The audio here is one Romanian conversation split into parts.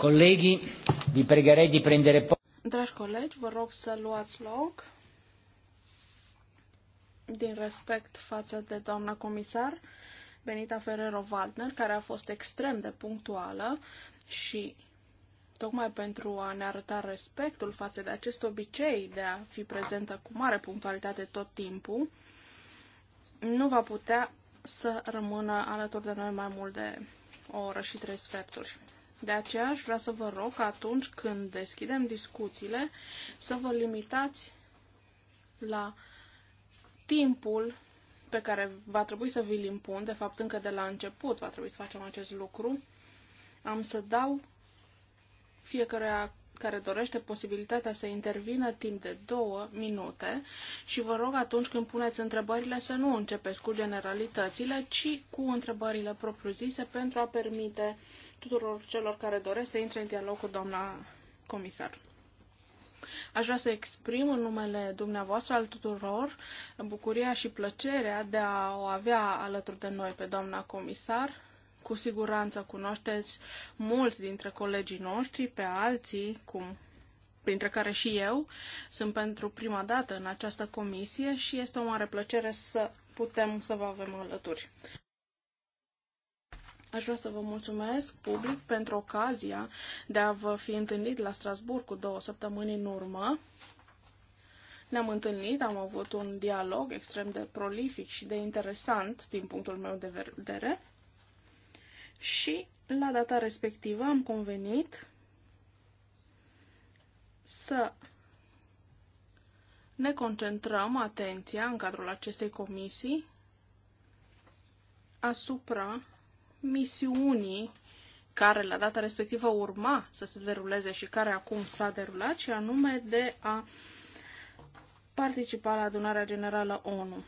Colegii, vi pregărei de prendere... Dragi colegi, vă rog să luați loc din respect față de doamna comisar Benita Ferrero-Waldner, care a fost extrem de punctuală și tocmai pentru a ne arăta respectul față de acest obicei de a fi prezentă cu mare punctualitate tot timpul, nu va putea să rămână alături de noi mai mult de o oră și trei sferturi. De aceea aș vrea să vă rog atunci când deschidem discuțiile să vă limitați la timpul pe care va trebui să vi-l impun, de fapt încă de la început va trebui să facem acest lucru, am să dau fiecare care dorește posibilitatea să intervină timp de două minute și vă rog atunci când puneți întrebările să nu începeți cu generalitățile, ci cu întrebările propriu-zise pentru a permite tuturor celor care doresc să intre în dialog cu doamna comisar. Aș vrea să exprim în numele dumneavoastră al tuturor bucuria și plăcerea de a o avea alături de noi pe doamna comisar, cu siguranță cunoașteți mulți dintre colegii noștri, pe alții, cum printre care și eu, sunt pentru prima dată în această comisie și este o mare plăcere să putem să vă avem alături. Aș vrea să vă mulțumesc public pentru ocazia de a vă fi întâlnit la Strasburg cu două săptămâni în urmă. Ne-am întâlnit, am avut un dialog extrem de prolific și de interesant din punctul meu de vedere și la data respectivă am convenit să ne concentrăm atenția în cadrul acestei comisii asupra misiunii care la data respectivă urma să se deruleze și care acum s-a derulat, și anume de a participa la adunarea generală ONU.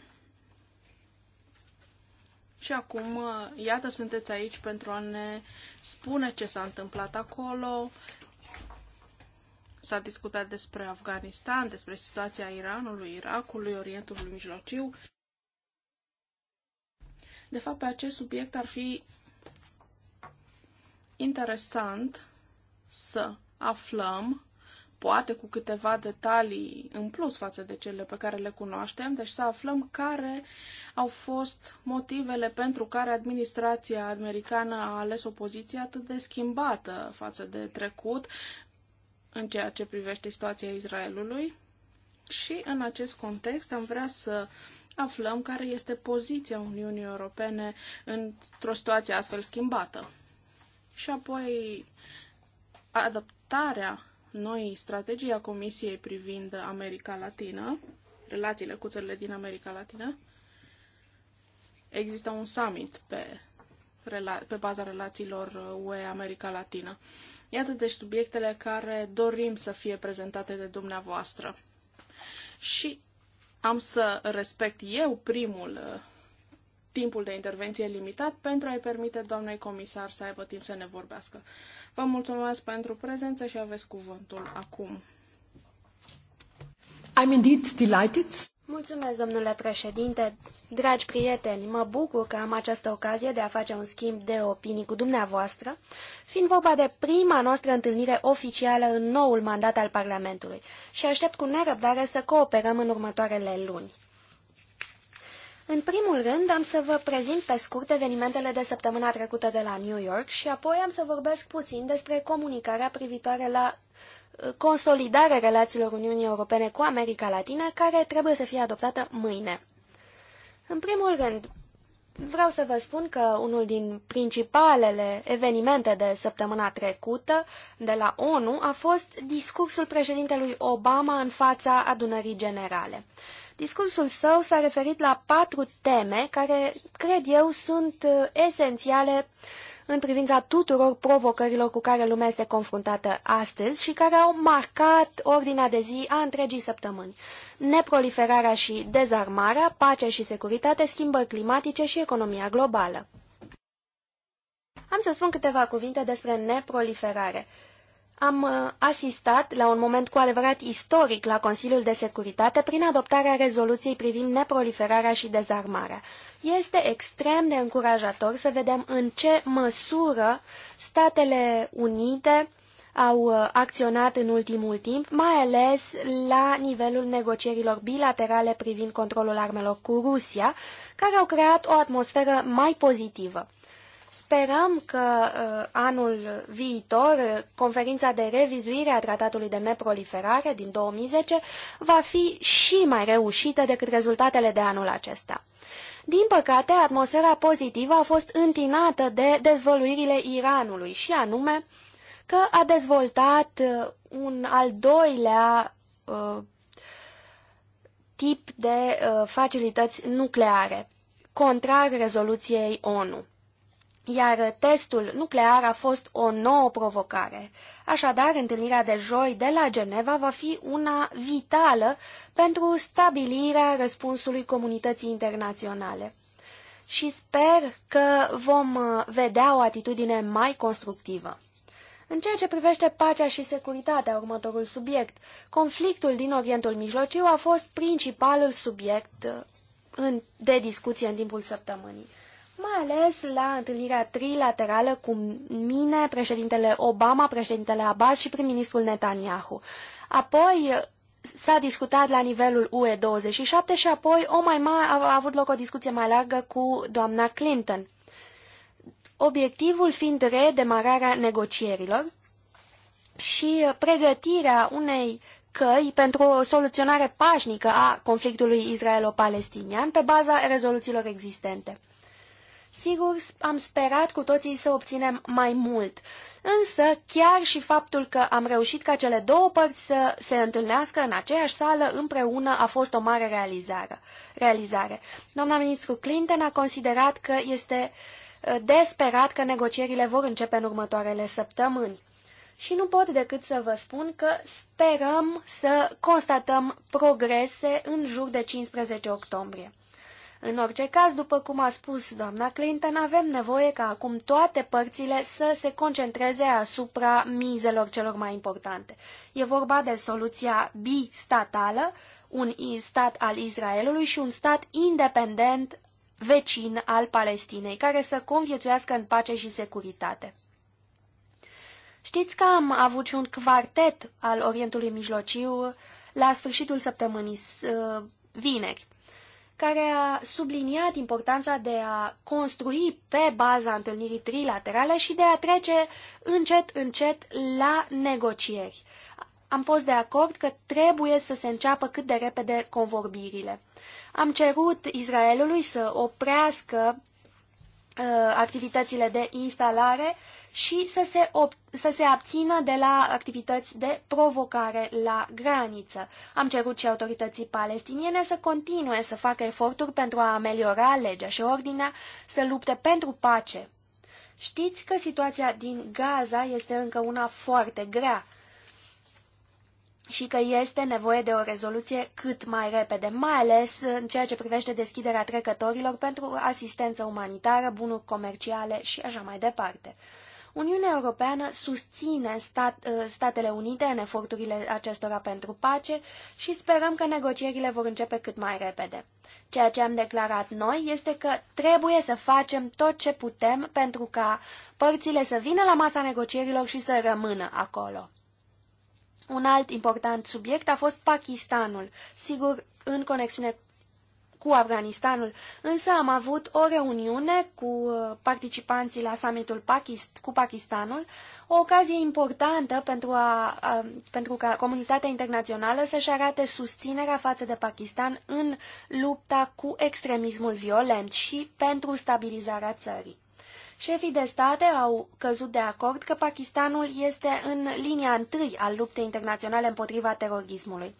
Și acum, uh, iată, sunteți aici pentru a ne spune ce s-a întâmplat acolo. S-a discutat despre Afganistan, despre situația Iranului, Irakului, Orientului Mijlociu. De fapt, pe acest subiect ar fi interesant să aflăm poate cu câteva detalii în plus față de cele pe care le cunoaștem, deci să aflăm care au fost motivele pentru care administrația americană a ales o poziție atât de schimbată față de trecut în ceea ce privește situația Israelului. Și în acest context am vrea să aflăm care este poziția Uniunii Europene într-o situație astfel schimbată. Și apoi adaptarea noi strategia Comisiei privind America Latină, relațiile cu țările din America Latină, există un summit pe, pe baza relațiilor uh, UE-America Latină. Iată deci subiectele care dorim să fie prezentate de dumneavoastră. Și am să respect eu primul uh, timpul de intervenție limitat pentru a-i permite doamnei comisar să aibă timp să ne vorbească. Vă mulțumesc pentru prezență și aveți cuvântul acum. I'm indeed delighted. Mulțumesc, domnule președinte. Dragi prieteni, mă bucur că am această ocazie de a face un schimb de opinii cu dumneavoastră, fiind vorba de prima noastră întâlnire oficială în noul mandat al Parlamentului și aștept cu nerăbdare să cooperăm în următoarele luni. În primul rând, am să vă prezint pe scurt evenimentele de săptămâna trecută de la New York și apoi am să vorbesc puțin despre comunicarea privitoare la uh, consolidarea relațiilor Uniunii Europene cu America Latină, care trebuie să fie adoptată mâine. În primul rând, vreau să vă spun că unul din principalele evenimente de săptămâna trecută de la ONU a fost discursul președintelui Obama în fața adunării generale. Discursul său s-a referit la patru teme care, cred eu, sunt uh, esențiale în privința tuturor provocărilor cu care lumea este confruntată astăzi și care au marcat ordinea de zi a întregii săptămâni. Neproliferarea și dezarmarea, pacea și securitate, schimbări climatice și economia globală. Am să spun câteva cuvinte despre neproliferare am uh, asistat la un moment cu adevărat istoric la Consiliul de Securitate prin adoptarea rezoluției privind neproliferarea și dezarmarea. Este extrem de încurajator să vedem în ce măsură Statele Unite au uh, acționat în ultimul timp, mai ales la nivelul negocierilor bilaterale privind controlul armelor cu Rusia, care au creat o atmosferă mai pozitivă. Sperăm că uh, anul viitor uh, conferința de revizuire a Tratatului de Neproliferare din 2010 va fi și mai reușită decât rezultatele de anul acesta. Din păcate, atmosfera pozitivă a fost întinată de dezvăluirile Iranului și anume că a dezvoltat uh, un al doilea uh, tip de uh, facilități nucleare, contrar rezoluției ONU iar testul nuclear a fost o nouă provocare. Așadar, întâlnirea de joi de la Geneva va fi una vitală pentru stabilirea răspunsului comunității internaționale. Și sper că vom uh, vedea o atitudine mai constructivă. În ceea ce privește pacea și securitatea, următorul subiect, conflictul din Orientul Mijlociu a fost principalul subiect uh, de discuție în timpul săptămânii mai ales la întâlnirea trilaterală cu mine, președintele Obama, președintele Abbas și prim-ministrul Netanyahu. Apoi s-a discutat la nivelul UE27 și apoi o mai mare, a avut loc o discuție mai largă cu doamna Clinton. Obiectivul fiind redemararea negocierilor și pregătirea unei căi pentru o soluționare pașnică a conflictului israelo-palestinian pe baza rezoluțiilor existente. Sigur, am sperat cu toții să obținem mai mult. Însă, chiar și faptul că am reușit ca cele două părți să se întâlnească în aceeași sală împreună a fost o mare realizare. realizare. Doamna ministru Clinton a considerat că este uh, desperat că negocierile vor începe în următoarele săptămâni. Și nu pot decât să vă spun că sperăm să constatăm progrese în jur de 15 octombrie. În orice caz, după cum a spus doamna Clinton, avem nevoie ca acum toate părțile să se concentreze asupra mizelor celor mai importante. E vorba de soluția bistatală, un stat al Israelului și un stat independent vecin al Palestinei, care să conviețuiască în pace și securitate. Știți că am avut și un quartet al Orientului Mijlociu la sfârșitul săptămânii vineri care a subliniat importanța de a construi pe baza întâlnirii trilaterale și de a trece încet, încet la negocieri. Am fost de acord că trebuie să se înceapă cât de repede convorbirile. Am cerut Israelului să oprească uh, activitățile de instalare uh, și să se, să se abțină de la activități de provocare la graniță. Am cerut și autorității palestiniene să continue să facă eforturi pentru a ameliora legea și ordinea, să lupte pentru pace. Știți că situația din Gaza este încă una foarte grea și că este nevoie de o rezoluție cât mai repede, mai ales în ceea ce privește deschiderea trecătorilor pentru asistență umanitară, bunuri comerciale și așa mai departe. Uniunea Europeană susține stat, uh, Statele Unite în eforturile acestora pentru pace și sperăm că negocierile vor începe cât mai repede. Ceea ce am declarat noi este că trebuie să facem tot ce putem pentru ca părțile să vină la masa negocierilor și să rămână acolo. Un alt important subiect a fost Pakistanul, sigur în conexiune cu Afganistanul, însă am avut o reuniune cu uh, participanții la summitul Pakist, cu Pakistanul, o ocazie importantă pentru, a, a pentru ca comunitatea internațională să-și arate susținerea față de Pakistan în lupta cu extremismul violent și pentru stabilizarea țării. Șefii de state au căzut de acord că Pakistanul este în linia întâi al luptei internaționale împotriva terorismului.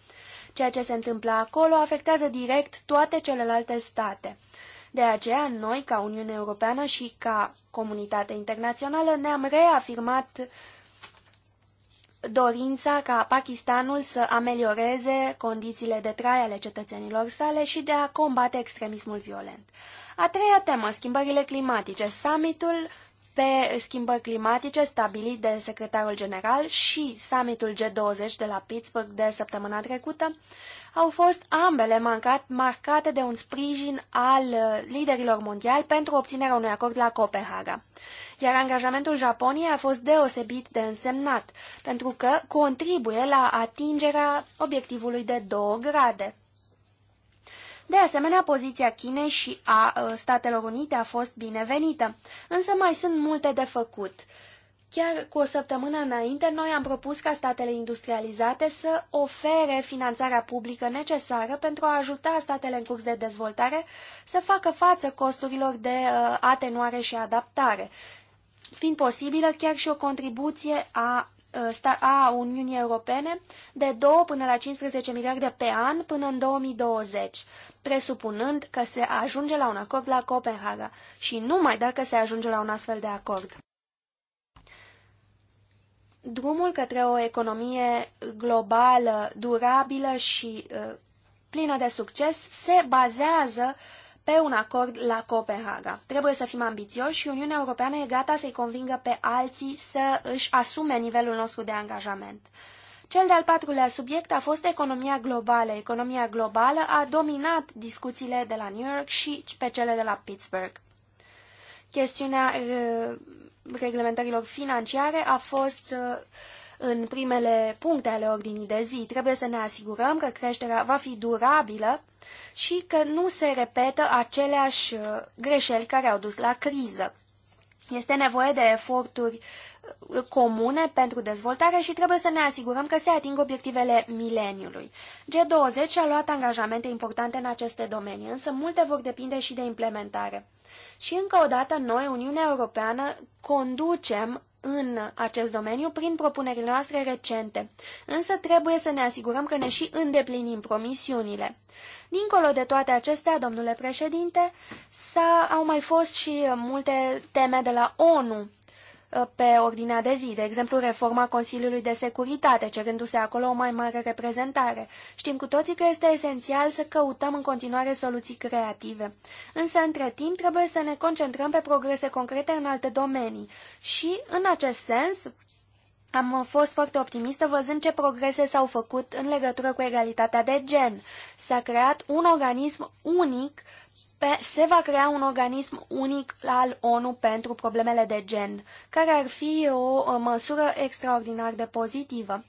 Ceea ce se întâmplă acolo afectează direct toate celelalte state. De aceea, noi, ca Uniune Europeană și ca comunitate internațională, ne-am reafirmat dorința ca Pakistanul să amelioreze condițiile de trai ale cetățenilor sale și de a combate extremismul violent. A treia temă, schimbările climatice. Summitul pe schimbări climatice stabilit de secretarul general și summitul G20 de la Pittsburgh de săptămâna trecută au fost ambele mancat marcate de un sprijin al uh, liderilor mondiali pentru obținerea unui acord la Copenhaga. Iar angajamentul Japoniei a fost deosebit de însemnat, pentru că contribuie la atingerea obiectivului de 2 grade. De asemenea, poziția Chinei și a uh, Statelor Unite a fost binevenită, însă mai sunt multe de făcut. Chiar cu o săptămână înainte, noi am propus ca statele industrializate să ofere finanțarea publică necesară pentru a ajuta statele în curs de dezvoltare să facă față costurilor de uh, atenuare și adaptare, fiind posibilă chiar și o contribuție a Uh, a Uniunii Europene de 2 până la 15 miliarde pe an până în 2020, presupunând că se ajunge la un acord la Copenhaga și numai dacă se ajunge la un astfel de acord. Drumul către o economie globală, durabilă și uh, plină de succes se bazează uh, pe un acord la Copenhaga. Trebuie să fim ambițioși și Uniunea Europeană e gata să-i convingă pe alții să își asume nivelul nostru de angajament. Cel de-al patrulea subiect a fost economia globală. Economia globală a dominat discuțiile de la New York și pe cele de la Pittsburgh. Chestiunea uh, reglementărilor financiare a fost uh, în primele puncte ale ordinii de zi. Trebuie să ne asigurăm că creșterea va fi durabilă și că nu se repetă aceleași uh, greșeli care au dus la criză. Este nevoie de eforturi uh, comune pentru dezvoltare și trebuie să ne asigurăm că se ating obiectivele mileniului. G20 a luat angajamente importante în aceste domenii, însă multe vor depinde și de implementare. Și încă o dată, noi, Uniunea Europeană, conducem în acest domeniu prin propunerile noastre recente, însă trebuie să ne asigurăm că ne și îndeplinim promisiunile. Dincolo de toate acestea, domnule președinte, s-au mai fost și multe teme de la ONU Uh, pe ordinea de zi, de exemplu reforma Consiliului de Securitate, cerându-se acolo o mai mare reprezentare. Știm cu toții că este esențial să căutăm în continuare soluții creative. Însă, între timp, trebuie să ne concentrăm pe progrese concrete în alte domenii. Și, în acest sens, am fost foarte optimistă văzând ce progrese s-au făcut în legătură cu egalitatea de gen. S-a creat un organism unic pe, se va crea un organism unic al ONU pentru problemele de gen, care ar fi o, o măsură extraordinar de pozitivă.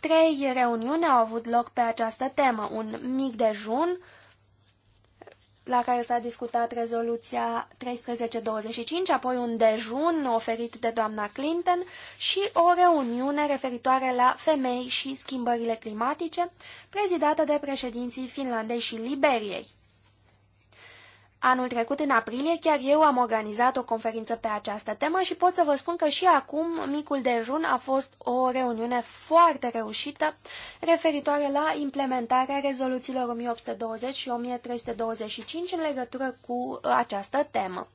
Trei reuniuni au avut loc pe această temă, un mic dejun, la care s-a discutat rezoluția 1325, apoi un dejun oferit de doamna Clinton și o reuniune referitoare la femei și schimbările climatice, prezidată de președinții Finlandei și Liberiei. Anul trecut, în aprilie, chiar eu am organizat o conferință pe această temă și pot să vă spun că și acum micul dejun a fost o reuniune foarte reușită referitoare la implementarea rezoluțiilor 1820 și 1325 în legătură cu uh, această temă.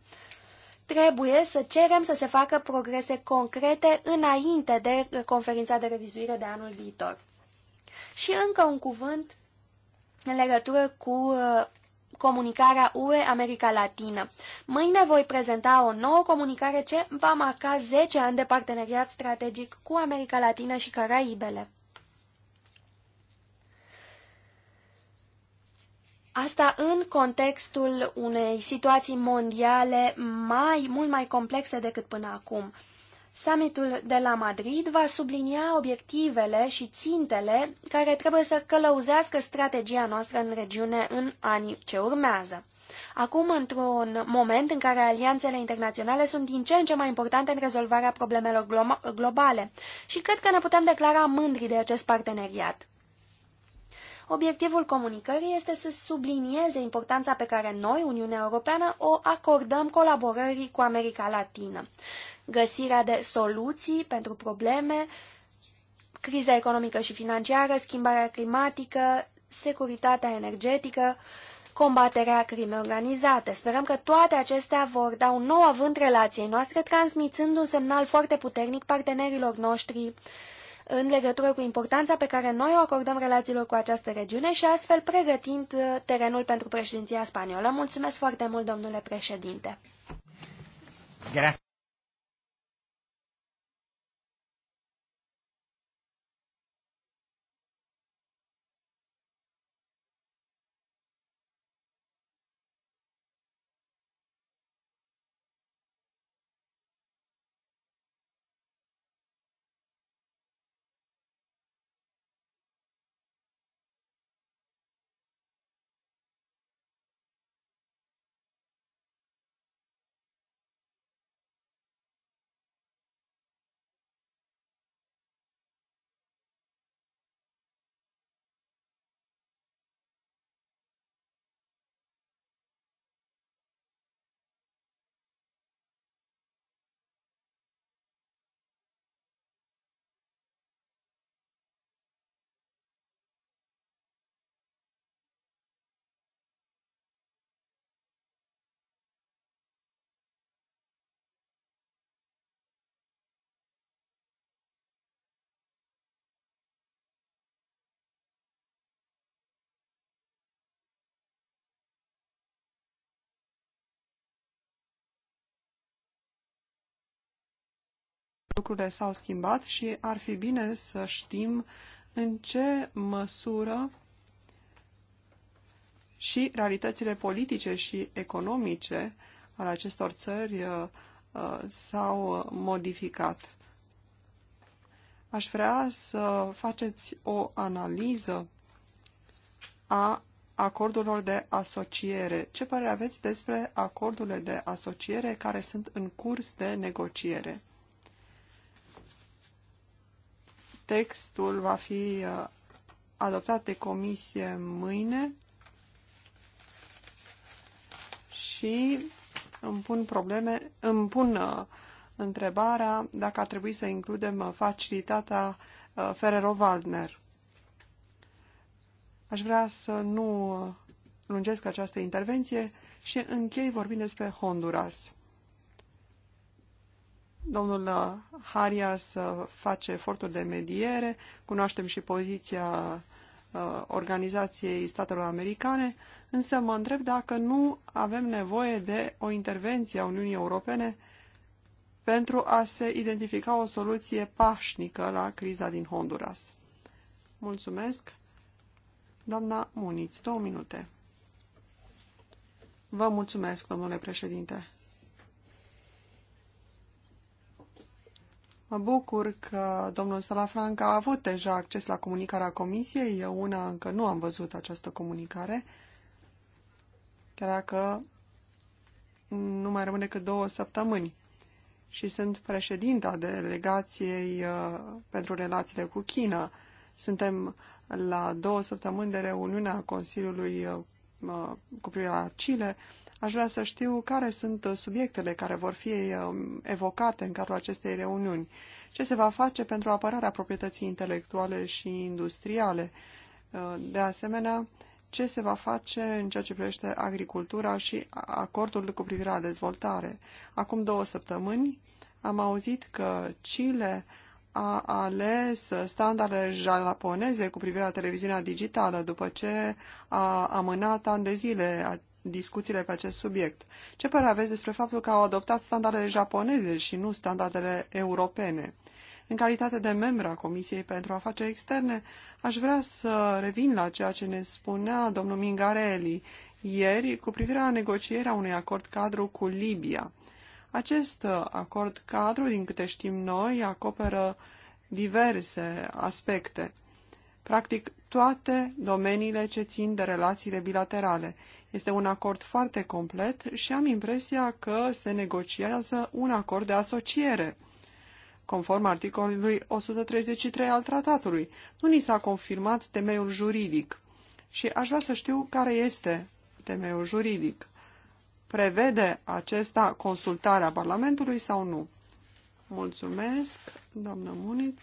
Trebuie să cerem să se facă progrese concrete înainte de uh, conferința de revizuire de anul viitor. Și încă un cuvânt în legătură cu uh, comunicarea UE America Latină. Mâine voi prezenta o nouă comunicare ce va marca 10 ani de parteneriat strategic cu America Latină și Caraibele. Asta în contextul unei situații mondiale mai, mult mai complexe decât până acum. Summitul de la Madrid va sublinia obiectivele și țintele care trebuie să călăuzească strategia noastră în regiune în anii ce urmează. Acum, într-un moment în care alianțele internaționale sunt din ce în ce mai importante în rezolvarea problemelor glo globale și cred că ne putem declara mândri de acest parteneriat. Obiectivul comunicării este să sublinieze importanța pe care noi, Uniunea Europeană, o acordăm colaborării cu America Latină găsirea de soluții pentru probleme, criza economică și financiară, schimbarea climatică, securitatea energetică, combaterea crimei organizate. Sperăm că toate acestea vor da un nou avânt relației noastre, transmițând un semnal foarte puternic partenerilor noștri în legătură cu importanța pe care noi o acordăm relațiilor cu această regiune și astfel pregătind uh, terenul pentru președinția spaniolă. Mulțumesc foarte mult, domnule președinte! Grazie. lucrurile s-au schimbat și ar fi bine să știm în ce măsură și realitățile politice și economice ale acestor țări uh, uh, s-au uh, modificat. Aș vrea să faceți o analiză a acordurilor de asociere. Ce părere aveți despre acordurile de asociere care sunt în curs de negociere? Textul va fi uh, adoptat de comisie mâine și îmi pun probleme, îmi pun uh, întrebarea dacă ar trebui să includem uh, facilitatea Ferrero-Waldner. Aș vrea să nu lungesc această intervenție și închei vorbind despre Honduras. Domnul uh, să face eforturi de mediere, cunoaștem și poziția uh, Organizației Statelor Americane, însă mă întreb dacă nu avem nevoie de o intervenție a Uniunii Europene pentru a se identifica o soluție pașnică la criza din Honduras. Mulțumesc. Doamna Muniț, două minute. Vă mulțumesc, domnule președinte. Mă bucur că domnul Salafranca a avut deja acces la comunicarea comisiei. Eu una încă nu am văzut această comunicare. Chiar dacă nu mai rămâne decât două săptămâni. Și sunt președinta delegației uh, pentru relațiile cu China. Suntem la două săptămâni de reuniunea Consiliului uh, uh, cu privire la Chile Aș vrea să știu care sunt uh, subiectele care vor fi um, evocate în cadrul acestei reuniuni. Ce se va face pentru apărarea proprietății intelectuale și industriale? Uh, de asemenea, ce se va face în ceea ce privește agricultura și acordul cu privire la dezvoltare? Acum două săptămâni am auzit că Chile a ales standarde japoneze cu privire la televiziunea digitală după ce a amânat ani de zile discuțiile pe acest subiect. Ce părere aveți despre faptul că au adoptat standardele japoneze și nu standardele europene? În calitate de membru a Comisiei pentru Afaceri Externe, aș vrea să revin la ceea ce ne spunea domnul Mingarelli ieri cu privire la negocierea unui acord cadru cu Libia. Acest uh, acord cadru, din câte știm noi, acoperă diverse aspecte practic toate domeniile ce țin de relațiile bilaterale. Este un acord foarte complet și am impresia că se negociază un acord de asociere, conform articolului 133 al tratatului. Nu ni s-a confirmat temeiul juridic și aș vrea să știu care este temeiul juridic. Prevede acesta consultarea Parlamentului sau nu? Mulțumesc, doamnă Muniț.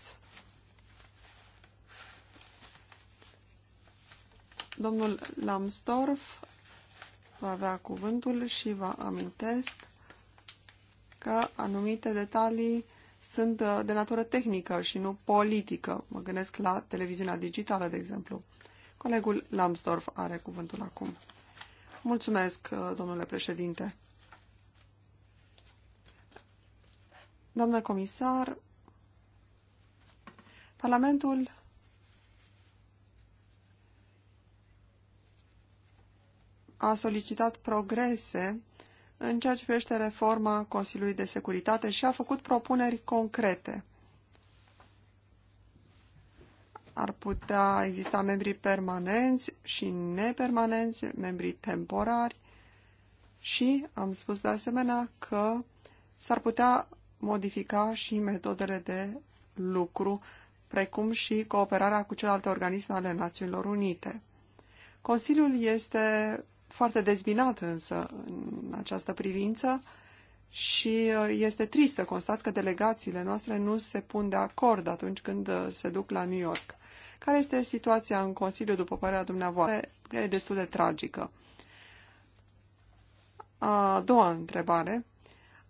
Domnul Lamstorf va avea cuvântul și vă amintesc că anumite detalii sunt uh, de natură tehnică și nu politică. Mă gândesc la televiziunea digitală, de exemplu. Colegul Lambsdorff are cuvântul acum. Mulțumesc, uh, domnule președinte. Doamnă comisar, Parlamentul a solicitat progrese în ceea ce privește reforma Consiliului de Securitate și a făcut propuneri concrete. Ar putea exista membrii permanenți și nepermanenți, membrii temporari și am spus de asemenea că s-ar putea modifica și metodele de lucru, precum și cooperarea cu celelalte organisme ale Națiunilor Unite. Consiliul este foarte dezbinată însă în această privință și uh, este trist să constați că delegațiile noastre nu se pun de acord atunci când uh, se duc la New York. Care este situația în Consiliu, după părerea dumneavoastră? E destul de tragică. A doua întrebare.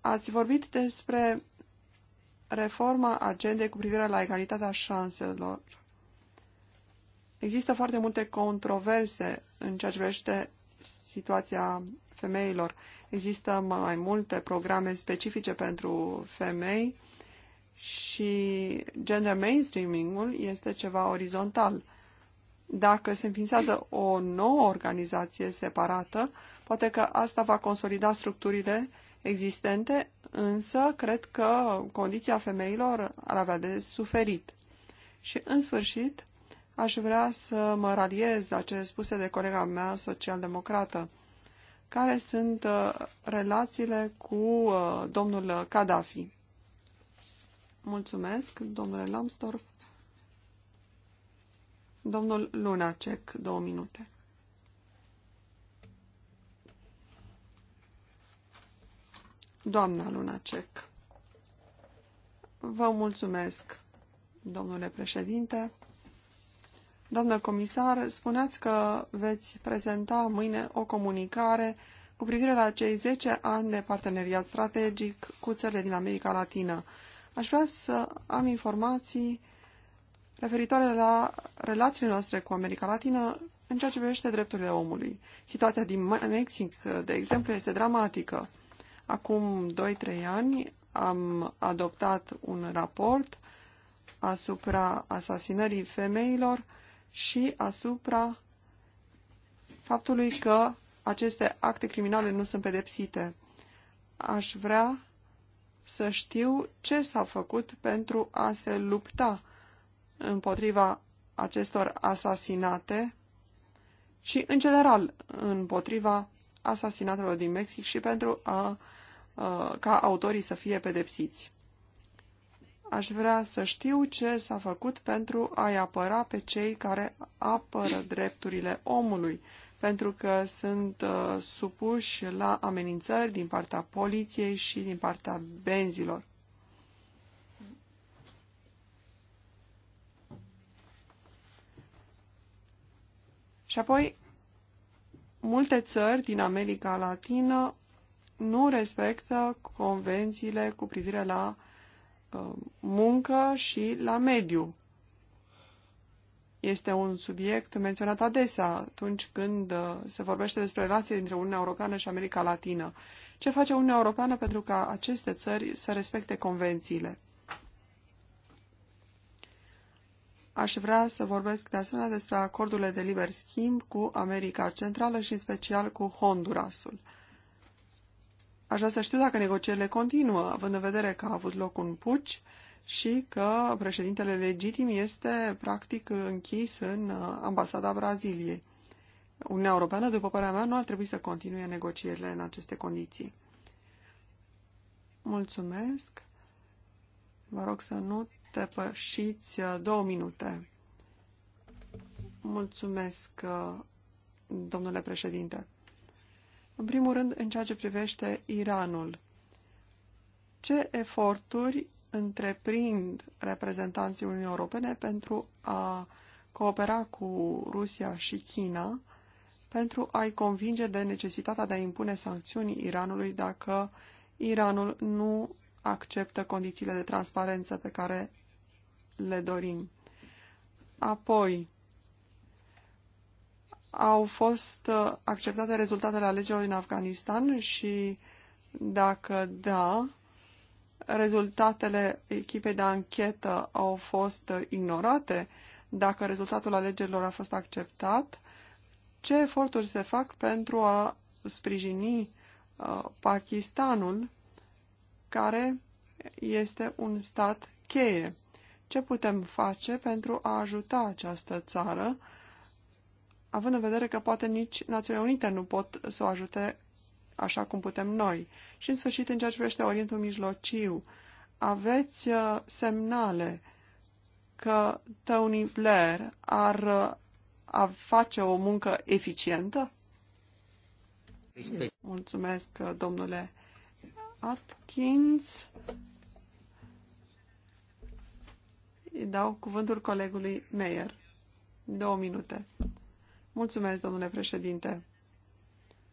Ați vorbit despre reforma agendei cu privire la egalitatea șanselor. Există foarte multe controverse în ceea ce privește situația femeilor. Există mai multe programe specifice pentru femei și gender mainstreaming-ul este ceva orizontal. Dacă se înființează o nouă organizație separată, poate că asta va consolida structurile existente, însă cred că condiția femeilor ar avea de suferit. Și, în sfârșit, Aș vrea să mă raliez la cele spuse de colega mea socialdemocrată. Care sunt uh, relațiile cu uh, domnul Gaddafi? Mulțumesc, domnule Lambsdorff. Domnul Lunacek, două minute. Doamna Lunacek. Vă mulțumesc, domnule președinte. Doamnă comisar, spuneați că veți prezenta mâine o comunicare cu privire la cei 10 ani de parteneriat strategic cu țările din America Latină. Aș vrea să am informații referitoare la relațiile noastre cu America Latină în ceea ce privește drepturile omului. Situația din Mexic, de exemplu, este dramatică. Acum 2-3 ani am adoptat un raport asupra asasinării femeilor și asupra faptului că aceste acte criminale nu sunt pedepsite. Aș vrea să știu ce s-a făcut pentru a se lupta împotriva acestor asasinate și, în general, împotriva asasinatelor din Mexic și pentru a, a, ca autorii să fie pedepsiți aș vrea să știu ce s-a făcut pentru a-i apăra pe cei care apără drepturile omului, pentru că sunt uh, supuși la amenințări din partea poliției și din partea benzilor. Și apoi, multe țări din America Latină nu respectă convențiile cu privire la Uh, muncă și la mediu. Este un subiect menționat adesea atunci când uh, se vorbește despre relații dintre Uniunea Europeană și America Latină. Ce face Uniunea Europeană pentru ca aceste țări să respecte convențiile? Aș vrea să vorbesc de asemenea despre acordurile de liber schimb cu America Centrală și în special cu Hondurasul. Aș vrea să știu dacă negocierile continuă, având în vedere că a avut loc un puci și că președintele legitim este practic închis în uh, ambasada Braziliei. Uniunea Europeană, după părerea mea, nu ar trebui să continue negocierile în aceste condiții. Mulțumesc. Vă rog să nu te pășiți uh, două minute. Mulțumesc, uh, domnule președinte. În primul rând, în ceea ce privește Iranul. Ce eforturi întreprind reprezentanții Uniunii Europene pentru a coopera cu Rusia și China pentru a-i convinge de necesitatea de a impune sancțiuni Iranului dacă Iranul nu acceptă condițiile de transparență pe care le dorim. Apoi, au fost uh, acceptate rezultatele alegerilor în Afganistan și dacă da, rezultatele echipei de anchetă au fost uh, ignorate, dacă rezultatul alegerilor a fost acceptat, ce eforturi se fac pentru a sprijini uh, Pakistanul, care este un stat cheie? Ce putem face pentru a ajuta această țară având în vedere că poate nici Națiunile Unite nu pot să o ajute așa cum putem noi. Și, în sfârșit, în ceea ce privește Orientul Mijlociu, aveți uh, semnale că Tony Blair ar, uh, ar face o muncă eficientă? Mulțumesc, uh, domnule Atkins. Îi dau cuvântul colegului Meyer. Două minute. Mulțumesc, domnule președinte.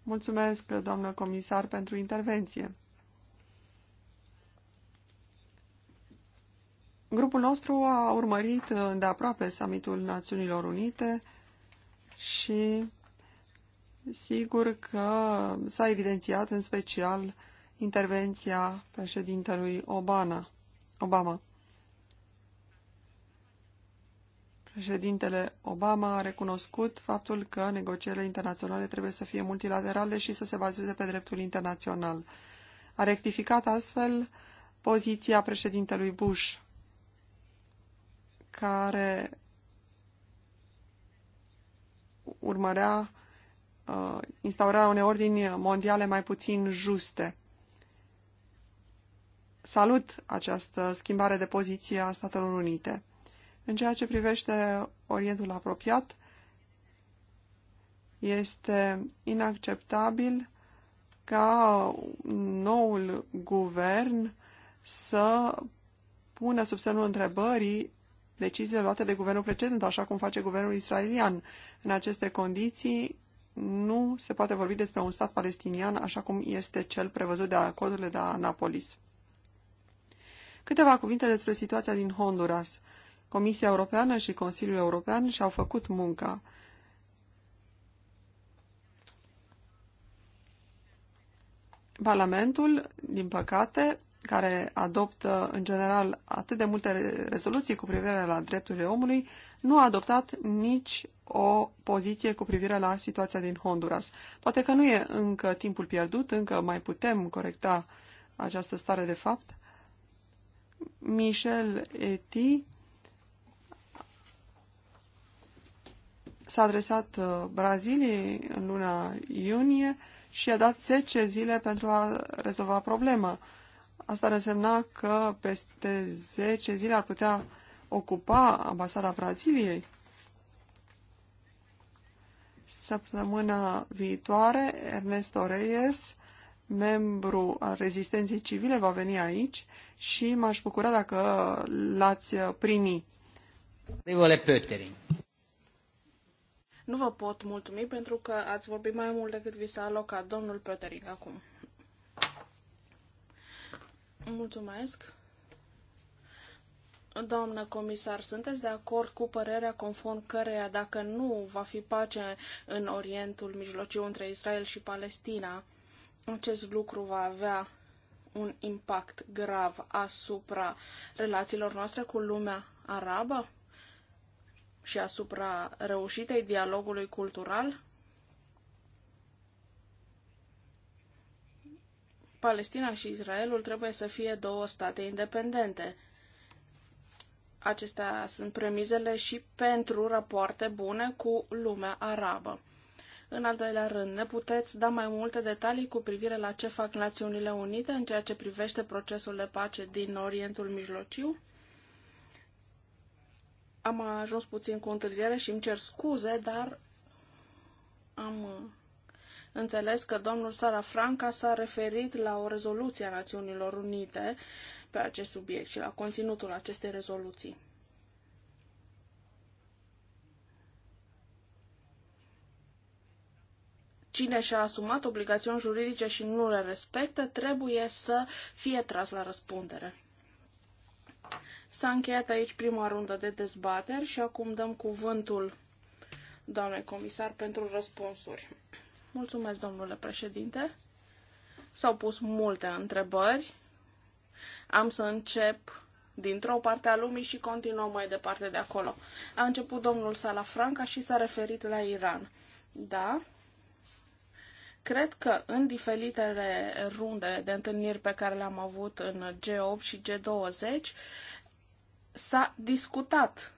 Mulțumesc, doamnă comisar, pentru intervenție. Grupul nostru a urmărit de aproape summitul Națiunilor Unite și sigur că s-a evidențiat în special intervenția președintelui Obama. Obama. Președintele Obama a recunoscut faptul că negocierile internaționale trebuie să fie multilaterale și să se bazeze pe dreptul internațional. A rectificat astfel poziția președintelui Bush, care urmărea uh, instaurarea unei ordini mondiale mai puțin juste. Salut această schimbare de poziție a Statelor Unite. În ceea ce privește Orientul apropiat, este inacceptabil ca noul guvern să pună sub semnul întrebării deciziile luate de guvernul precedent, așa cum face guvernul israelian. În aceste condiții nu se poate vorbi despre un stat palestinian așa cum este cel prevăzut de acordurile de la Anapolis. Câteva cuvinte despre situația din Honduras. Comisia Europeană și Consiliul European și-au făcut munca. Parlamentul, din păcate, care adoptă în general atât de multe rezoluții cu privire la drepturile omului, nu a adoptat nici o poziție cu privire la situația din Honduras. Poate că nu e încă timpul pierdut, încă mai putem corecta această stare de fapt. Michel Eti s-a adresat uh, Braziliei în luna iunie și a dat 10 zile pentru a rezolva problema. Asta ar însemna că peste 10 zile ar putea ocupa ambasada Braziliei. Săptămâna viitoare, Ernesto Reyes, membru al rezistenței civile, va veni aici și m-aș bucura dacă l-ați primi. Rivole Pöttering. Nu vă pot mulțumi pentru că ați vorbit mai mult decât vi s-a alocat. Domnul Petering acum. Mulțumesc. Doamnă comisar, sunteți de acord cu părerea conform căreia dacă nu va fi pace în Orientul Mijlociu între Israel și Palestina, acest lucru va avea un impact grav asupra relațiilor noastre cu lumea arabă? și asupra reușitei dialogului cultural? Palestina și Israelul trebuie să fie două state independente. Acestea sunt premizele și pentru rapoarte bune cu lumea arabă. În al doilea rând, ne puteți da mai multe detalii cu privire la ce fac Națiunile Unite în ceea ce privește procesul de pace din Orientul Mijlociu? Am ajuns puțin cu întârziere și îmi cer scuze, dar am uh, înțeles că domnul Sara Franca s-a referit la o rezoluție a Națiunilor Unite pe acest subiect și la conținutul acestei rezoluții. cine și-a asumat obligațiuni juridice și nu le respectă, trebuie să fie tras la răspundere. S-a încheiat aici prima rundă de dezbateri și acum dăm cuvântul doamnei comisar pentru răspunsuri. Mulțumesc, domnule președinte. S-au pus multe întrebări. Am să încep dintr-o parte a lumii și continuăm mai departe de acolo. A început domnul Salafranca și s-a referit la Iran. Da, cred că în diferitele runde de întâlniri pe care le-am avut în G8 și G20, s-a discutat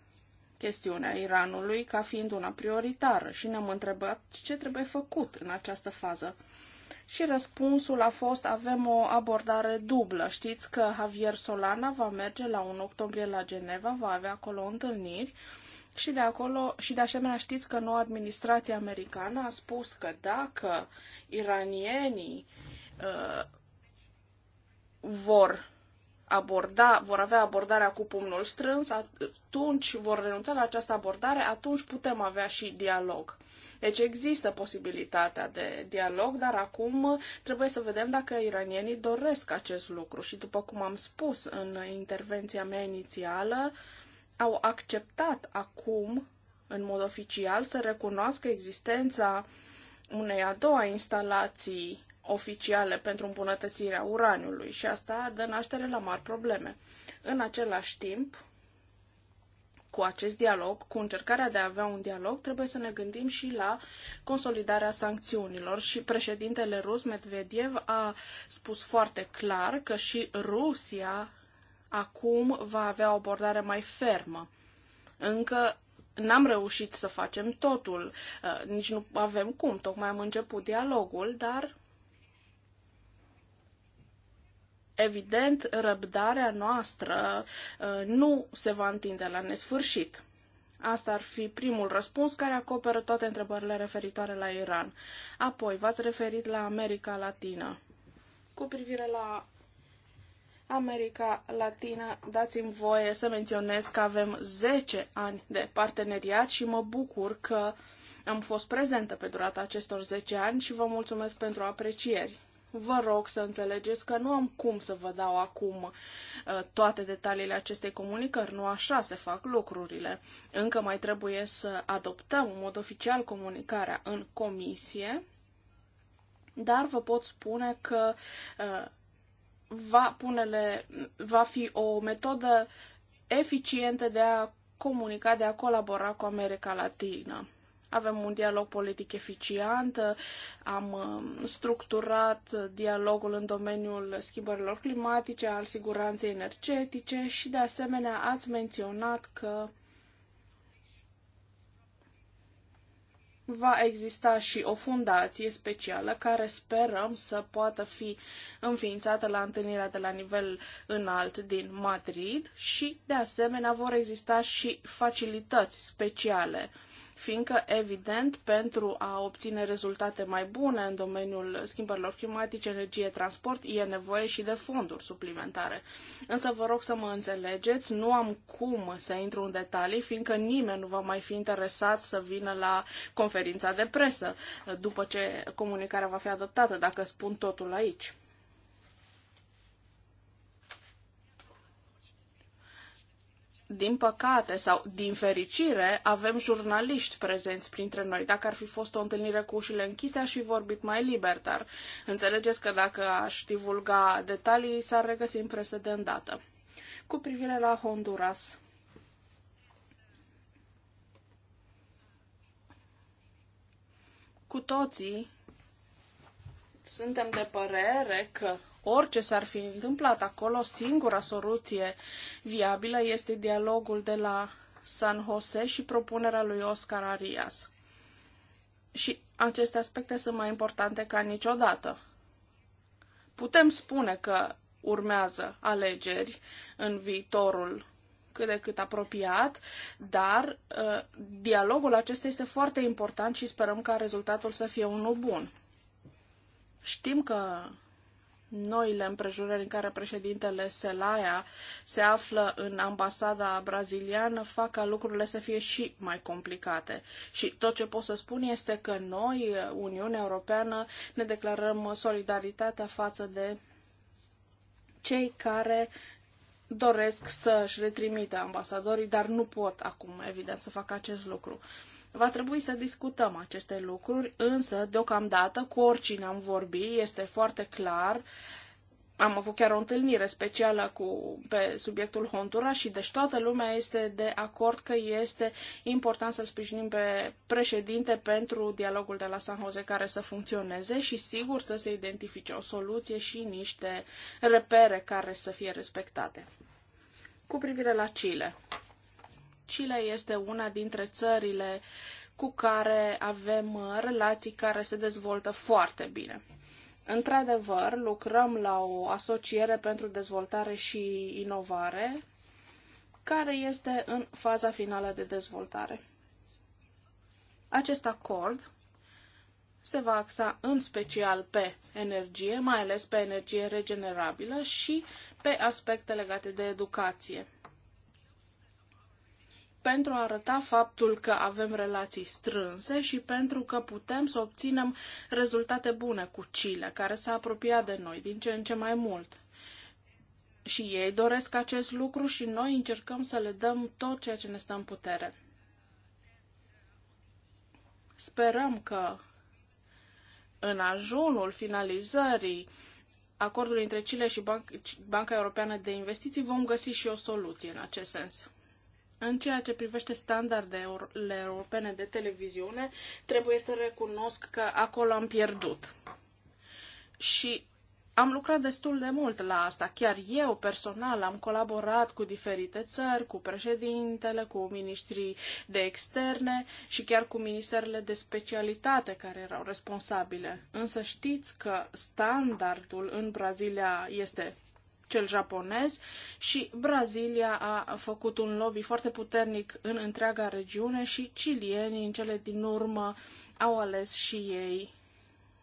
chestiunea Iranului ca fiind una prioritară și ne-am întrebat ce trebuie făcut în această fază. Și răspunsul a fost avem o abordare dublă. Știți că Javier Solana va merge la 1 octombrie la Geneva, va avea acolo întâlniri și de acolo și de asemenea știți că noua administrație americană a spus că dacă iranienii uh, vor aborda, vor avea abordarea cu pumnul strâns, atunci vor renunța la această abordare, atunci putem avea și dialog. Deci există posibilitatea de dialog, dar acum trebuie să vedem dacă iranienii doresc acest lucru. Și după cum am spus în intervenția mea inițială, au acceptat acum, în mod oficial, să recunoască existența unei a doua instalații oficiale pentru îmbunătățirea uraniului și asta dă naștere la mari probleme. În același timp, cu acest dialog, cu încercarea de a avea un dialog, trebuie să ne gândim și la consolidarea sancțiunilor. Și președintele rus, Medvedev, a spus foarte clar că și Rusia acum va avea o abordare mai fermă. Încă n-am reușit să facem totul, uh, nici nu avem cum, tocmai am început dialogul, dar Evident, răbdarea noastră uh, nu se va întinde la nesfârșit. Asta ar fi primul răspuns care acoperă toate întrebările referitoare la Iran. Apoi, v-ați referit la America Latină. Cu privire la America Latină, dați-mi voie să menționez că avem 10 ani de parteneriat și mă bucur că am fost prezentă pe durata acestor 10 ani și vă mulțumesc pentru aprecieri. Vă rog să înțelegeți că nu am cum să vă dau acum uh, toate detaliile acestei comunicări, nu așa se fac lucrurile. Încă mai trebuie să adoptăm în mod oficial comunicarea în comisie, dar vă pot spune că uh, va, punele, va fi o metodă eficientă de a comunica, de a colabora cu America Latină. Avem un dialog politic eficient, am um, structurat dialogul în domeniul schimbărilor climatice, al siguranței energetice și, de asemenea, ați menționat că va exista și o fundație specială care sperăm să poată fi înființată la întâlnirea de la nivel înalt din Madrid și, de asemenea, vor exista și facilități speciale fiindcă, evident, pentru a obține rezultate mai bune în domeniul schimbărilor climatice, energie, transport, e nevoie și de fonduri suplimentare. Însă vă rog să mă înțelegeți, nu am cum să intru în detalii, fiindcă nimeni nu va mai fi interesat să vină la conferința de presă după ce comunicarea va fi adoptată, dacă spun totul aici. din păcate sau din fericire, avem jurnaliști prezenți printre noi. Dacă ar fi fost o întâlnire cu ușile închise, aș fi vorbit mai liber, dar înțelegeți că dacă aș divulga detalii, s-ar regăsi în presă de îndată. Cu privire la Honduras, cu toții suntem de părere că Orice s-ar fi întâmplat acolo, singura soluție viabilă este dialogul de la San Jose și propunerea lui Oscar Arias. Și aceste aspecte sunt mai importante ca niciodată. Putem spune că urmează alegeri în viitorul cât de cât apropiat, dar uh, dialogul acesta este foarte important și sperăm ca rezultatul să fie unul bun. Știm că noile împrejurări în care președintele Selaya se află în ambasada braziliană fac ca lucrurile să fie și mai complicate. Și tot ce pot să spun este că noi, Uniunea Europeană, ne declarăm solidaritatea față de cei care doresc să-și retrimită ambasadorii, dar nu pot acum, evident, să facă acest lucru. Va trebui să discutăm aceste lucruri, însă, deocamdată, cu oricine am vorbit, este foarte clar. Am avut chiar o întâlnire specială cu, pe subiectul Honduras și deci toată lumea este de acord că este important să-l sprijinim pe președinte pentru dialogul de la San Jose care să funcționeze și sigur să se identifice o soluție și niște repere care să fie respectate. Cu privire la Chile, Chile este una dintre țările cu care avem uh, relații care se dezvoltă foarte bine. Într-adevăr, lucrăm la o asociere pentru dezvoltare și inovare, care este în faza finală de dezvoltare. Acest acord se va axa în special pe energie, mai ales pe energie regenerabilă și pe aspecte legate de educație pentru a arăta faptul că avem relații strânse și pentru că putem să obținem rezultate bune cu Chile, care s-a apropiat de noi din ce în ce mai mult. Și ei doresc acest lucru și noi încercăm să le dăm tot ceea ce ne stă în putere. Sperăm că în ajunul finalizării acordului între Chile și Banca Europeană de Investiții vom găsi și o soluție în acest sens. În ceea ce privește standardele europene de televiziune, trebuie să recunosc că acolo am pierdut. Și am lucrat destul de mult la asta. Chiar eu personal am colaborat cu diferite țări, cu președintele, cu ministrii de externe și chiar cu ministerele de specialitate care erau responsabile. Însă știți că standardul în Brazilia este cel japonez și Brazilia a făcut un lobby foarte puternic în întreaga regiune și chilienii în cele din urmă au ales și ei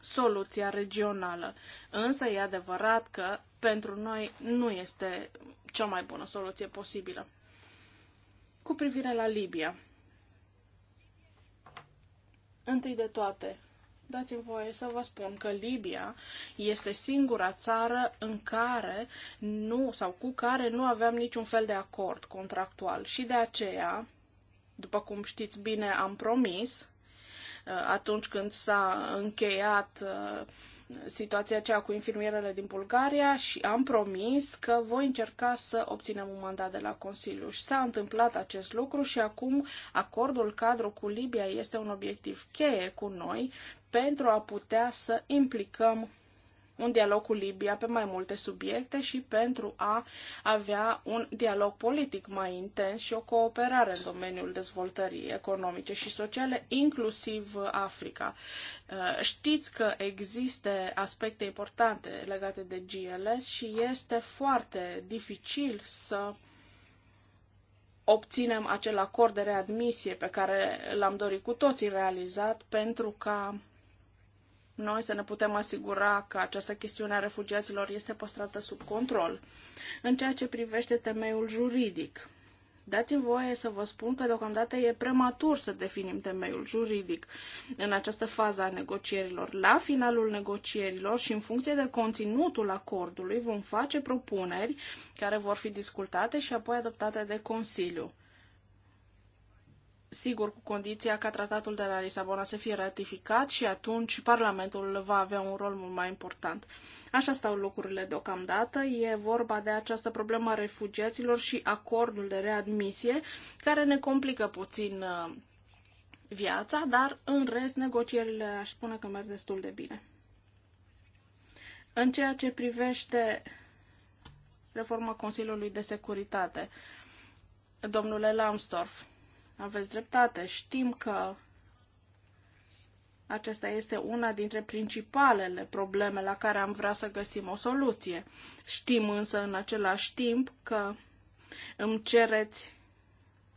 soluția regională. Însă e adevărat că pentru noi nu este cea mai bună soluție posibilă. Cu privire la Libia. Întâi de toate, Dați-mi voie să vă spun că Libia este singura țară în care nu sau cu care nu aveam niciun fel de acord contractual și de aceea, după cum știți bine, am promis uh, atunci când s-a încheiat uh, situația aceea cu infirmierele din Bulgaria și am promis că voi încerca să obținem un mandat de la Consiliu. Și s-a întâmplat acest lucru și acum acordul cadru cu Libia este un obiectiv cheie cu noi pentru a putea să implicăm un dialog cu Libia pe mai multe subiecte și pentru a avea un dialog politic mai intens și o cooperare în domeniul dezvoltării economice și sociale, inclusiv Africa. Uh, știți că există aspecte importante legate de GLS și este foarte dificil să obținem acel acord de readmisie pe care l-am dorit cu toții realizat pentru ca noi să ne putem asigura că această chestiune a refugiaților este păstrată sub control. În ceea ce privește temeiul juridic, Dați-mi voie să vă spun că deocamdată e prematur să definim temeiul juridic în această fază a negocierilor. La finalul negocierilor și în funcție de conținutul acordului vom face propuneri care vor fi discutate și apoi adoptate de Consiliu sigur cu condiția ca tratatul de la Lisabona să fie ratificat și atunci Parlamentul va avea un rol mult mai important. Așa stau lucrurile deocamdată. E vorba de această problemă a refugiaților și acordul de readmisie, care ne complică puțin uh, viața, dar în rest negocierile aș spune că merg destul de bine. În ceea ce privește reforma Consiliului de Securitate, domnule Lambsdorff, aveți dreptate. Știm că acesta este una dintre principalele probleme la care am vrea să găsim o soluție. Știm însă în același timp că îmi cereți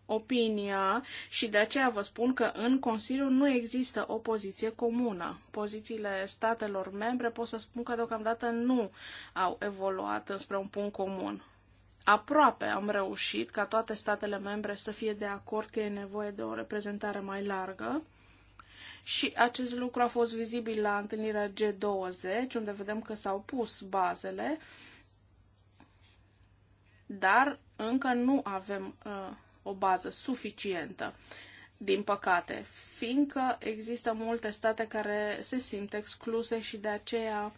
opinia și de aceea vă spun că în Consiliu nu există o poziție comună. Pozițiile statelor membre pot să spun că deocamdată nu au evoluat spre un punct comun aproape am reușit ca toate statele membre să fie de acord că e nevoie de o reprezentare mai largă. Și acest lucru a fost vizibil la întâlnirea G20, unde vedem că s-au pus bazele, dar încă nu avem uh, o bază suficientă, din păcate, fiindcă există multe state care se simt excluse și de aceea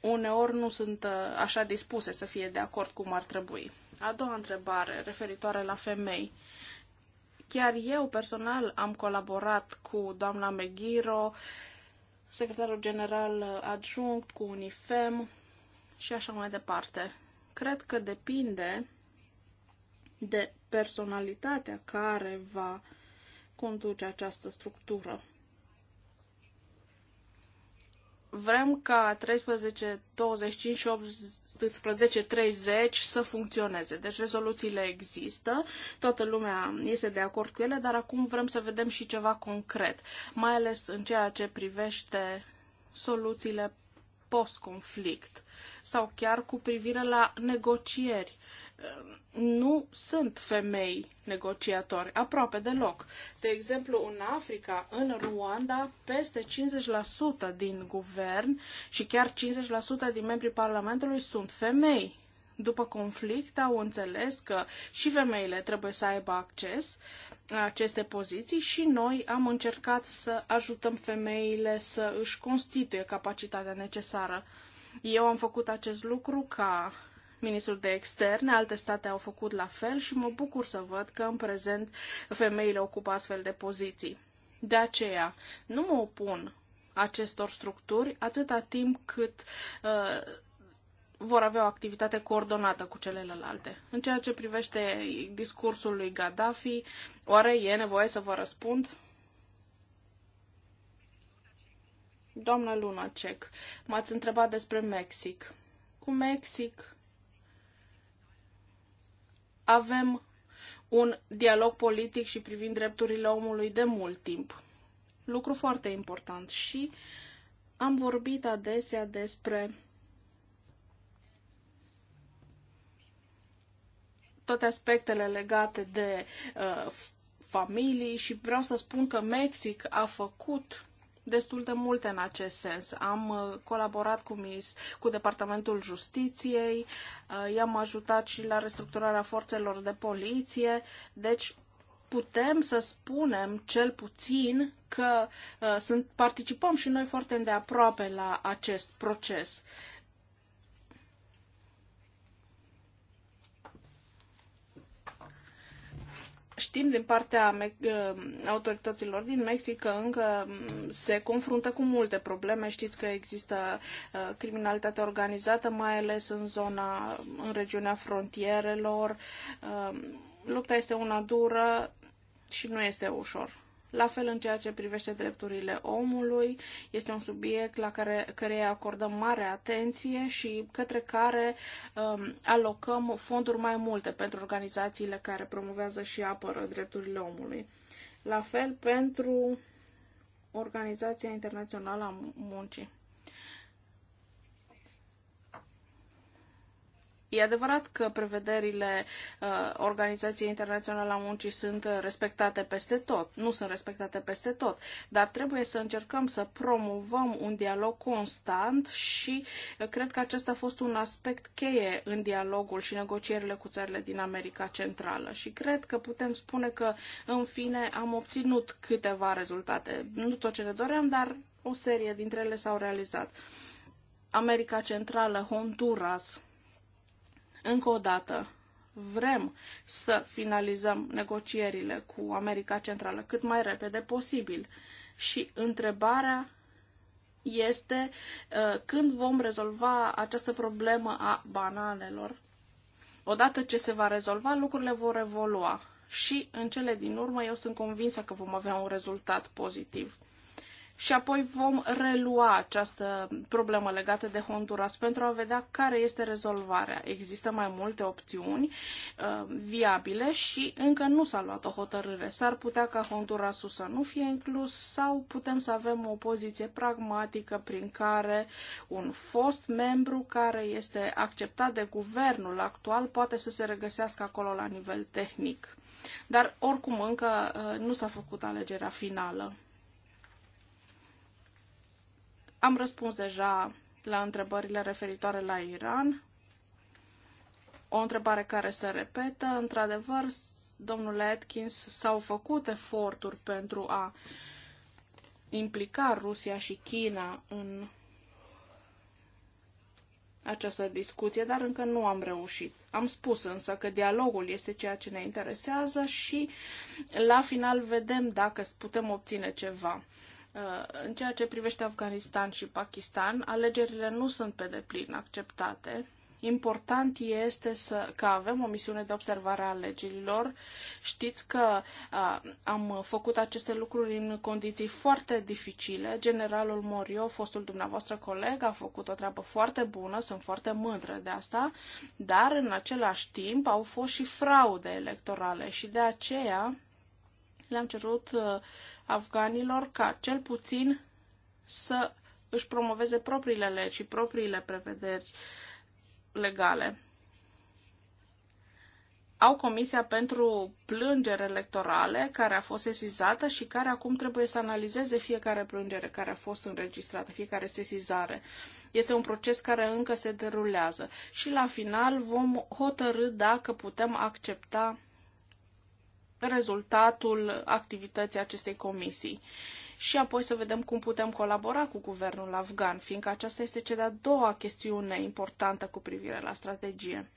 uneori nu sunt uh, așa dispuse să fie de acord cum ar trebui. A doua întrebare, referitoare la femei. Chiar eu personal am colaborat cu doamna Meghiro, secretarul general uh, adjunct, cu UNIFEM și așa mai departe. Cred că depinde de personalitatea care va conduce această structură vrem ca 13, 25 și 18, 30 să funcționeze. Deci rezoluțiile există, toată lumea este de acord cu ele, dar acum vrem să vedem și ceva concret, mai ales în ceea ce privește soluțiile post-conflict sau chiar cu privire la negocieri Ehm, nu sunt femei negociatori, aproape deloc. De exemplu, în Africa, în Ruanda, peste 50% din guvern și chiar 50% din membrii Parlamentului sunt femei. După conflict au înțeles că și femeile trebuie să aibă acces la aceste poziții și noi am încercat să ajutăm femeile să își constituie capacitatea necesară. Eu am făcut acest lucru ca ministrul de externe, alte state au făcut la fel și mă bucur să văd că în prezent femeile ocupă astfel de poziții. De aceea, nu mă opun acestor structuri atâta timp cât uh, vor avea o activitate coordonată cu celelalte. În ceea ce privește discursul lui Gaddafi, oare e nevoie să vă răspund? Doamna Cec, m-ați întrebat despre Mexic. Cu Mexic avem un dialog politic și privind drepturile omului de mult timp. Lucru foarte important și am vorbit adesea despre toate aspectele legate de uh, familii și vreau să spun că Mexic a făcut destul de multe în acest sens. Am uh, colaborat cu, mis, cu Departamentul Justiției, uh, i-am ajutat și la restructurarea forțelor de poliție, deci putem să spunem cel puțin că uh, sunt, participăm și noi foarte îndeaproape la acest proces. Uh, Știm din partea uh, autorităților din Mexic că încă mm, se confruntă cu multe probleme. Știți că există uh, criminalitate organizată, mai ales în zona, în regiunea frontierelor. Uh, lupta este una dură și nu este ușor. La fel în ceea ce privește drepturile omului, este un subiect la care, care acordăm mare atenție și către care um, alocăm fonduri mai multe pentru organizațiile care promovează și apără drepturile omului. La fel pentru Organizația Internațională a Muncii. E adevărat că prevederile uh, Organizației Internaționale a Muncii sunt respectate peste tot, nu sunt respectate peste tot, dar trebuie să încercăm să promovăm un dialog constant și uh, cred că acesta a fost un aspect cheie în dialogul și negocierile cu țările din America Centrală și cred că putem spune că, în fine, am obținut câteva rezultate. Nu tot ce ne doream, dar o serie dintre ele s-au realizat. America Centrală, Honduras, încă o dată, vrem să finalizăm negocierile cu America Centrală cât mai repede posibil. Și întrebarea este uh, când vom rezolva această problemă a bananelor. Odată ce se va rezolva, lucrurile vor evolua și în cele din urmă eu sunt convinsă că vom avea un rezultat pozitiv și apoi vom relua această problemă legată de Honduras pentru a vedea care este rezolvarea. Există mai multe opțiuni uh, viabile și încă nu s-a luat o hotărâre. S-ar putea ca Hondurasul să nu fie inclus sau putem să avem o poziție pragmatică prin care un fost membru care este acceptat de guvernul actual poate să se regăsească acolo la nivel tehnic. Dar oricum încă uh, nu s-a făcut alegerea finală. Am răspuns deja la întrebările referitoare la Iran. O întrebare care se repetă. Într-adevăr, domnule Atkins, s-au făcut eforturi pentru a implica Rusia și China în această discuție, dar încă nu am reușit. Am spus însă că dialogul este ceea ce ne interesează și la final vedem dacă putem obține ceva. Uh, în ceea ce privește Afganistan și Pakistan, alegerile nu sunt pe deplin acceptate. Important este să, că avem o misiune de observare a alegerilor. Știți că a, uh, am făcut aceste lucruri în condiții foarte dificile. Generalul Morio, fostul dumneavoastră coleg, a făcut o treabă foarte bună, sunt foarte mândră de asta, dar în același timp au fost și fraude electorale și de aceea le-am cerut uh, afganilor ca cel puțin să își promoveze propriile legi și propriile prevederi legale. Au Comisia pentru Plângeri Electorale, care a fost sesizată și care acum trebuie să analizeze fiecare plângere care a fost înregistrată, fiecare sesizare. Este un proces care încă se derulează și la final vom hotărâ dacă putem accepta rezultatul activității acestei comisii. Și apoi să vedem cum putem colabora cu guvernul afgan, fiindcă aceasta este cea de-a doua chestiune importantă cu privire la strategie.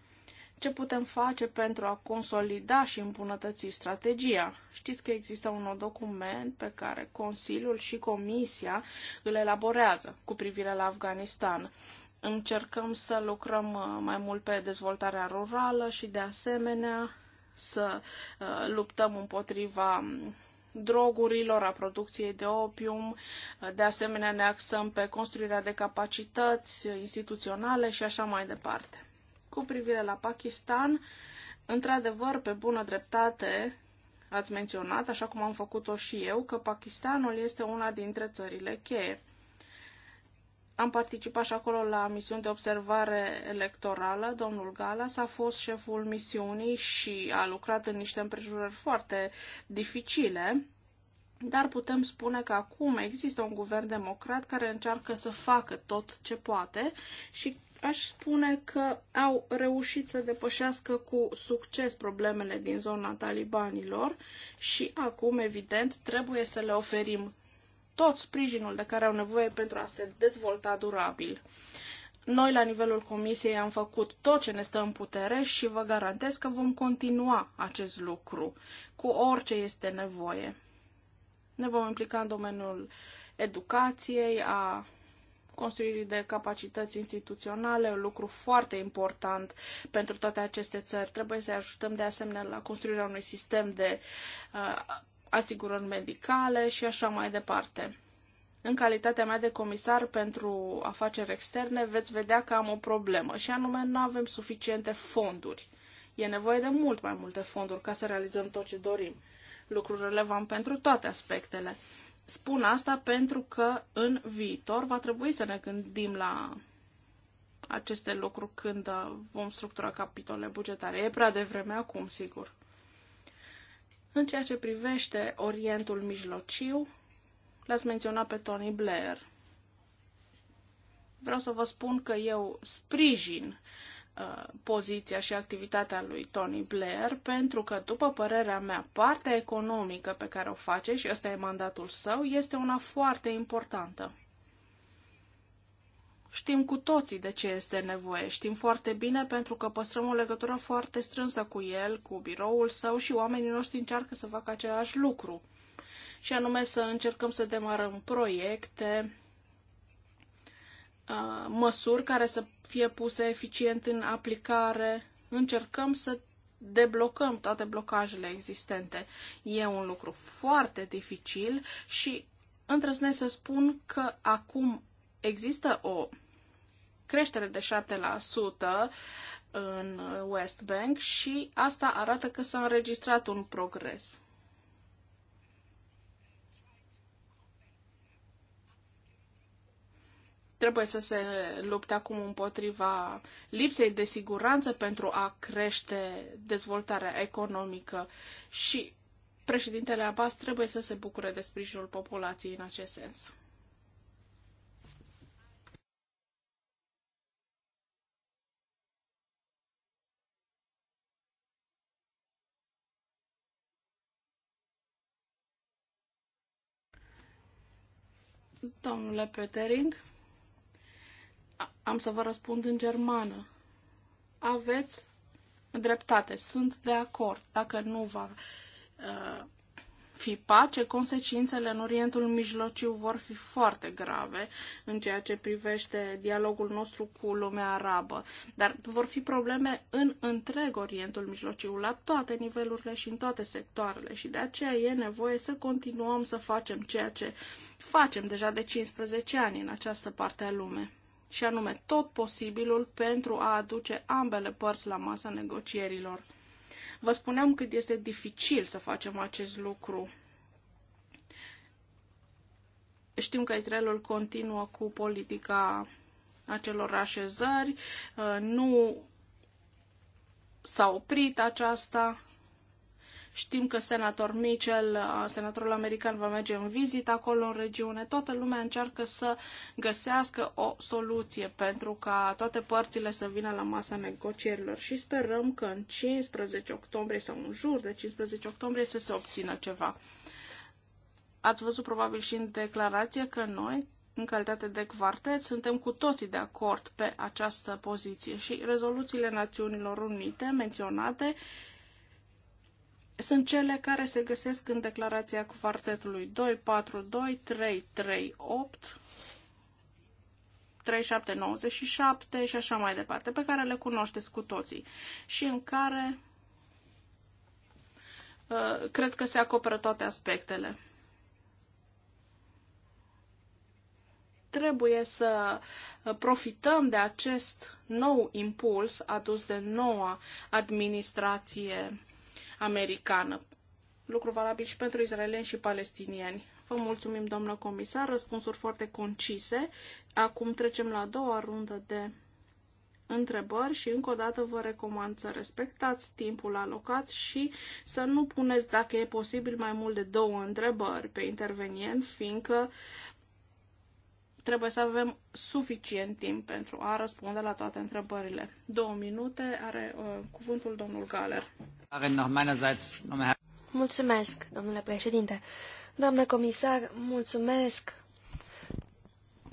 Ce putem face pentru a consolida și îmbunătăți strategia? Știți că există un document pe care Consiliul și Comisia îl elaborează cu privire la Afganistan încercăm să lucrăm uh, mai mult pe dezvoltarea rurală și, de asemenea, să uh, luptăm împotriva drogurilor, a producției de opium. Uh, de asemenea, ne axăm pe construirea de capacități instituționale și așa mai departe. Cu privire la Pakistan, într-adevăr, pe bună dreptate, ați menționat, așa cum am făcut-o și eu, că Pakistanul este una dintre țările cheie. Am participat și acolo la misiuni de observare electorală. Domnul Galas a fost șeful misiunii și a lucrat în niște împrejurări foarte dificile. Dar putem spune că acum există un guvern democrat care încearcă să facă tot ce poate și aș spune că au reușit să depășească cu succes problemele din zona talibanilor și acum, evident, trebuie să le oferim tot sprijinul de care au nevoie pentru a se dezvolta durabil. Noi, la nivelul Comisiei, am făcut tot ce ne stă în putere și vă garantez că vom continua acest lucru cu orice este nevoie. Ne vom implica în domeniul educației, a construirii de capacități instituționale, un lucru foarte important pentru toate aceste țări. Trebuie să ajutăm de asemenea la construirea unui sistem de uh, asigurări medicale și așa mai departe. În calitatea mea de comisar pentru afaceri externe, veți vedea că am o problemă și anume nu avem suficiente fonduri. E nevoie de mult mai multe fonduri ca să realizăm tot ce dorim. Lucru relevant pentru toate aspectele. Spun asta pentru că în viitor va trebui să ne gândim la aceste lucruri când uh, vom structura capitole bugetare. E prea devreme acum, sigur. În ceea ce privește Orientul Mijlociu, l-ați menționat pe Tony Blair. Vreau să vă spun că eu sprijin uh, poziția și activitatea lui Tony Blair, pentru că, după părerea mea, partea economică pe care o face, și ăsta e mandatul său, este una foarte importantă. Știm cu toții de ce este nevoie, știm foarte bine pentru că păstrăm o legătură foarte strânsă cu el, cu biroul său și oamenii noștri încearcă să facă același lucru. Și anume să încercăm să demarăm proiecte, măsuri care să fie puse eficient în aplicare. Încercăm să deblocăm toate blocajele existente. E un lucru foarte dificil și îndrăznesc să spun că acum există o creștere de 7% în West Bank și asta arată că s-a înregistrat un progres. trebuie să se lupte acum împotriva lipsei de siguranță pentru a crește dezvoltarea economică și președintele Abbas trebuie să se bucure de sprijinul populației în acest sens. Domnule Petering, am să vă răspund în germană. Aveți dreptate, sunt de acord. Dacă nu va uh, fi pace, consecințele în Orientul Mijlociu vor fi foarte grave în ceea ce privește dialogul nostru cu lumea arabă. Dar vor fi probleme în întreg Orientul Mijlociu, la toate nivelurile și în toate sectoarele. Și de aceea e nevoie să continuăm să facem ceea ce facem deja de 15 ani în această parte a lumei și anume tot posibilul pentru a aduce ambele părți la masa negocierilor. Vă spuneam cât este dificil să facem acest lucru. Știm că Israelul continuă cu politica acelor așezări, uh, nu s-a oprit aceasta, Știm că senator Mitchell, uh, senatorul american, va merge în vizită acolo în regiune. Toată lumea încearcă să găsească o soluție pentru ca toate părțile să vină la masa negocierilor și sperăm că în 15 octombrie sau în jur de 15 octombrie să se obțină ceva. Ați văzut probabil și în declarație că noi, în calitate de quartet, suntem cu toții de acord pe această poziție și rezoluțiile Națiunilor Unite menționate sunt cele care se găsesc în declarația 8, 3, 7, 97 și așa mai departe, pe care le cunoașteți cu toții și în care uh, cred că se acoperă toate aspectele. Trebuie să uh, profităm de acest nou impuls adus de noua administrație americană. Lucru valabil și pentru izraelieni și palestinieni. Vă mulțumim, doamnă comisar, răspunsuri foarte concise. Acum trecem la a doua rundă de întrebări și încă o dată vă recomand să respectați timpul alocat și să nu puneți, dacă e posibil, mai mult de două întrebări pe intervenient, fiindcă trebuie să avem suficient timp pentru a răspunde la toate întrebările. Două minute are uh, cuvântul domnul Galer. Mulțumesc, domnule președinte. Doamnă comisar, mulțumesc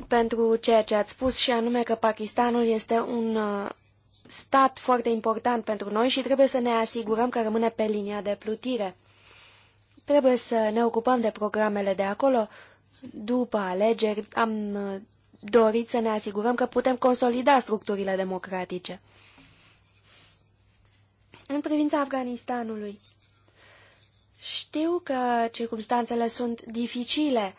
pentru ceea ce ați spus și anume că Pakistanul este un uh, stat foarte important pentru noi și trebuie să ne asigurăm că rămâne pe linia de plutire. Trebuie să ne ocupăm de programele de acolo, după alegeri am uh, dorit să ne asigurăm că putem consolida structurile democratice. În privința Afganistanului, știu că circumstanțele sunt dificile,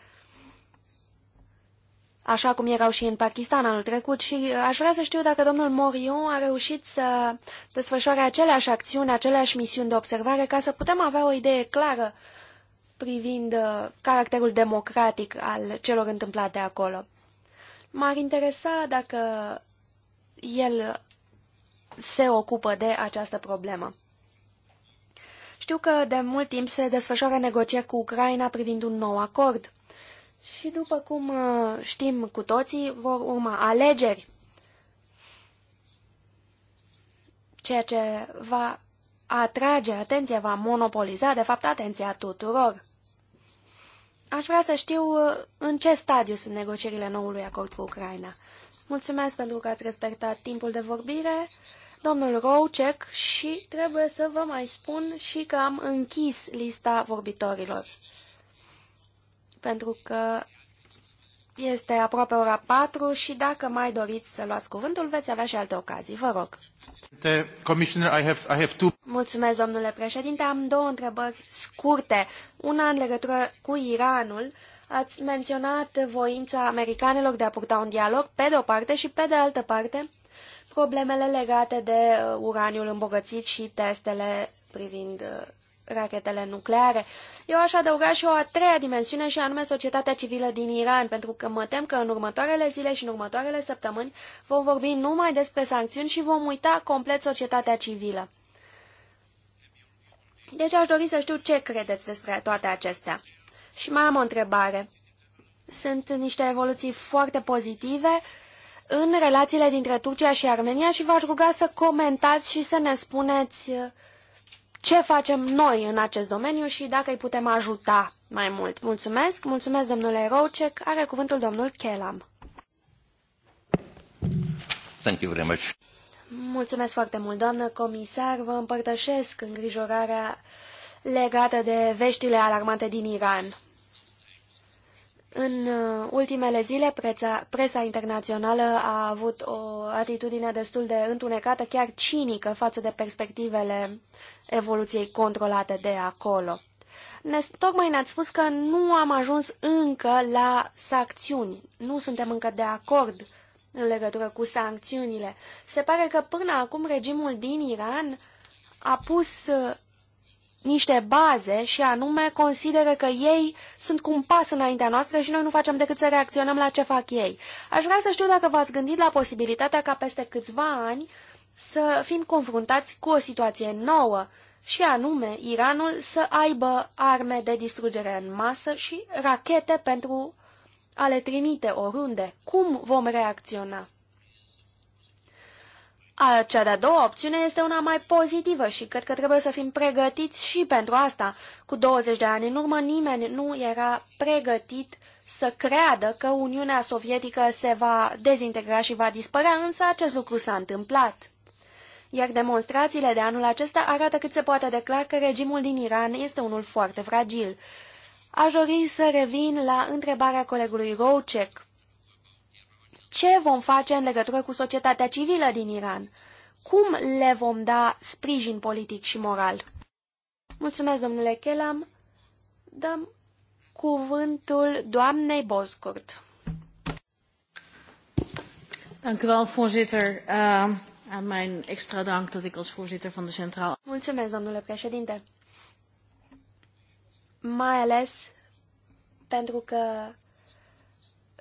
așa cum erau și în Pakistan anul trecut și aș vrea să știu dacă domnul Morion a reușit să desfășoare aceleași acțiuni, aceleași misiuni de observare ca să putem avea o idee clară privind uh, caracterul democratic al celor întâmplate acolo. M-ar interesa dacă el se ocupă de această problemă. Știu că de mult timp se desfășoară negocieri cu Ucraina privind un nou acord. Și după cum uh, știm cu toții, vor urma alegeri, ceea ce va atrage atenția, va monopoliza, de fapt, atenția tuturor. Aș vrea să știu uh, în ce stadiu sunt negocierile noului acord cu Ucraina. Mulțumesc pentru că ați respectat timpul de vorbire, domnul Roucek, și trebuie să vă mai spun și că am închis lista vorbitorilor. Pentru că este aproape ora 4 și dacă mai doriți să luați cuvântul, veți avea și alte ocazii. Vă rog. Mulțumesc, domnule președinte. Am două întrebări scurte. Una în legătură cu Iranul. Ați menționat voința americanilor de a purta un dialog, pe de o parte, și pe de altă parte, problemele legate de uh, uraniul îmbogățit și testele privind uh, rachetele nucleare. Eu aș adăuga și o a treia dimensiune și anume societatea civilă din Iran, pentru că mă tem că în următoarele zile și în următoarele săptămâni vom vorbi numai despre sancțiuni și vom uita complet societatea civilă. Deci aș dori să știu ce credeți despre toate acestea. Și mai am o întrebare. Sunt niște evoluții foarte pozitive în relațiile dintre Turcia și Armenia și v-aș ruga să comentați și să ne spuneți ce facem noi în acest domeniu și dacă îi putem ajuta mai mult. Mulțumesc, mulțumesc domnule Rocek, are cuvântul domnul Kelam. Thank you very much. Mulțumesc foarte mult, doamnă comisar. Vă împărtășesc îngrijorarea legată de veștile alarmante din Iran. În uh, ultimele zile, preța, presa internațională a avut o atitudine destul de întunecată, chiar cinică, față de perspectivele evoluției controlate de acolo. Ne, tocmai ne-ați spus că nu am ajuns încă la sancțiuni. Nu suntem încă de acord în legătură cu sancțiunile. Se pare că până acum regimul din Iran a pus uh, niște baze și anume consideră că ei sunt cu un pas înaintea noastră și noi nu facem decât să reacționăm la ce fac ei. Aș vrea să știu dacă v-ați gândit la posibilitatea ca peste câțiva ani să fim confruntați cu o situație nouă și anume Iranul să aibă arme de distrugere în masă și rachete pentru a le trimite oriunde. Cum vom reacționa? A, cea de-a doua opțiune este una mai pozitivă și cred că trebuie să fim pregătiți și pentru asta. Cu 20 de ani în urmă, nimeni nu era pregătit să creadă că Uniunea Sovietică se va dezintegra și va dispărea, însă acest lucru s-a întâmplat. Iar demonstrațiile de anul acesta arată cât se poate declar că regimul din Iran este unul foarte fragil. Aș dori să revin la întrebarea colegului Roucek ce vom face în legătură cu societatea civilă din Iran? Cum le vom da sprijin politic și moral? Mulțumesc, domnule Kelam. Dăm cuvântul doamnei Boscurt. Dank u wel, voorzitter. Uh, aan mijn extra dank dat ik als voorzitter van de Centraal... Mulțumesc, domnule președinte. Mai ales pentru că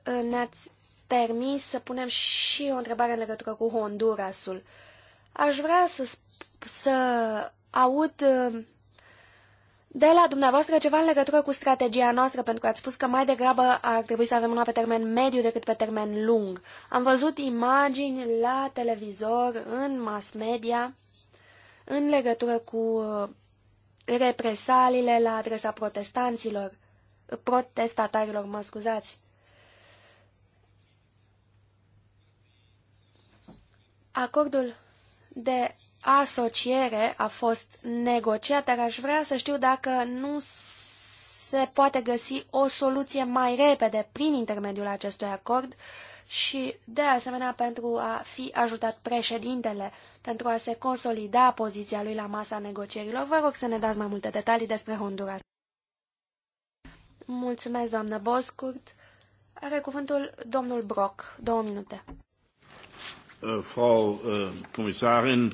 eh, ne-ați permis să punem și o întrebare în legătură cu Hondurasul. Aș vrea să, să aud uh, de la dumneavoastră ceva în legătură cu strategia noastră, pentru că ați spus că mai degrabă ar trebui să avem una pe termen mediu decât pe termen lung. Am văzut imagini la televizor, în mass media, în legătură cu uh, represaliile la adresa protestanților, protestatarilor, mă scuzați. Acordul de asociere a fost negociat, dar aș vrea să știu dacă nu se poate găsi o soluție mai repede prin intermediul acestui acord și, de asemenea, pentru a fi ajutat președintele pentru a se consolida poziția lui la masa negocierilor. Vă rog să ne dați mai multe detalii despre Honduras. Mulțumesc, doamnă Boscurt. Are cuvântul domnul Brock. Două minute. Äh, Frau äh, Kommissarin,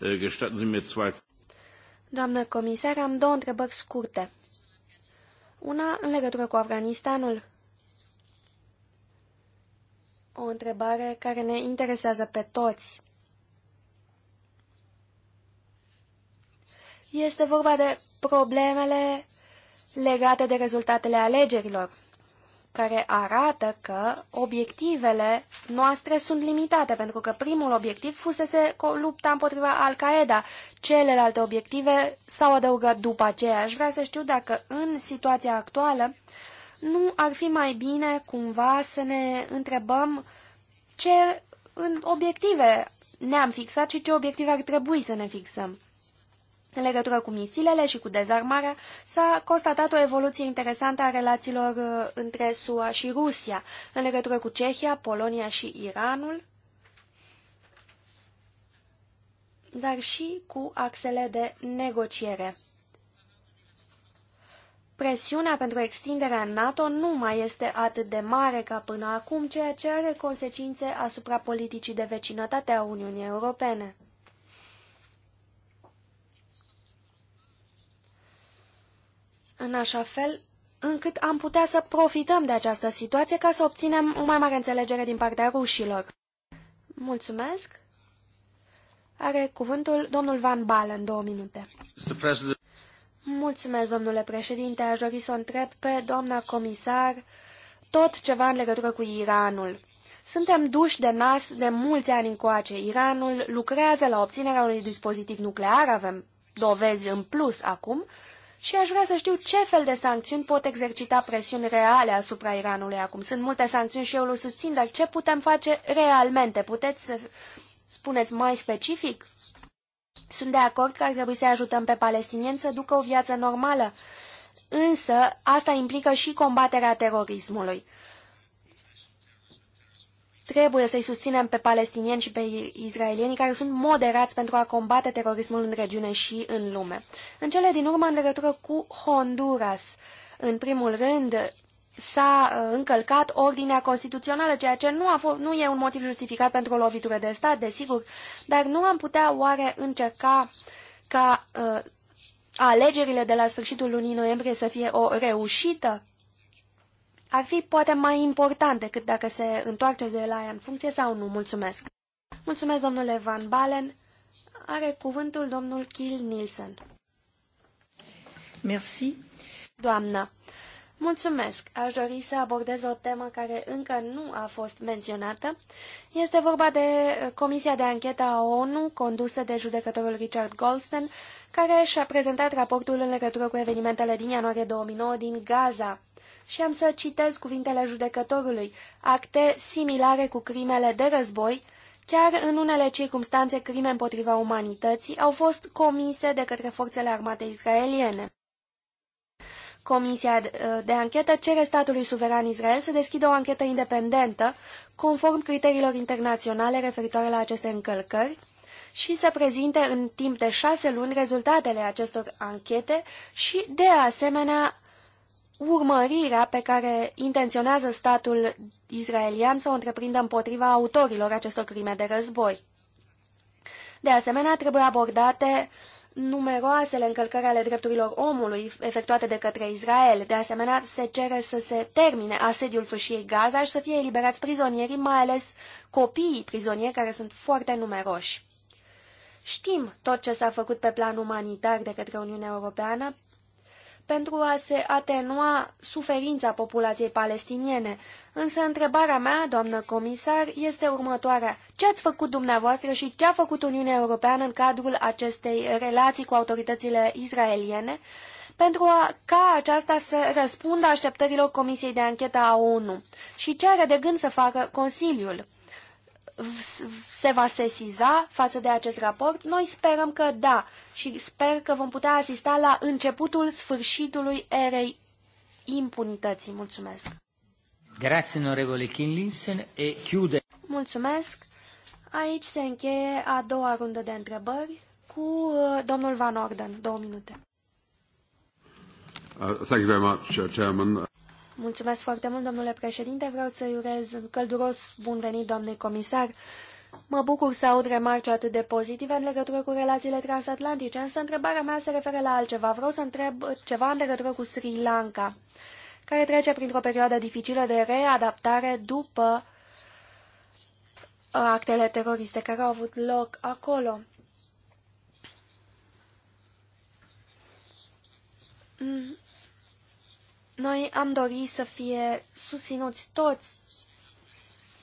äh, gestatten Sie mir zwei... Doamnă comisar, am două întrebări scurte. Una în legătură cu Afganistanul. O întrebare care ne interesează pe toți. Este vorba de problemele legate de rezultatele alegerilor care arată că obiectivele noastre sunt limitate, pentru că primul obiectiv fusese lupta împotriva Al-Qaeda. Celelalte obiective s-au adăugat după aceea. Aș vrea să știu dacă în situația actuală nu ar fi mai bine cumva să ne întrebăm ce în obiective ne-am fixat și ce obiective ar trebui să ne fixăm. În legătură cu misilele și cu dezarmarea, s-a constatat o evoluție interesantă a relațiilor uh, între SUA și Rusia, în legătură cu Cehia, Polonia și Iranul, dar și cu axele de negociere. Presiunea pentru extinderea NATO nu mai este atât de mare ca până acum, ceea ce are consecințe asupra politicii de vecinătate a Uniunii Europene. în așa fel încât am putea să profităm de această situație ca să obținem o mai mare înțelegere din partea rușilor. Mulțumesc. Are cuvântul domnul Van Balen, două minute. Mulțumesc, domnule președinte. Aș dori să o întreb pe doamna comisar tot ceva în legătură cu Iranul. Suntem duși de nas de mulți ani încoace. Iranul lucrează la obținerea unui dispozitiv nuclear, avem dovezi în plus acum, și aș vrea să știu ce fel de sancțiuni pot exercita presiuni reale asupra Iranului acum. Sunt multe sancțiuni și eu le susțin, dar ce putem face realmente? Puteți să spuneți mai specific? Sunt de acord că ar trebui să ajutăm pe palestinieni să ducă o viață normală, însă asta implică și combaterea terorismului. Trebuie să-i susținem pe palestinieni și pe israelieni care sunt moderați pentru a combate terorismul în regiune și în lume. În cele din urmă, în legătură cu Honduras, în primul rând, s-a uh, încălcat ordinea constituțională, ceea ce nu, a fost, nu e un motiv justificat pentru o lovitură de stat, desigur, dar nu am putea oare încerca ca uh, alegerile de la sfârșitul lunii noiembrie să fie o reușită? ar fi poate mai important decât dacă se întoarce de la ea în funcție sau nu. Mulțumesc! Mulțumesc, domnule Van Balen. Are cuvântul domnul Kiel Nielsen. Merci. Doamnă, mulțumesc. Aș dori să abordez o temă care încă nu a fost menționată. Este vorba de Comisia de Anchetă a ONU, condusă de judecătorul Richard Goldstein, care și-a prezentat raportul în legătură cu evenimentele din ianuarie 2009 din Gaza și am să citez cuvintele judecătorului, acte similare cu crimele de război, chiar în unele circunstanțe crime împotriva umanității au fost comise de către forțele armate israeliene. Comisia uh, de anchetă cere statului suveran Israel să deschidă o anchetă independentă, conform criteriilor internaționale referitoare la aceste încălcări, și să prezinte în timp de șase luni rezultatele acestor anchete și, de asemenea, urmărirea pe care intenționează statul israelian să o întreprindă împotriva autorilor acestor crime de război. De asemenea, trebuie abordate numeroasele încălcări ale drepturilor omului efectuate de către Israel. De asemenea, se cere să se termine asediul fâșiei Gaza și să fie eliberați prizonierii, mai ales copiii prizonieri care sunt foarte numeroși. Știm tot ce s-a făcut pe plan umanitar de către Uniunea Europeană pentru a se atenua suferința populației palestiniene. Însă întrebarea mea, doamnă comisar, este următoarea. Ce ați făcut dumneavoastră și ce a făcut Uniunea Europeană în cadrul acestei relații cu autoritățile israeliene pentru a, ca aceasta să răspundă așteptărilor Comisiei de Anchetă a ONU? Și ce are de gând să facă Consiliul? se va sesiza față de acest raport? Noi sperăm că da și sper că vom putea asista la începutul sfârșitului erei impunității. Mulțumesc! Grazie, onorevole Kinlinsen, e chiude. Mulțumesc! Aici se încheie a doua rundă de întrebări cu uh, domnul Van Orden. Două minute. Uh, thank you very much, uh, Chairman. Mulțumesc foarte mult, domnule președinte. Vreau să-i urez un călduros bun venit, doamne comisar. Mă bucur să aud remarci atât de pozitive în legătură cu relațiile transatlantice, însă întrebarea mea se referă la altceva. Vreau să întreb ceva în legătură cu Sri Lanka, care trece printr-o perioadă dificilă de readaptare după actele teroriste care au avut loc acolo. Noi am dorit să fie susținuți toți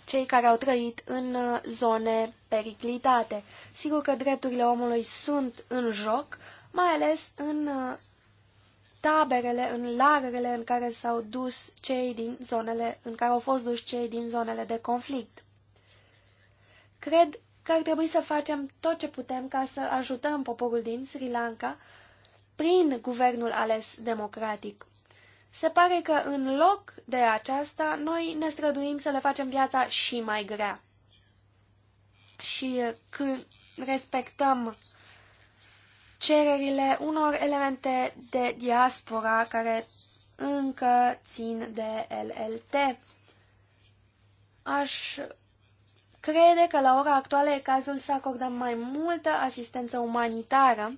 cei care au trăit în uh, zone periclitate. Sigur că drepturile omului sunt în joc, mai ales în uh, taberele, în larele în care s-au dus cei din zonele, în care au fost duși cei din zonele de conflict. Cred că ar trebui să facem tot ce putem ca să ajutăm poporul din Sri Lanka prin guvernul ales democratic. Se pare că în loc de aceasta, noi ne străduim să le facem viața și mai grea. Și când respectăm cererile unor elemente de diaspora care încă țin de LLT. Aș crede că la ora actuală e cazul să acordăm mai multă asistență umanitară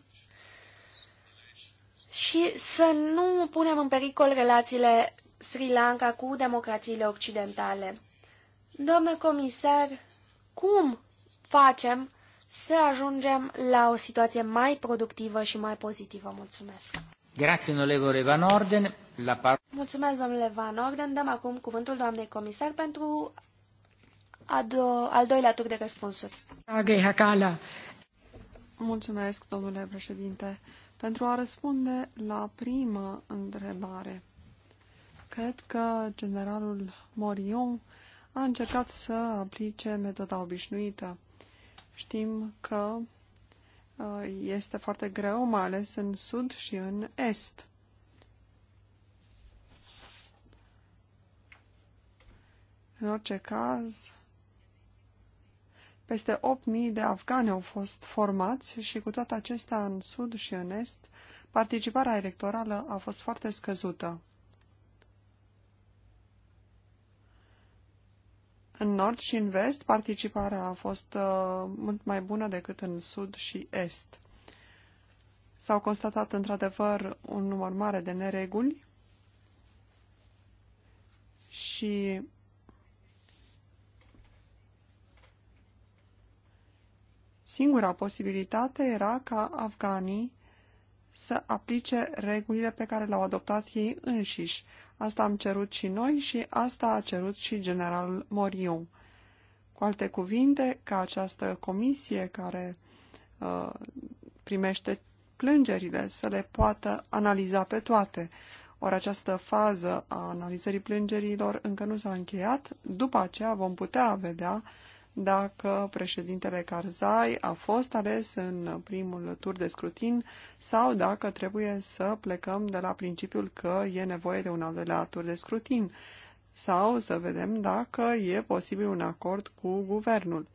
și să nu punem în pericol relațiile Sri Lanka cu democrațiile occidentale. domnule comisar, cum facem să ajungem la o situație mai productivă și mai pozitivă? Mulțumesc! Grazie, onorevole Van Orden. La par... Mulțumesc, domnule Van Orden. Dăm acum cuvântul doamnei comisar pentru do al doilea tur de răspunsuri. Mulțumesc, domnule președinte. Pentru a răspunde la prima întrebare, cred că generalul Morion a încercat să aplice metoda obișnuită. Știm că uh, este foarte greu, mai ales în sud și în est. În orice caz, peste 8.000 de afgane au fost formați și cu toate acestea în sud și în est, participarea electorală a fost foarte scăzută. În nord și în vest, participarea a fost uh, mult mai bună decât în sud și est. S-au constatat într-adevăr un număr mare de nereguli și Singura posibilitate era ca afganii să aplice regulile pe care le-au adoptat ei înșiși. Asta am cerut și noi și asta a cerut și generalul Moriu. Cu alte cuvinte, ca această comisie care uh, primește plângerile să le poată analiza pe toate. Ori această fază a analizării plângerilor încă nu s-a încheiat, după aceea vom putea vedea uh, dacă președintele Karzai a fost ales în primul tur de scrutin sau dacă trebuie să plecăm de la principiul că e nevoie de un al doilea tur de scrutin sau să vedem dacă e posibil un acord cu guvernul.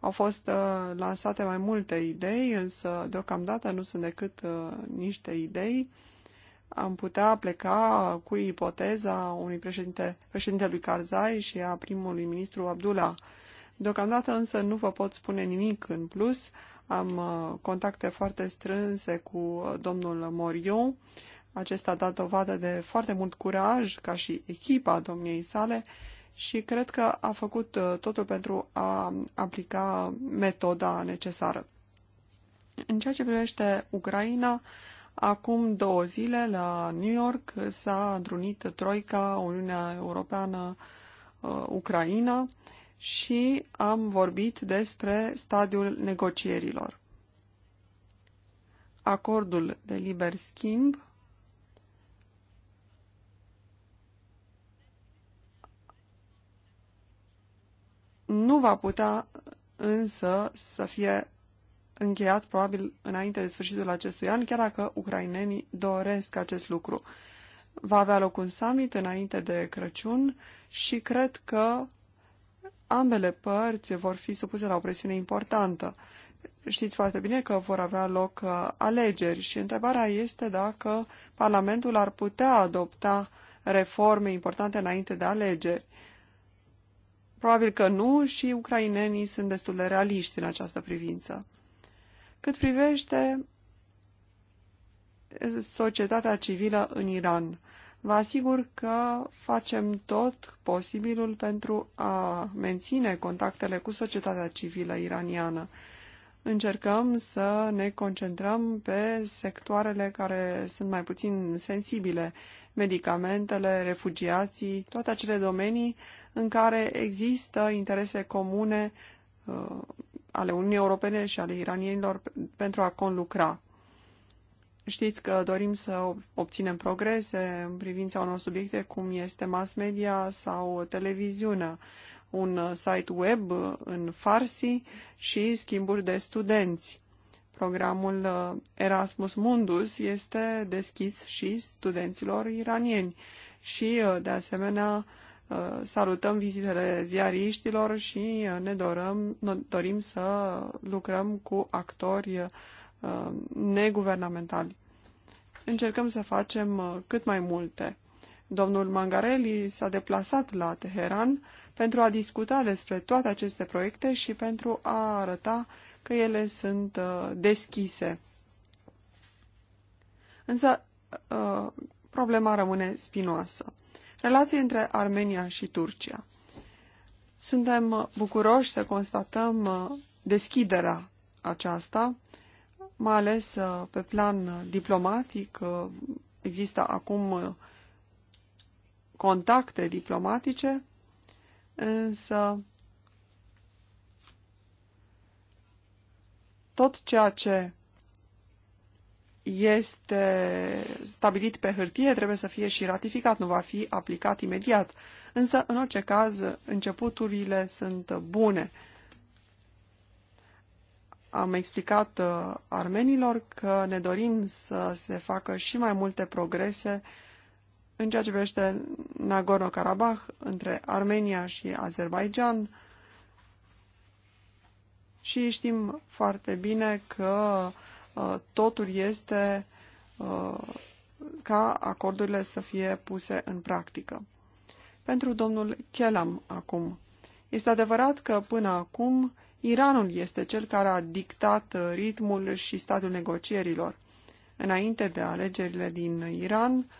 Au fost uh, lansate mai multe idei, însă deocamdată nu sunt decât uh, niște idei. Am putea pleca cu ipoteza unui președinte, președintelui Karzai și a primului ministru Abdullah Deocamdată însă nu vă pot spune nimic în plus. Am uh, contacte foarte strânse cu uh, domnul Morion. Acesta a dat dovadă de foarte mult curaj, ca și echipa domniei sale, și cred că a făcut uh, totul pentru a aplica metoda necesară. În ceea ce privește Ucraina, acum două zile la New York s-a întrunit Troica, Uniunea Europeană, Ucraina și am vorbit despre stadiul negocierilor. Acordul de liber schimb nu va putea însă să fie încheiat probabil înainte de sfârșitul acestui an, chiar dacă ucrainenii doresc acest lucru. Va avea loc un summit înainte de Crăciun și cred că ambele părți vor fi supuse la o presiune importantă. Știți foarte bine că vor avea loc uh, alegeri și întrebarea este dacă Parlamentul ar putea adopta reforme importante înainte de alegeri. Probabil că nu și ucrainenii sunt destul de realiști în această privință. Cât privește uh, societatea civilă în Iran, Vă asigur că facem tot posibilul pentru a menține contactele cu societatea civilă iraniană. Încercăm să ne concentrăm pe sectoarele care sunt mai puțin sensibile, medicamentele, refugiații, toate acele domenii în care există interese comune uh, ale Uniunii Europene și ale iranienilor pentru a conlucra. Știți că dorim să obținem progrese în privința unor subiecte cum este mass media sau televiziunea, un uh, site web în farsi și schimburi de studenți. Programul uh, Erasmus Mundus este deschis și studenților iranieni și, uh, de asemenea, salutăm vizitele ziariștilor și ne dorăm, dorim să lucrăm cu actori Uh, neguvernamentali. Încercăm să facem uh, cât mai multe. Domnul Mangarelli s-a deplasat la Teheran pentru a discuta despre toate aceste proiecte și pentru a arăta că ele sunt uh, deschise. Însă problema rămâne spinoasă. Relații între Armenia și Turcia. Suntem bucuroși să constatăm deschiderea aceasta mai ales uh, pe plan uh, diplomatic, uh, există acum contacte diplomatice, însă tot ceea ce este stabilit pe hârtie trebuie să fie și ratificat, nu va fi aplicat imediat. Însă, în orice caz, începuturile sunt bune am explicat uh, armenilor că ne dorim să se facă și mai multe progrese în ceea ce privește Nagorno-Karabakh între Armenia și Azerbaijan și știm foarte bine că uh, totul este uh, ca acordurile să fie puse în practică. Pentru domnul Chelam acum. Este adevărat că până acum Iranul este cel care a dictat uh, ritmul și stadiul negocierilor. Înainte de alegerile din Iran,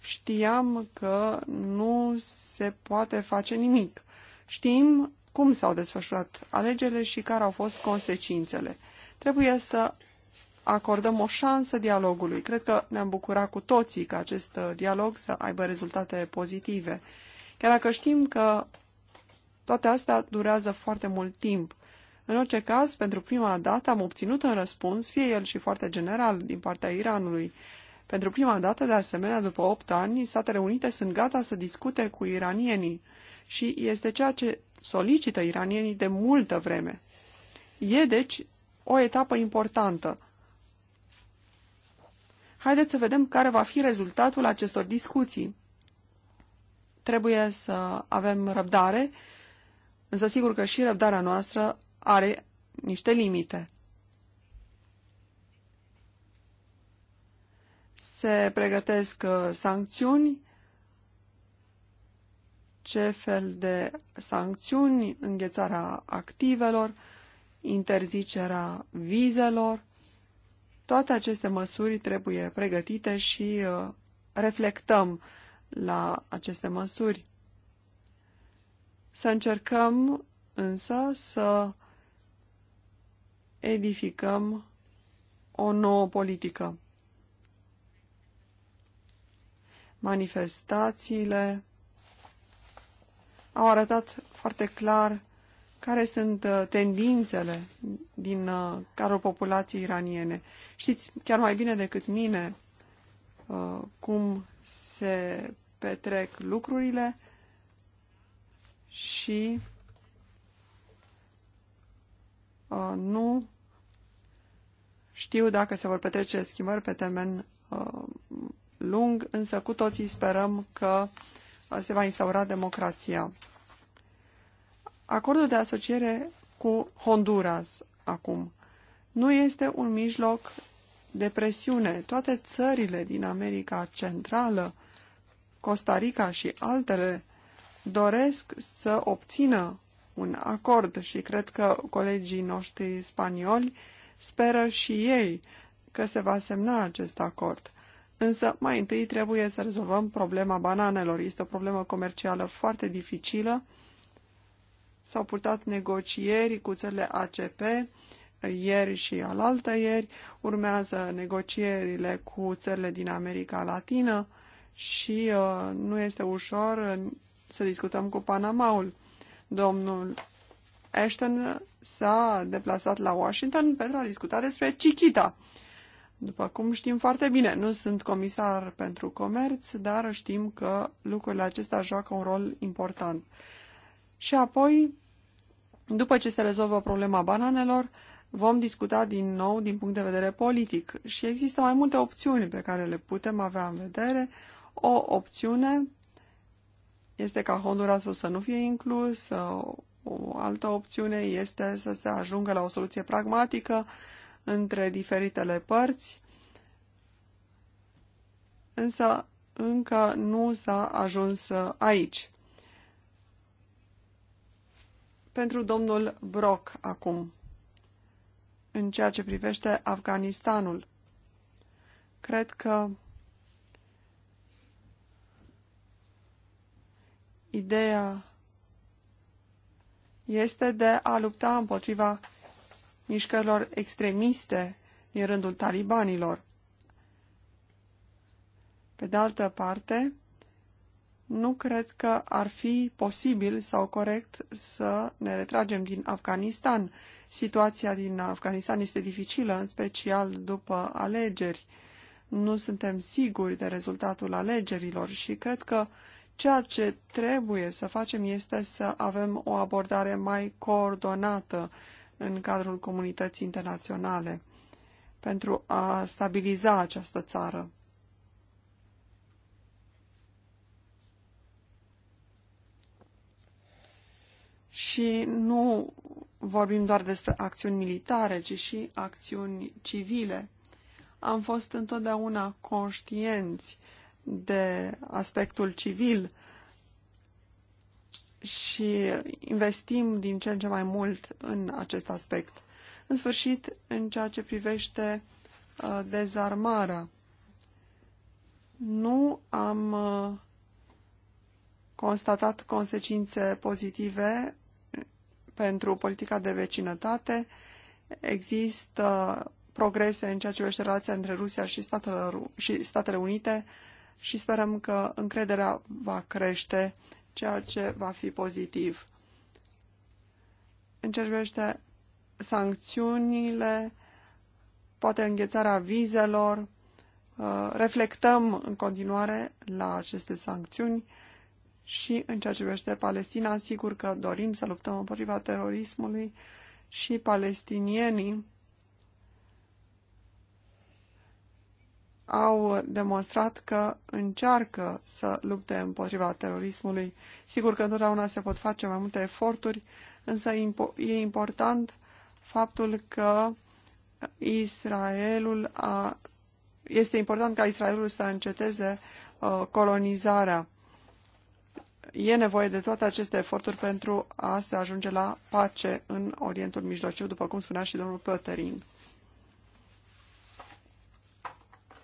știam că nu se poate face nimic. Știm cum s-au desfășurat alegerile și care au fost consecințele. Trebuie să acordăm o șansă dialogului. Cred că ne-am bucurat cu toții că acest uh, dialog să aibă rezultate pozitive. Chiar dacă știm că toate astea durează foarte mult timp. În orice caz, pentru prima dată am obținut un răspuns, fie el și foarte general, din partea Iranului. Pentru prima dată, de asemenea, după 8 ani, Statele Unite sunt gata să discute cu iranienii și este ceea ce solicită iranienii de multă vreme. E, deci, o etapă importantă. Haideți să vedem care va fi rezultatul acestor discuții. Trebuie să avem răbdare, însă sigur că și răbdarea noastră are niște limite. Se pregătesc uh, sancțiuni. Ce fel de sancțiuni? Înghețarea activelor, interzicerea vizelor. Toate aceste măsuri trebuie pregătite și uh, reflectăm la aceste măsuri. Să încercăm însă să edificăm o nouă politică. Manifestațiile au arătat foarte clar care sunt uh, tendințele din uh, carul populației iraniene. Știți chiar mai bine decât mine uh, cum se petrec lucrurile și Uh, nu știu dacă se vor petrece schimbări pe termen uh, lung, însă cu toții sperăm că uh, se va instaura democrația. Acordul de asociere cu Honduras acum nu este un mijloc de presiune. Toate țările din America Centrală, Costa Rica și altele doresc să obțină un acord și cred că colegii noștri spanioli speră și ei că se va semna acest acord. Însă, mai întâi trebuie să rezolvăm problema bananelor. Este o problemă comercială foarte dificilă. S-au purtat negocieri cu țările ACP ieri și alaltă ieri. Urmează negocierile cu țările din America Latină și uh, nu este ușor uh, să discutăm cu Panamaul. Domnul Ashton s-a deplasat la Washington pentru a discuta despre Chiquita. După cum știm foarte bine, nu sunt comisar pentru comerț, dar știm că lucrurile acestea joacă un rol important. Și apoi, după ce se rezolvă problema bananelor, vom discuta din nou din punct de vedere politic și există mai multe opțiuni pe care le putem avea în vedere. O opțiune este ca Hondurasul să nu fie inclus. O altă opțiune este să se ajungă la o soluție pragmatică între diferitele părți, însă încă nu s-a ajuns aici. Pentru domnul Brock acum, în ceea ce privește Afganistanul, cred că Ideea este de a lupta împotriva mișcărilor extremiste din rândul talibanilor. Pe de altă parte, nu cred că ar fi posibil sau corect să ne retragem din Afganistan. Situația din Afganistan este dificilă, în special după alegeri. Nu suntem siguri de rezultatul alegerilor și cred că Ceea ce trebuie să facem este să avem o abordare mai coordonată în cadrul comunității internaționale pentru a stabiliza această țară. Și nu vorbim doar despre acțiuni militare, ci și acțiuni civile. Am fost întotdeauna conștienți uh, de aspectul civil și investim din ce în ce mai mult în acest aspect. În sfârșit, în ceea ce privește uh, dezarmarea, nu am uh, constatat consecințe pozitive uh, pentru politica de vecinătate. Există progrese în ceea ce privește relația între Rusia și Statele, și Statele Unite, și sperăm că încrederea va crește, ceea ce va fi pozitiv. În ce privește sancțiunile, poate înghețarea vizelor, uh, reflectăm în continuare la aceste sancțiuni și în ceea ce privește Palestina, sigur că dorim să luptăm împotriva terorismului și palestinienii au demonstrat că încearcă să lupte împotriva terorismului. Sigur că întotdeauna se pot face mai multe eforturi, însă e important faptul că Israelul a, este important ca Israelul să înceteze uh, colonizarea. E nevoie de toate aceste eforturi pentru a se ajunge la pace în Orientul Mijlociu, după cum spunea și domnul Pöterin.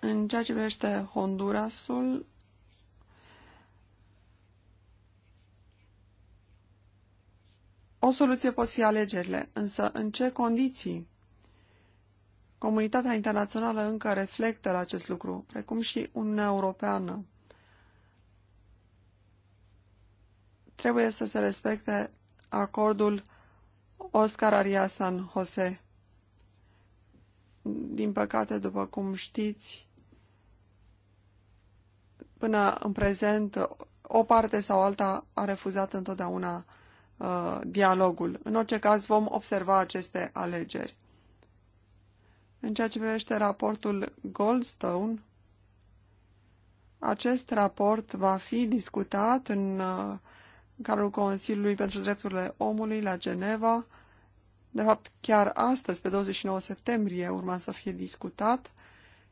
În ceea ce privește Hondurasul, o soluție pot fi alegerile, însă în ce condiții? Comunitatea internațională încă reflectă la acest lucru, precum și Uniunea Europeană. Trebuie să se respecte acordul Oscar Arias San Jose. Din păcate, după cum știți, Până în prezent, o parte sau alta a refuzat întotdeauna uh, dialogul. În orice caz, vom observa aceste alegeri. În ceea ce privește raportul Goldstone, acest raport va fi discutat în uh, cadrul Consiliului pentru Drepturile Omului la Geneva. De fapt, chiar astăzi, pe 29 septembrie, urma să fie discutat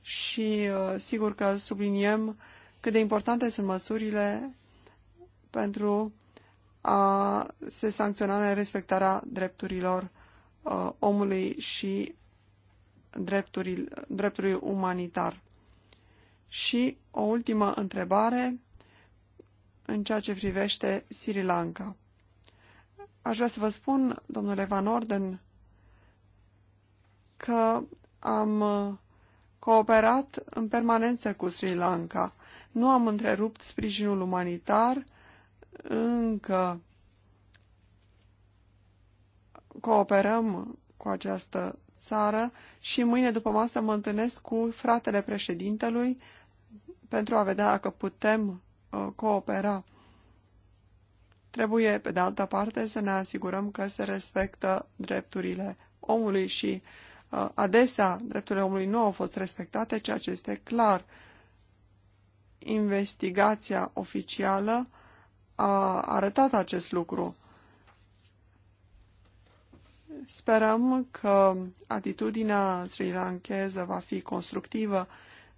și uh, sigur că subliniem cât de importante sunt măsurile pentru a se sancționa respectarea drepturilor uh, omului și dreptului, dreptului umanitar. Și o ultimă întrebare în ceea ce privește Sri Lanka. Aș vrea să vă spun, domnule Van Orden, că am uh, cooperat în permanență cu Sri Lanka. Nu am întrerupt sprijinul umanitar, încă cooperăm cu această țară și mâine după masă mă întâlnesc cu fratele președintelui pentru a vedea dacă putem uh, coopera. Trebuie, pe de altă parte, să ne asigurăm că se respectă drepturile omului și uh, Uh, adesea, drepturile omului nu au fost respectate, ceea ce este clar. Investigația oficială a arătat acest lucru. Sperăm că atitudinea sri lankeză va fi constructivă,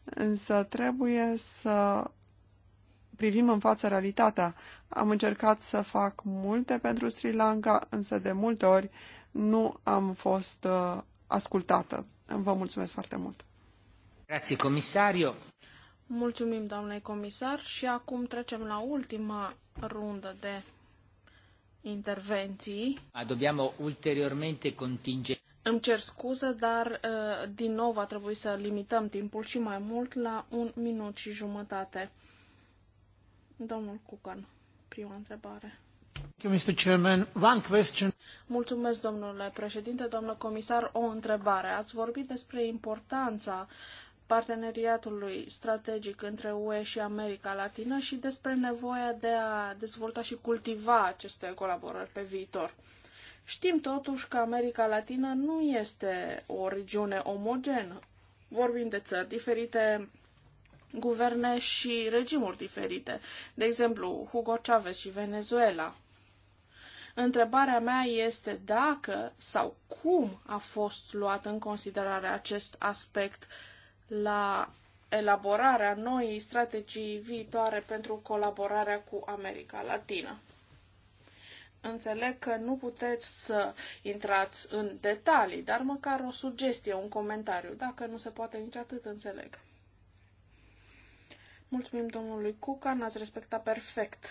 însă trebuie să privim în față realitatea. Am încercat să fac multe pentru Sri Lanka, însă de multe ori nu am fost uh, ascultată. Vă mulțumesc foarte mult. Grazie, comisario. Mulțumim, doamnei comisar, și acum trecem la ultima rundă de intervenții. Ah, dobbiamo ulteriormente contingente. Îmi cer scuze, dar uh, din nou va trebui să limităm timpul și mai mult la un minut și jumătate. Domnul Cucan, prima întrebare. Mulțumesc, domnule președinte, domnule comisar. O întrebare. Ați vorbit despre importanța parteneriatului strategic între UE și America Latină și despre nevoia de a dezvolta și cultiva aceste colaborări pe viitor. Știm totuși că America Latină nu este o regiune omogenă. Vorbim de țări diferite, guverne și regimuri diferite. De exemplu, Hugo Chavez și Venezuela. Întrebarea mea este dacă sau cum a fost luat în considerare acest aspect la elaborarea noii strategii viitoare pentru colaborarea cu America Latină. Înțeleg că nu puteți să intrați în detalii, dar măcar o sugestie, un comentariu. Dacă nu se poate nici atât, înțeleg. Mulțumim domnului Cucan, ați respectat perfect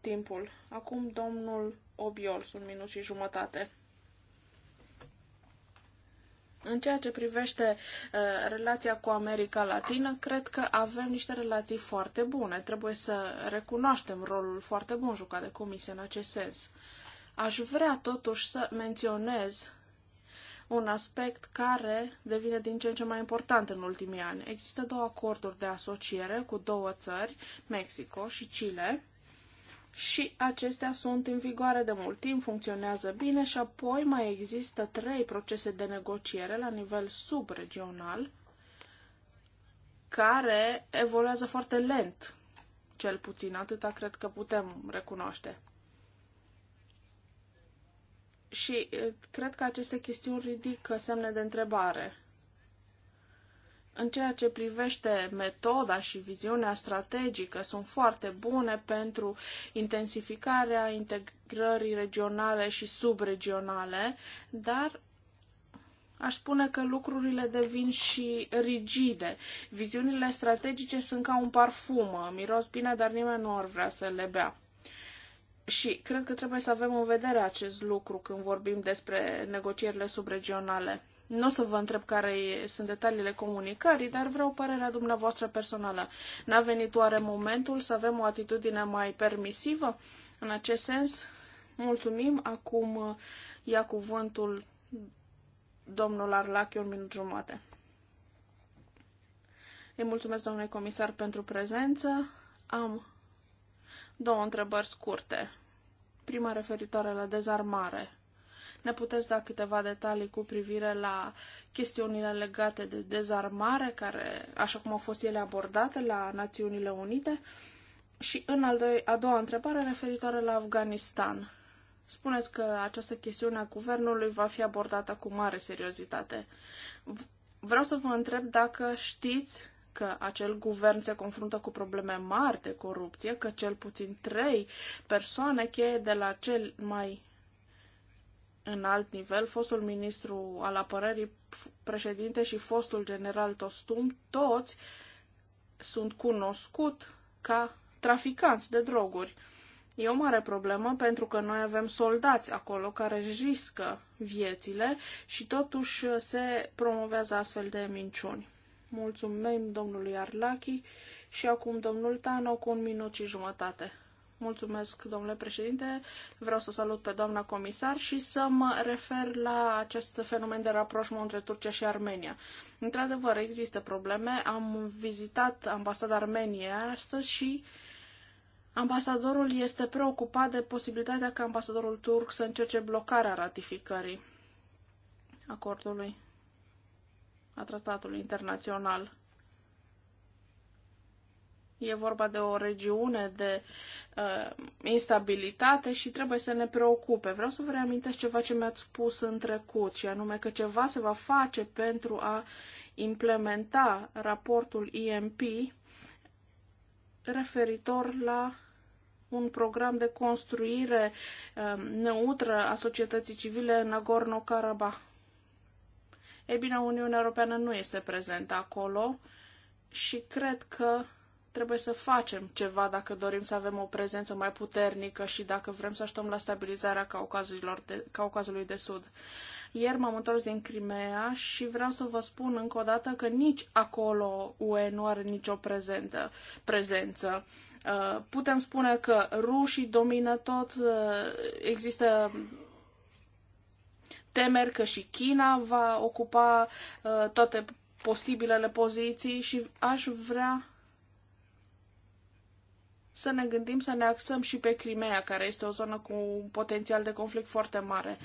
timpul. Acum domnul Obiols, un minut și jumătate. În ceea ce privește uh, relația cu America Latină, cred că avem niște relații foarte bune. Trebuie să recunoaștem rolul foarte bun jucat de comisie în acest sens. Aș vrea totuși să menționez un aspect care devine din ce în ce mai important în ultimii ani. Există două acorduri de asociere cu două țări, Mexico și Chile, și acestea sunt în vigoare de mult timp, funcționează bine și apoi mai există trei procese de negociere la nivel subregional care evoluează foarte lent, cel puțin atâta cred că putem recunoaște. Și eh, cred că aceste chestiuni ridică semne de întrebare în ceea ce privește metoda și viziunea strategică, sunt foarte bune pentru intensificarea integrării regionale și subregionale, dar aș spune că lucrurile devin și rigide. Viziunile strategice sunt ca un parfum, miros bine, dar nimeni nu ar vrea să le bea. Și cred că trebuie să avem în vedere acest lucru când vorbim despre negocierile subregionale. Nu o să vă întreb care sunt detaliile comunicării, dar vreau părerea dumneavoastră personală. N-a venit oare momentul să avem o atitudine mai permisivă? În acest sens, mulțumim. Acum uh, ia cuvântul domnul Arlache, un minut jumate. Îi mulțumesc, domnule comisar, pentru prezență. Am două întrebări scurte. Prima referitoare la dezarmare. Ne puteți da câteva detalii cu privire la chestiunile legate de dezarmare, care, așa cum au fost ele abordate la Națiunile Unite? Și în al doi, a doua întrebare referitoare la Afganistan. Spuneți că această chestiune a guvernului va fi abordată cu mare seriozitate. Vreau să vă întreb dacă știți că acel guvern se confruntă cu probleme mari de corupție, că cel puțin trei persoane cheie de la cel mai în alt nivel, fostul ministru al apărării, președinte și fostul general Tostum, toți sunt cunoscut ca traficanți de droguri. E o mare problemă pentru că noi avem soldați acolo care își riscă viețile și totuși se promovează astfel de minciuni. Mulțumim domnului Arlachi și acum domnul Tano cu un minut și jumătate. Mulțumesc, domnule președinte. Vreau să salut pe doamna comisar și să mă refer la acest fenomen de rapproșmă între Turcia și Armenia. Într-adevăr, există probleme. Am vizitat ambasada Armeniei astăzi și ambasadorul este preocupat de posibilitatea ca ambasadorul turc să încerce blocarea ratificării acordului a tratatului internațional. E vorba de o regiune de uh, instabilitate și trebuie să ne preocupe. Vreau să vă reamintesc ceva ce mi-ați spus în trecut, și anume că ceva se va face pentru a implementa raportul IMP referitor la un program de construire uh, neutră a societății civile în Nagorno-Karabakh. E bine, Uniunea Europeană nu este prezentă acolo și cred că Trebuie să facem ceva dacă dorim să avem o prezență mai puternică și dacă vrem să așteptăm la stabilizarea Caucazurilor de, Caucazului de Sud. Ieri m-am întors din Crimea și vreau să vă spun încă o dată că nici acolo UE nu are nicio prezentă, prezență. Uh, putem spune că rușii domină tot, uh, există temeri că și China va ocupa uh, toate posibilele poziții și aș vrea să ne gândim să ne axăm și pe Crimea, care este o zonă cu un potențial de conflict foarte mare.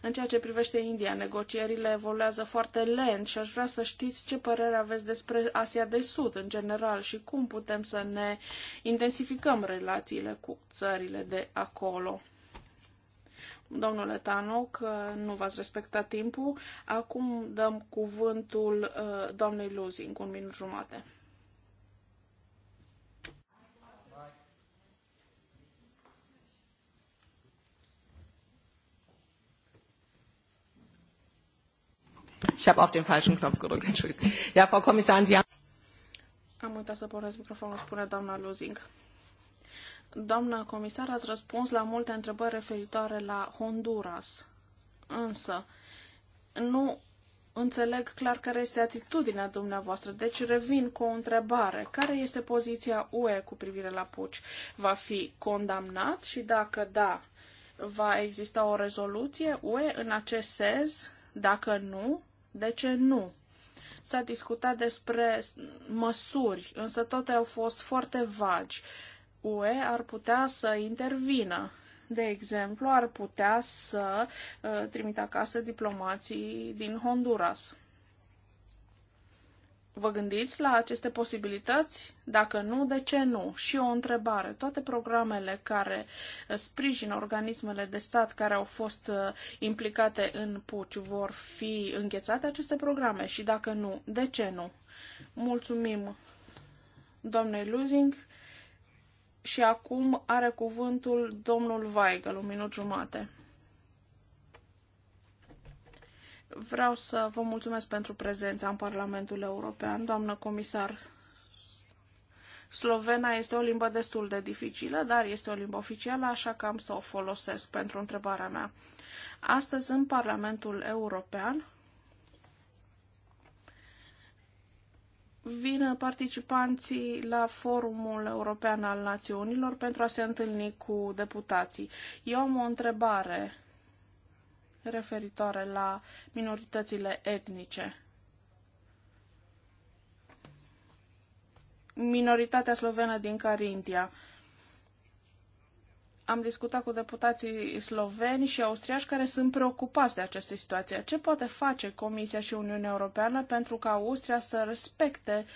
În ceea ce privește India, negocierile evoluează foarte lent și aș vrea să știți ce părere aveți despre Asia de Sud în general și cum putem să ne intensificăm relațiile cu țările de acolo. Domnule Tanoc, nu v-ați respectat timpul. Acum dăm cuvântul uh, doamnei Luzing, un minut jumate. Ich habe auf den falschen Knopf gedrückt, Ja, Frau Kommissarin, Sie haben... Am uitat să pornesc microfonul, spune doamna Lozing. Doamna comisar, ați răspuns la multe întrebări referitoare la Honduras. Însă, nu înțeleg clar care este atitudinea dumneavoastră, deci revin cu o întrebare. Care este poziția UE cu privire la Puci? Va fi condamnat și dacă da, va exista o rezoluție UE în acest sens? Dacă nu, de ce nu? S-a discutat despre măsuri, însă toate au fost foarte vagi. UE ar putea să intervină. De exemplu, ar putea să uh, trimită acasă diplomații din Honduras. Vă gândiți la aceste posibilități? Dacă nu, de ce nu? Și o întrebare. Toate programele care uh, sprijină organismele de stat care au fost uh, implicate în puci vor fi înghețate aceste programe? Și dacă nu, de ce nu? Mulțumim doamnei Luzing. Și acum are cuvântul domnul Weigel, un minut jumate. Vreau să vă mulțumesc pentru prezența în Parlamentul European, doamnă comisar. Slovena este o limbă destul de dificilă, dar este o limbă oficială, așa că am să o folosesc pentru întrebarea mea. Astăzi, în Parlamentul European, vin participanții la Forumul European al Națiunilor pentru a se întâlni cu deputații. Eu am o întrebare referitoare la minoritățile etnice. Minoritatea slovenă din Carintia. Am discutat cu deputații sloveni și austriași care sunt preocupați de această situație. Ce poate face Comisia și Uniunea Europeană pentru ca Austria să respecte uh,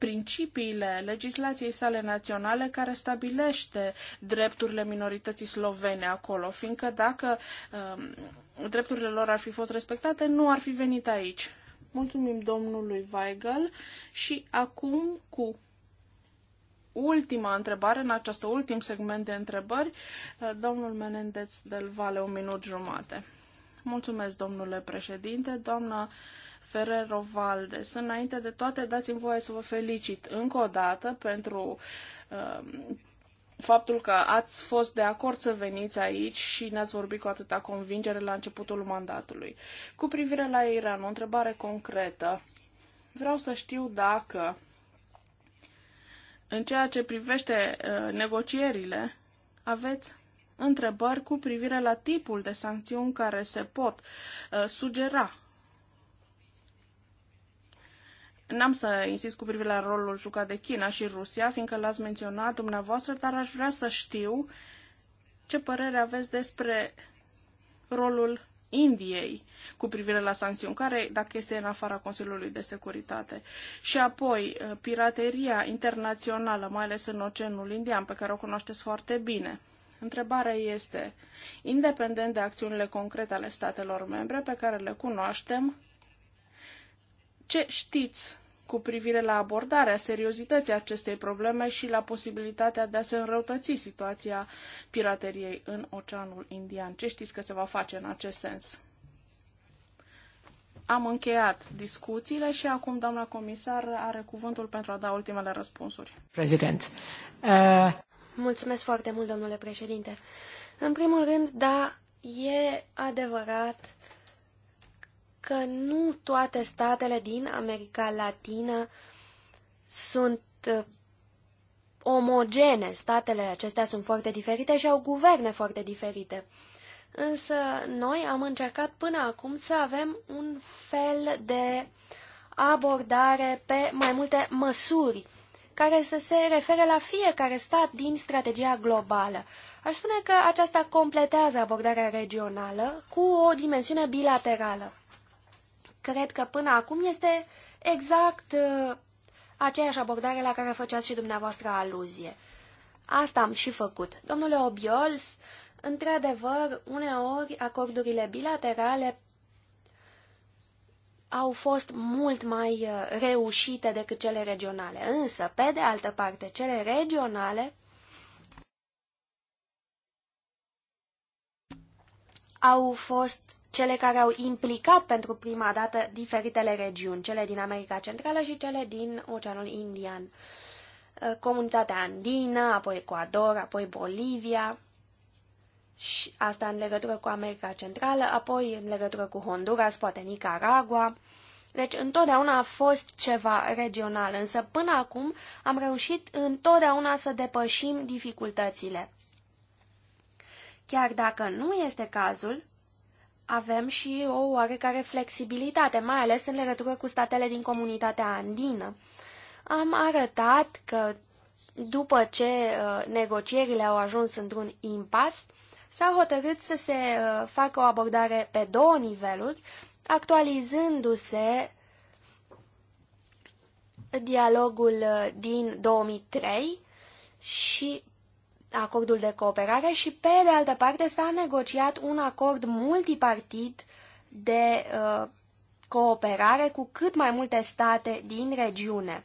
principiile legislației sale naționale care stabilește drepturile minorității slovene acolo, fiindcă dacă um, drepturile lor ar fi fost respectate, nu ar fi venit aici. Mulțumim domnului Weigel și acum cu ultima întrebare, în acest ultim segment de întrebări, uh, domnul Menendez del Vale, un minut jumate. Mulțumesc, domnule președinte, doamna Ferrero Valdes. Înainte de toate, dați-mi voie să vă felicit încă o dată pentru uh, faptul că ați fost de acord să veniți aici și ne-ați vorbit cu atâta convingere la începutul mandatului. Cu privire la Iran, o întrebare concretă. Vreau să știu dacă, în ceea ce privește uh, negocierile, aveți întrebări cu privire la tipul de sancțiuni care se pot uh, sugera N-am să insist cu privire la rolul jucat de China și Rusia, fiindcă l-ați menționat dumneavoastră, dar aș vrea să știu ce părere aveți despre rolul Indiei cu privire la sancțiuni, care, dacă este în afara Consiliului de Securitate. Și apoi, uh, pirateria internațională, mai ales în Oceanul Indian, pe care o cunoașteți foarte bine. Întrebarea este, independent de acțiunile concrete ale statelor membre pe care le cunoaștem, ce știți cu privire la abordarea seriozității acestei probleme și la posibilitatea de a se înrăutăți situația pirateriei în Oceanul Indian. Ce știți că se va face în acest sens? Am încheiat discuțiile și acum doamna comisar are cuvântul pentru a da ultimele răspunsuri. Prezident. Uh... Mulțumesc foarte mult, domnule președinte. În primul rând, da, e adevărat că nu toate statele din America Latină sunt uh, omogene. Statele acestea sunt foarte diferite și au guverne foarte diferite. Însă noi am încercat până acum să avem un fel de abordare pe mai multe măsuri care să se refere la fiecare stat din strategia globală. Aș spune că aceasta completează abordarea regională cu o dimensiune bilaterală. Cred că până acum este exact uh, aceeași abordare la care făceați și dumneavoastră aluzie. Asta am și făcut. Domnule Obiols, într-adevăr, uneori acordurile bilaterale au fost mult mai uh, reușite decât cele regionale. Însă, pe de altă parte, cele regionale au fost cele care au implicat pentru prima dată diferitele regiuni, cele din America Centrală și cele din Oceanul Indian. Uh, comunitatea andină, apoi Ecuador, apoi Bolivia, și asta în legătură cu America Centrală, apoi în legătură cu Honduras, poate Nicaragua. Deci întotdeauna a fost ceva regional, însă până acum am reușit întotdeauna să depășim dificultățile. Chiar dacă nu este cazul, avem și o oarecare flexibilitate, mai ales în legătură cu statele din comunitatea andină. Am arătat că după ce uh, negocierile au ajuns într-un impas, s-a hotărât să se uh, facă o abordare pe două niveluri, actualizându-se dialogul uh, din 2003 și acordul de cooperare și, pe de altă parte, s-a negociat un acord multipartit de uh, cooperare cu cât mai multe state din regiune.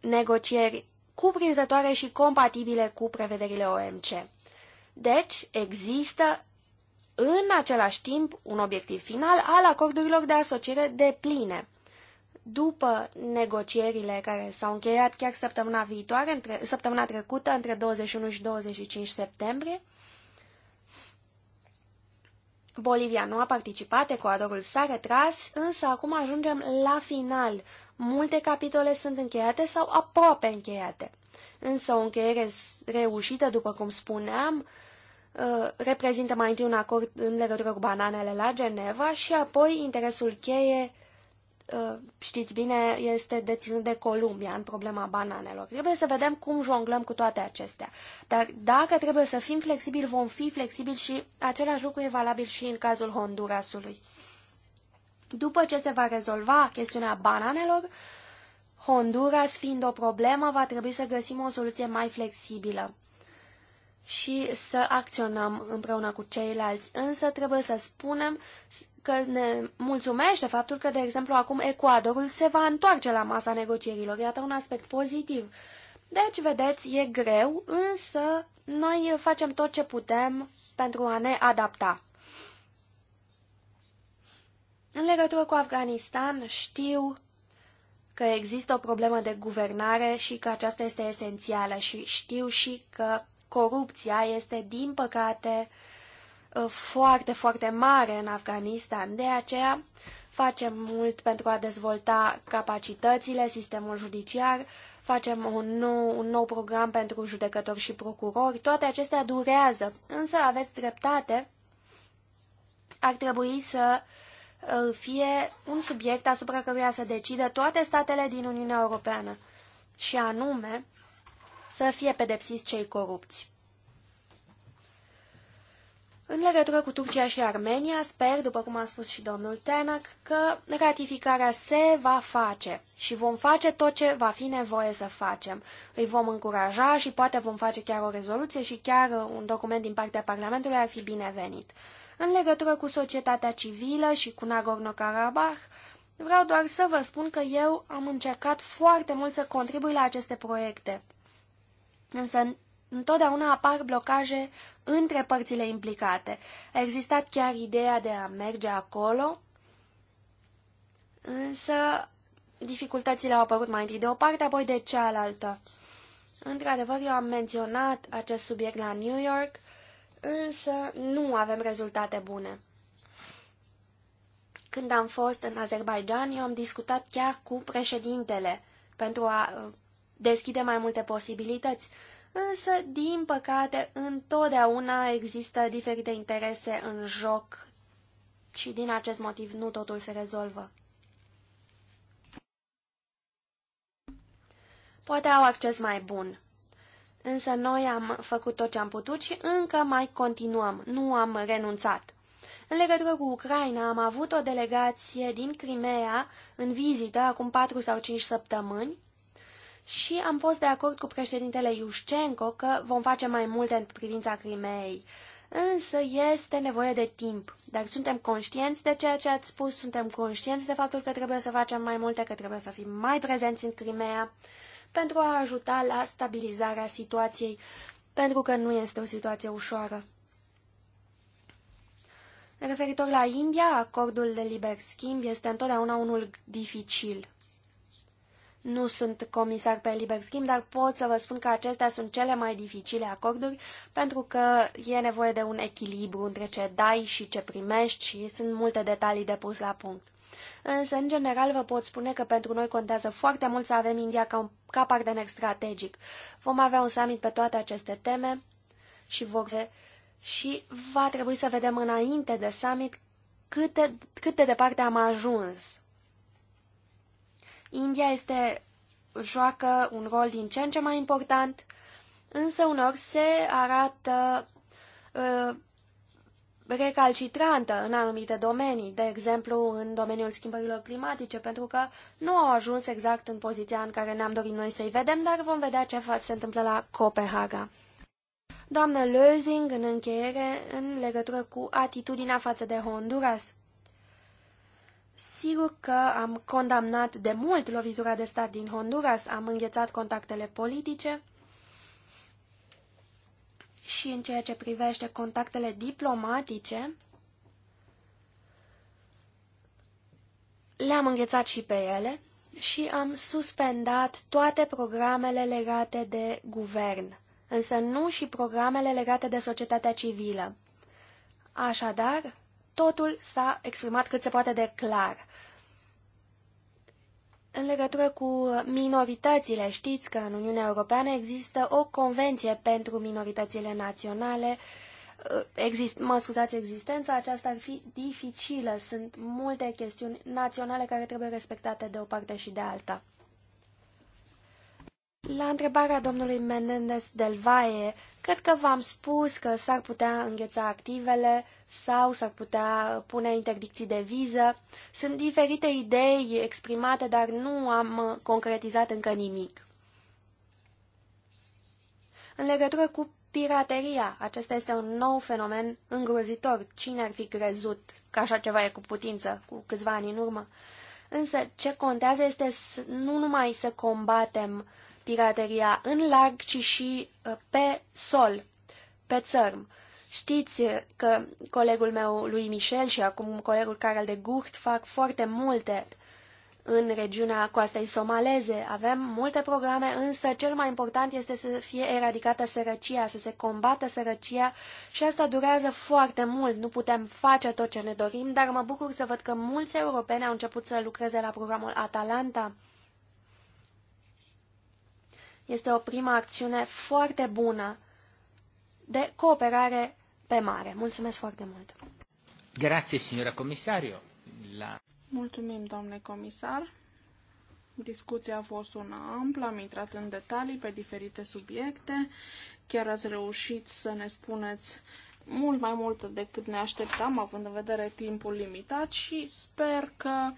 Negocieri cuprinzătoare și compatibile cu prevederile OMC. Deci, există în același timp un obiectiv final al acordurilor de asociere de pline după negocierile care s-au încheiat chiar săptămâna viitoare, între, săptămâna trecută, între 21 și 25 septembrie, Bolivia nu a participat, Ecuadorul s-a retras, însă acum ajungem la final. Multe capitole sunt încheiate sau aproape încheiate. Însă o încheiere reușită, după cum spuneam, uh, reprezintă mai întâi un acord în legătură cu bananele la Geneva și apoi interesul cheie Uh, știți bine, este deținut de Columbia în problema bananelor. Trebuie să vedem cum jonglăm cu toate acestea. Dar dacă trebuie să fim flexibili, vom fi flexibili și același lucru e valabil și în cazul Hondurasului. După ce se va rezolva chestiunea bananelor, Honduras fiind o problemă, va trebui să găsim o soluție mai flexibilă și să acționăm împreună cu ceilalți. Însă trebuie să spunem că ne mulțumește faptul că, de exemplu, acum Ecuadorul se va întoarce la masa negocierilor. Iată un aspect pozitiv. Deci, vedeți, e greu, însă noi facem tot ce putem pentru a ne adapta. În legătură cu Afganistan, știu că există o problemă de guvernare și că aceasta este esențială și știu și că corupția este, din păcate, uh, Uh, foarte, foarte mare în Afganistan. De aceea facem mult pentru a dezvolta capacitățile, sistemul judiciar, facem un nou, un nou program pentru judecători și procurori. Toate acestea durează, însă aveți dreptate, ar trebui să uh, fie un subiect asupra căruia să decidă toate statele din Uniunea Europeană, și anume să fie pedepsiți cei corupți. În legătură cu Turcia și Armenia, sper, după cum a spus și domnul Tenac, că ratificarea se va face și vom face tot ce va fi nevoie să facem. Îi vom încuraja și poate vom face chiar o rezoluție și chiar un document din partea Parlamentului ar fi binevenit. În legătură cu societatea civilă și cu Nagorno-Karabakh, vreau doar să vă spun că eu am încercat foarte mult să contribui la aceste proiecte. Însă Întotdeauna apar blocaje între părțile implicate. A existat chiar ideea de a merge acolo, însă dificultățile au apărut mai întâi de o parte, apoi de cealaltă. Într-adevăr, eu am menționat acest subiect la New York, însă nu avem rezultate bune. Când am fost în Azerbaijan, eu am discutat chiar cu președintele pentru a uh, deschide mai multe posibilități. Însă, din păcate, întotdeauna există diferite interese în joc și din acest motiv nu totul se rezolvă. Poate au acces mai bun. Însă noi am făcut tot ce am putut și încă mai continuăm, nu am renunțat. În legătură cu Ucraina am avut o delegație din Crimea în vizită acum patru sau cinci săptămâni și am fost de acord cu președintele Iușcenco că vom face mai multe în privința Crimeei. Însă este nevoie de timp. Dar suntem conștienți de ceea ce ați spus, suntem conștienți de faptul că trebuie să facem mai multe, că trebuie să fim mai prezenți în Crimea pentru a ajuta la stabilizarea situației, pentru că nu este o situație ușoară. Referitor la India, acordul de liber schimb este întotdeauna unul dificil. Nu sunt comisar pe liber schimb, dar pot să vă spun că acestea sunt cele mai dificile acorduri pentru că e nevoie de un echilibru între ce dai și ce primești și sunt multe detalii de pus la punct. Însă, în general, vă pot spune că pentru noi contează foarte mult să avem India ca, un, ca partener strategic. Vom avea un summit pe toate aceste teme și vor și va trebui să vedem înainte de summit cât de, cât de departe am ajuns India este, joacă un rol din ce în ce mai important, însă unor se arată uh, recalcitrantă în anumite domenii, de exemplu în domeniul schimbărilor climatice, pentru că nu au ajuns exact în poziția în care ne-am dorit noi să-i vedem, dar vom vedea ce se întâmplă la Copenhaga. Doamnă Lözing, în încheiere, în legătură cu atitudinea față de Honduras. Sigur că am condamnat de mult lovitura de stat din Honduras, am înghețat contactele politice și în ceea ce privește contactele diplomatice, le-am înghețat și pe ele și am suspendat toate programele legate de guvern, însă nu și programele legate de societatea civilă. Așadar, totul s-a exprimat cât se poate de clar. În legătură cu minoritățile, știți că în Uniunea Europeană există o convenție pentru minoritățile naționale. Exist, mă scuzați existența, aceasta ar fi dificilă. Sunt multe chestiuni naționale care trebuie respectate de o parte și de alta. La întrebarea domnului Menendez del Valle, cred că v-am spus că s-ar putea îngheța activele sau s-ar putea pune interdicții de viză. Sunt diferite idei exprimate, dar nu am concretizat încă nimic. În legătură cu pirateria, acesta este un nou fenomen îngrozitor. Cine ar fi crezut că așa ceva e cu putință cu câțiva ani în urmă? Însă ce contează este nu numai să combatem pirateria în larg, ci și uh, pe sol, pe țărm. Știți uh, că colegul meu, lui Michel, și acum colegul Carl de Gucht fac foarte multe în regiunea coastei somaleze. Avem multe programe, însă cel mai important este să fie eradicată sărăcia, să se combată sărăcia și asta durează foarte mult. Nu putem face tot ce ne dorim, dar mă bucur să văd că mulți europeni au început să lucreze la programul Atalanta este o primă acțiune foarte bună de cooperare pe mare. Mulțumesc foarte mult! Grazie, signora comisario. La... Mulțumim, domnule comisar. Discuția a fost una amplă, am intrat în detalii pe diferite subiecte. Chiar ați reușit să ne spuneți mult mai mult decât ne așteptam, având în vedere timpul limitat și sper că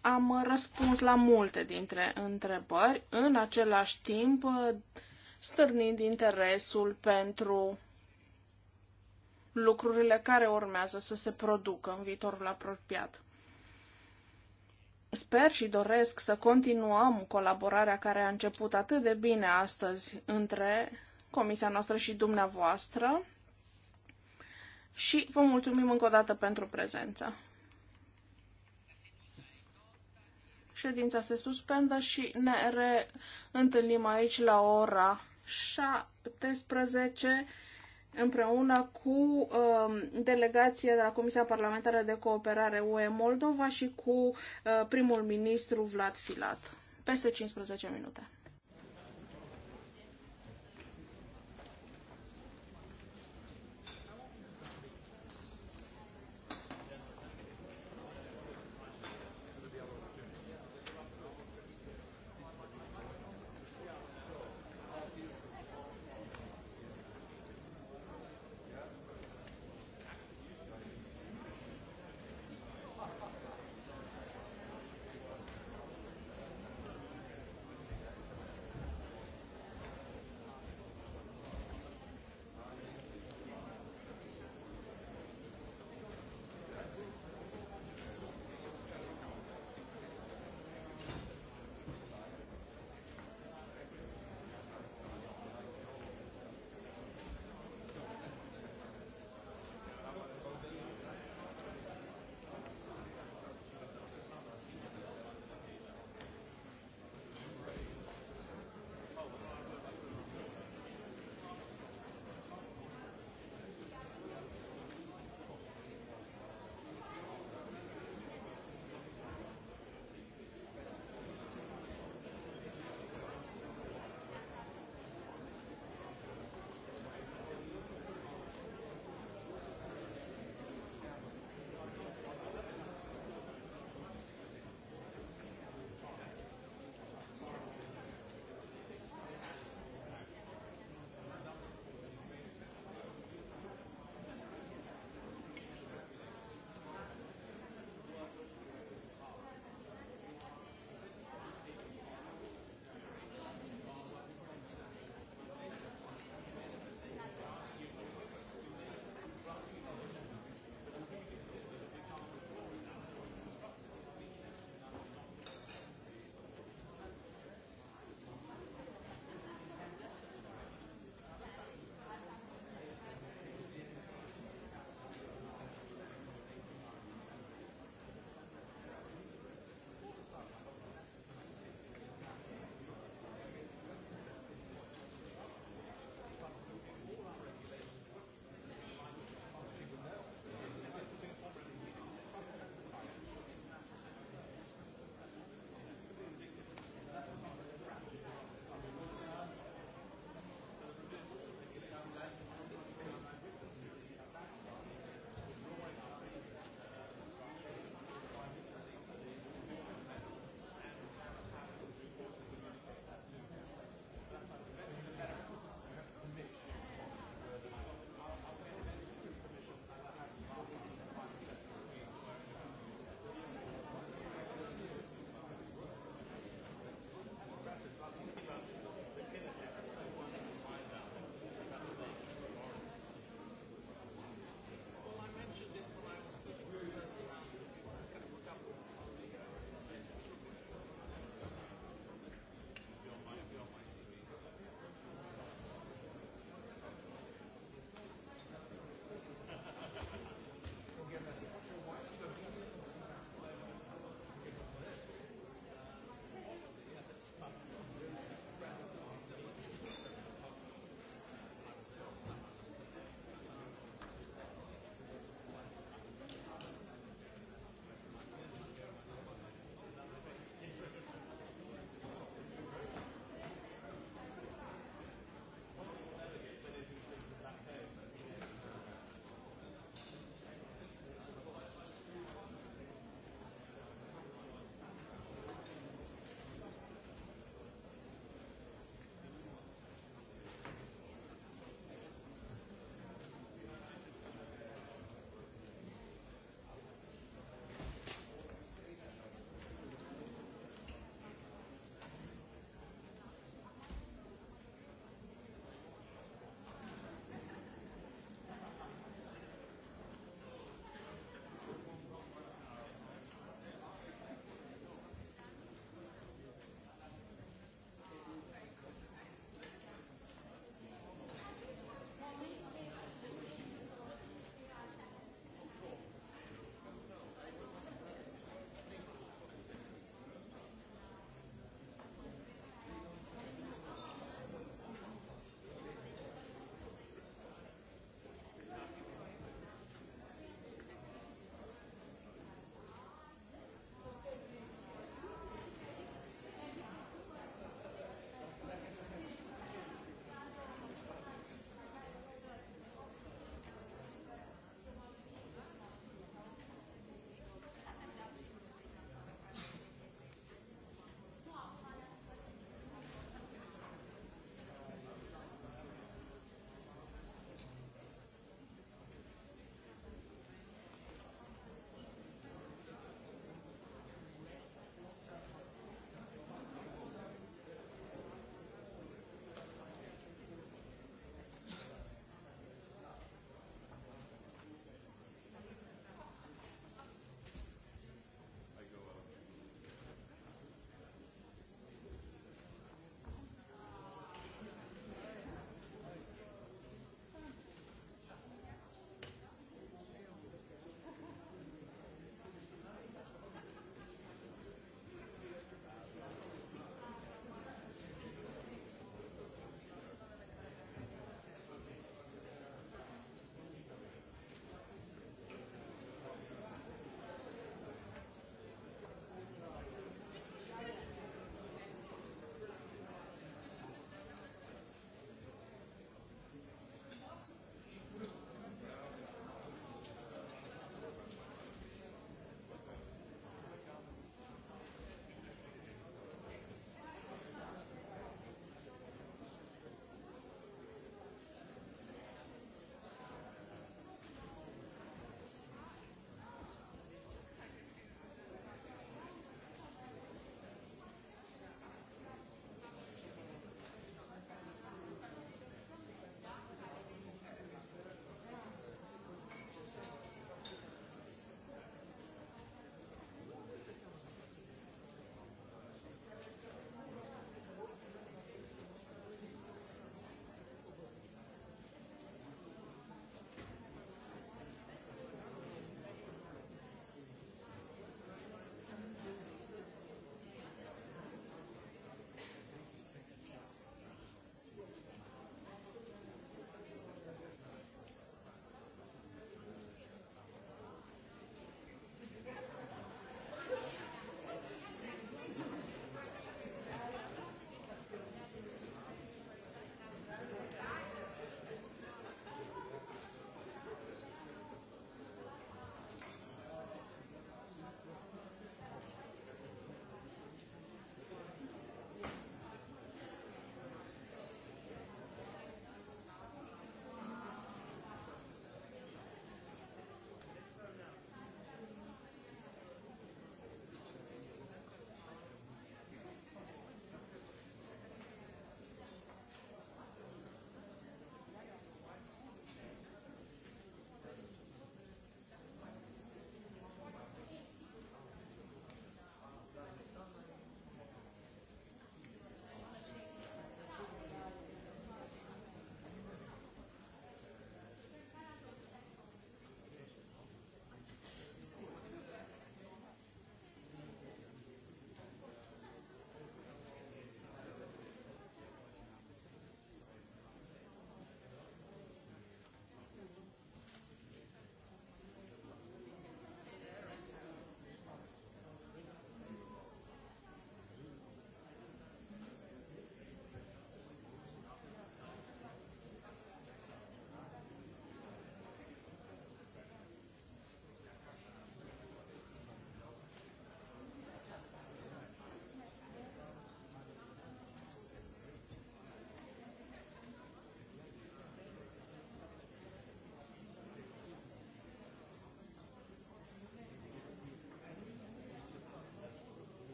am răspuns la multe dintre întrebări, în același timp stârnind interesul pentru lucrurile care urmează să se producă în viitorul apropiat. Sper și doresc să continuăm colaborarea care a început atât de bine astăzi între comisia noastră și dumneavoastră și vă mulțumim încă o dată pentru prezență. Ședința se suspendă și ne reîntâlnim aici la ora 17 împreună cu uh, delegația de la Comisia Parlamentară de Cooperare UE Moldova și cu uh, primul ministru Vlad Filat. Peste 15 minute.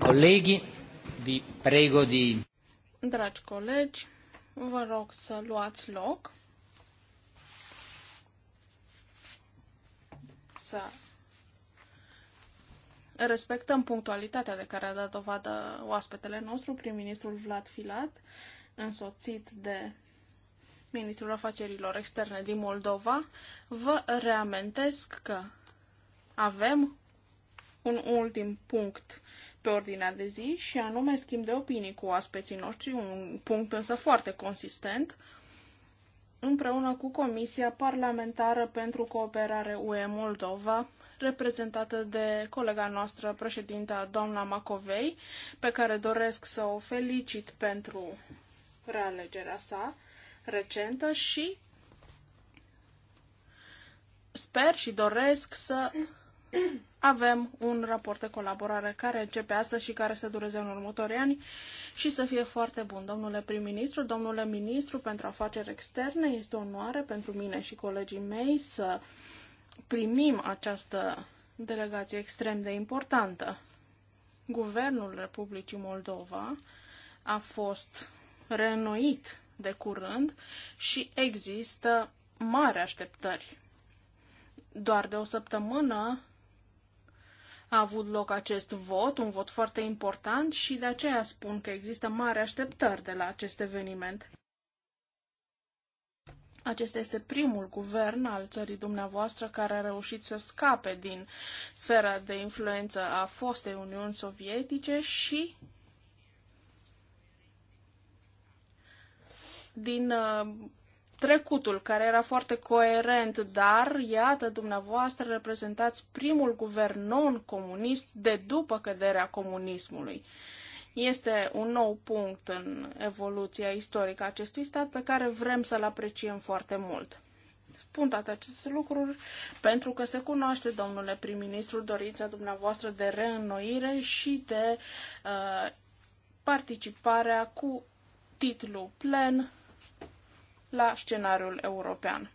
Colleghi, vi prego di... Dragi colegi, vă rog să luați loc. Să respectăm punctualitatea de care a dat dovadă oaspetele nostru, prim-ministrul Vlad Filat, însoțit de ministrul afacerilor externe din Moldova. Vă reamintesc că avem un ultim punct pe ordinea de zi și anume schimb de opinii cu aspeții noștri, un punct însă foarte consistent, împreună cu Comisia Parlamentară pentru Cooperare UE Moldova, reprezentată de colega noastră, președinta doamna Macovei, pe care doresc să o felicit pentru realegerea sa recentă și sper și doresc să avem un raport de colaborare care începe astăzi și care să dureze în următorii ani și să fie foarte bun. Domnule prim-ministru, domnule ministru pentru afaceri externe, este o onoare pentru mine și colegii mei să primim această delegație extrem de importantă. Guvernul Republicii Moldova a fost reînnoit de curând și există mari așteptări. Doar de o săptămână a avut loc acest vot, un vot foarte important și de aceea spun că există mari așteptări de la acest eveniment. Acesta este primul guvern al țării dumneavoastră care a reușit să scape din sfera de influență a fostei Uniuni Sovietice și din uh, trecutul, care era foarte coerent, dar, iată, dumneavoastră reprezentați primul guvern non-comunist de după căderea comunismului. Este un nou punct în evoluția istorică a acestui stat pe care vrem să-l apreciem foarte mult. Spun toate aceste lucruri pentru că se cunoaște, domnule prim-ministru, dorința dumneavoastră de reînnoire și de uh, participarea cu titlu plen la scenariul european.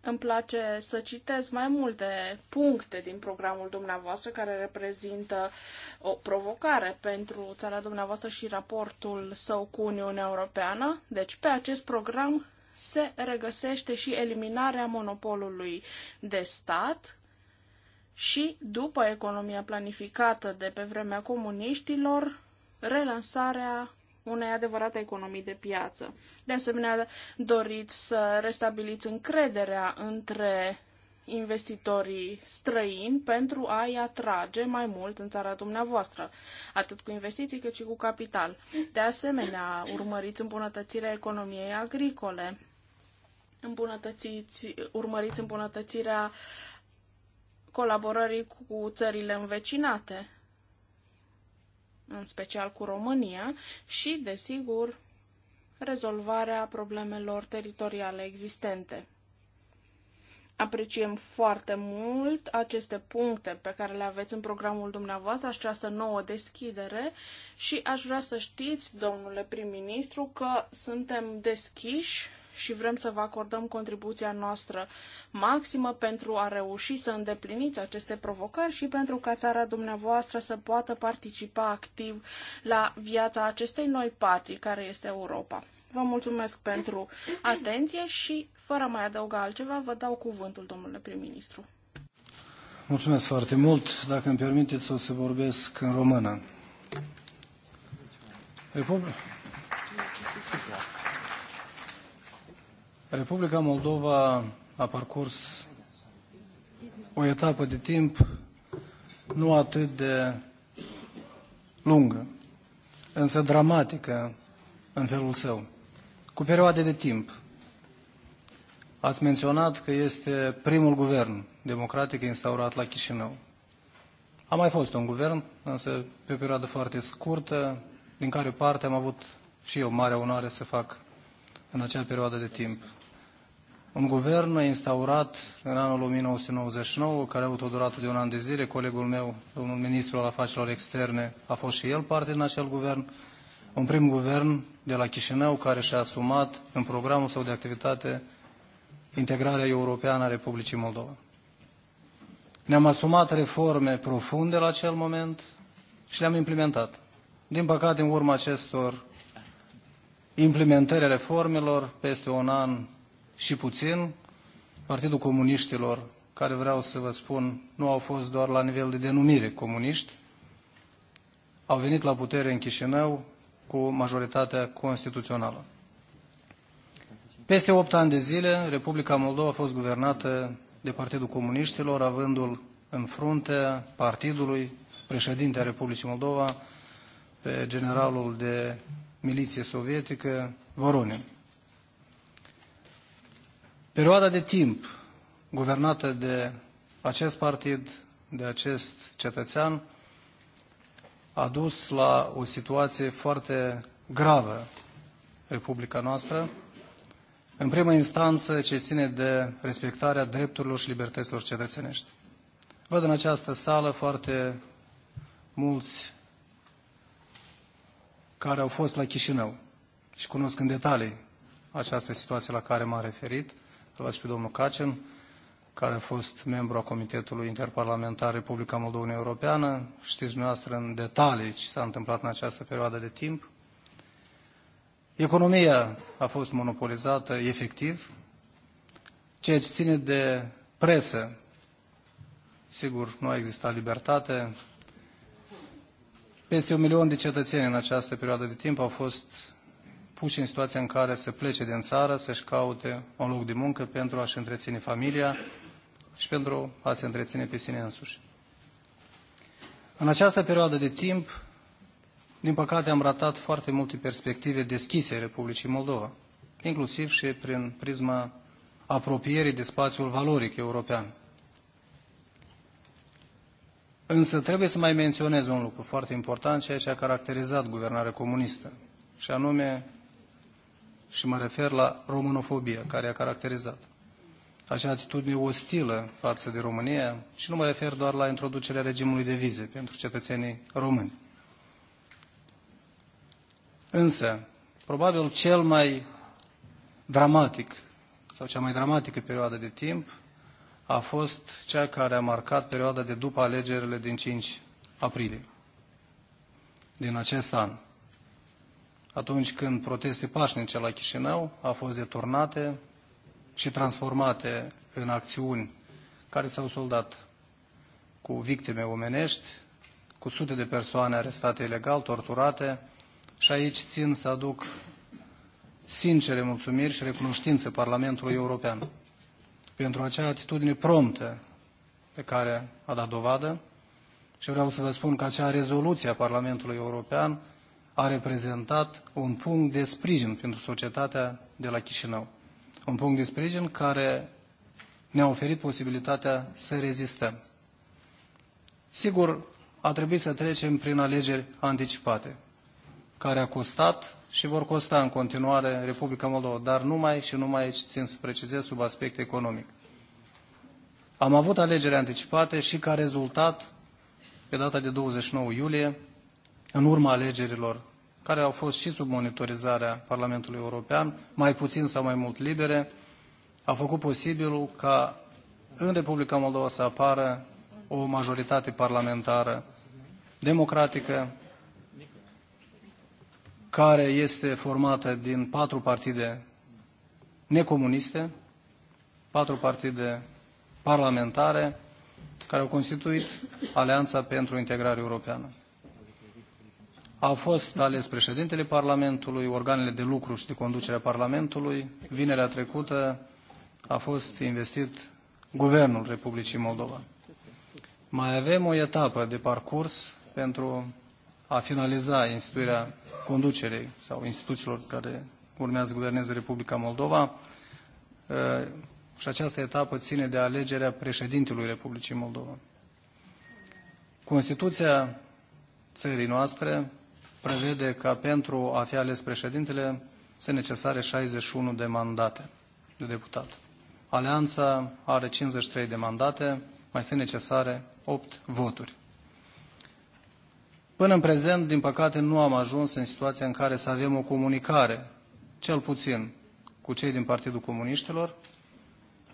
Îmi place să citesc mai multe puncte din programul dumneavoastră care reprezintă o provocare pentru țara dumneavoastră și raportul său cu Uniunea Europeană. Deci pe acest program se regăsește și eliminarea monopolului de stat și, după economia planificată de pe vremea comuniștilor, relansarea unei adevărate economii de piață. De asemenea, doriți să restabiliți încrederea între investitorii străini pentru a-i atrage mai mult în țara dumneavoastră, atât cu investiții cât și cu capital. De asemenea, urmăriți îmbunătățirea economiei agricole, îmbunătățiți, urmăriți îmbunătățirea colaborării cu țările învecinate, în special cu România, și, desigur, rezolvarea problemelor teritoriale existente. Apreciem foarte mult aceste puncte pe care le aveți în programul dumneavoastră, această nouă deschidere și aș vrea să știți, domnule prim-ministru, că suntem deschiși și vrem să vă acordăm contribuția noastră maximă pentru a reuși să îndepliniți aceste provocări și pentru ca țara dumneavoastră să poată participa activ la viața acestei noi patrii care este Europa. Vă mulțumesc pentru atenție și, fără a mai adăuga altceva, vă dau cuvântul, domnule prim-ministru. Mulțumesc foarte mult. Dacă îmi permiteți, o să vorbesc în română. Republica. Republica Moldova a parcurs o etapă de timp nu atât de lungă, însă dramatică în felul său, cu perioade de timp. Ați menționat că este primul guvern democratic instaurat la Chișinău. A mai fost un guvern, însă pe o perioadă foarte scurtă, din care parte am avut și eu mare onoare să fac în acea perioadă de timp. Un guvern instaurat în anul 1999, care a avut o durată de un an de zile, colegul meu, domnul ministru al afacerilor externe, a fost și el parte din acel guvern, un prim guvern de la Chișinău care și-a asumat în programul său de activitate integrarea europeană a Republicii Moldova. Ne-am asumat reforme profunde la acel moment și le-am implementat. Din păcate, în urma acestor implementări reformelor, peste un an și puțin. Partidul Comuniștilor, care vreau să vă spun, nu au fost doar la nivel de denumire comuniști, au venit la putere în Chișinău cu majoritatea constituțională. Peste 8 ani de zile, Republica Moldova a fost guvernată de Partidul Comuniștilor, avându-l în frunte partidului președinte a Republicii Moldova, pe generalul de miliție sovietică Voronin. Perioada de timp guvernată de acest partid, de acest cetățean, a dus la o situație foarte gravă Republica noastră, în primă instanță ce ține de respectarea drepturilor și libertăților cetățenești. Văd în această sală foarte mulți care au fost la Chișinău și cunosc în detalii această situație la care m-am referit – L-ați pe domnul Cacin, care a fost membru a Comitetului Interparlamentar Republica Moldova Europeană. Știți dumneavoastră în detalii ce s-a întâmplat în această perioadă de timp. Economia a fost monopolizată efectiv. Ceea ce ține de presă, sigur, nu a existat libertate. Peste un milion de cetățeni în această perioadă de timp au fost puși în situația în care să plece din țară, să-și caute un loc de muncă pentru a-și întreține familia și pentru a se întreține pe sine însuși. În această perioadă de timp, din păcate, am ratat foarte multe perspective deschise Republicii Moldova, inclusiv și prin prisma apropierii de spațiul valoric european. Însă trebuie să mai menționez un lucru foarte important, ceea ce a caracterizat guvernarea comunistă, și anume și mă refer la românofobia care a caracterizat. Acea atitudine ostilă față de România și nu mă refer doar la introducerea regimului de vize pentru cetățenii români. Însă, probabil cel mai dramatic sau cea mai dramatică perioadă de timp a fost cea care a marcat perioada de după alegerile din 5 aprilie din acest an atunci când proteste pașnice la Chișinău au fost deturnate și transformate în acțiuni care s-au soldat cu victime omenești, cu sute de persoane arestate ilegal, torturate și aici țin să aduc sincere mulțumiri și recunoștință Parlamentului European pentru acea atitudine promptă pe care a dat dovadă și vreau să vă spun că acea rezoluție a Parlamentului European a reprezentat un punct de sprijin pentru societatea de la Chișinău. Un punct de sprijin care ne-a oferit posibilitatea să rezistăm. Sigur, a trebuit să trecem prin alegeri anticipate, care a costat și vor costa în continuare Republica Moldova, dar numai și numai aici țin să precizez sub aspect economic. Am avut alegeri anticipate și ca rezultat, pe data de 29 iulie, în urma alegerilor, care au fost și sub monitorizarea Parlamentului European, mai puțin sau mai mult libere, a făcut posibilul ca în Republica Moldova să apară o majoritate parlamentară democratică, care este formată din patru partide necomuniste, patru partide parlamentare, care au constituit Alianța pentru Integrare Europeană. A fost ales președintele Parlamentului, organele de lucru și de conducere a Parlamentului. Vinerea trecută a fost investit Guvernul Republicii Moldova. Mai avem o etapă de parcurs pentru a finaliza instituirea conducerei sau instituțiilor care urmează guverneze Republica Moldova și această etapă ține de alegerea președintelui Republicii Moldova. Constituția țării noastre prevede ca pentru a fi ales președintele sunt necesare 61 de mandate de deputat. Alianța are 53 de mandate, mai sunt necesare 8 voturi. Până în prezent, din păcate, nu am ajuns în situația în care să avem o comunicare, cel puțin cu cei din Partidul Comuniștilor,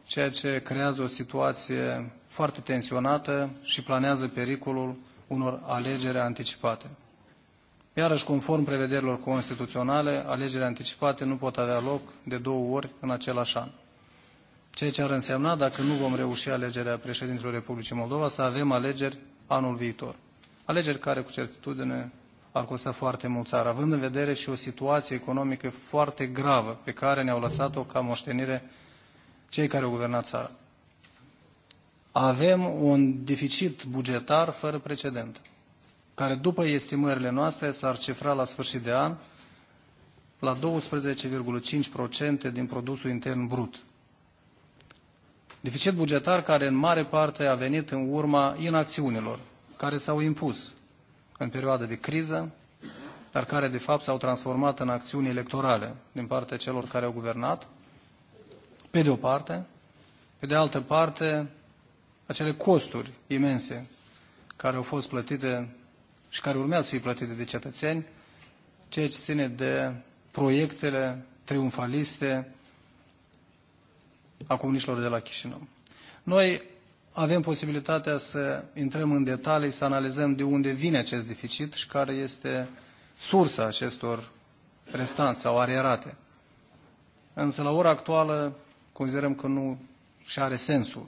ceea ce creează o situație foarte tensionată și planează pericolul unor alegeri anticipate. Iarăși, conform prevederilor constituționale, alegerile anticipate nu pot avea loc de două ori în același an. Ceea ce ar însemna, dacă nu vom reuși alegerea președintelui Republicii Moldova, să avem alegeri anul viitor. Alegeri care, cu certitudine, ar costa foarte mult țara, având în vedere și o situație economică foarte gravă pe care ne-au lăsat-o ca moștenire cei care au guvernat țara. Avem un deficit bugetar fără precedent care după estimările noastre s-ar cifra la sfârșit de an la 12,5% din produsul intern brut. Deficit bugetar care în mare parte a venit în urma inacțiunilor care s-au impus în perioada de criză, dar care de fapt s-au transformat în acțiuni electorale din partea celor care au guvernat, pe de o parte, pe de altă parte, acele costuri imense care au fost plătite și care urmează să fie plătite de cetățeni, ceea ce ține de proiectele triumfaliste a comuniștilor de la Chișinău. Noi avem posibilitatea să intrăm în detalii, să analizăm de unde vine acest deficit și care este sursa acestor restanți sau arierate. Însă, la ora actuală, considerăm că nu și are sensul.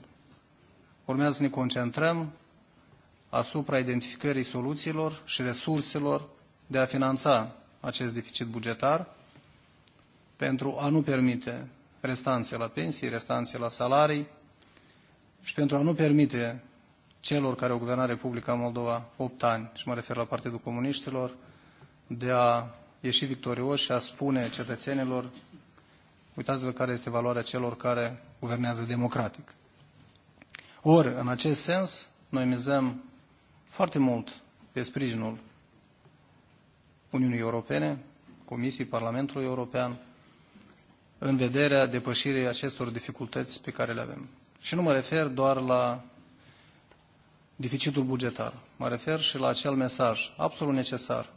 Urmează să ne concentrăm asupra identificării soluțiilor și resurselor de a finanța acest deficit bugetar pentru a nu permite restanțe la pensii, restanțe la salarii și pentru a nu permite celor care au guvernat Republica Moldova 8 ani, și mă refer la Partidul Comuniștilor, de a ieși victorioși și a spune cetățenilor uitați-vă care este valoarea celor care guvernează democratic. Ori, în acest sens, noi mizăm foarte mult pe sprijinul Uniunii Europene, Comisiei Parlamentului European, în vederea depășirii acestor dificultăți pe care le avem. Și nu mă refer doar la deficitul bugetar, mă refer și la acel mesaj absolut necesar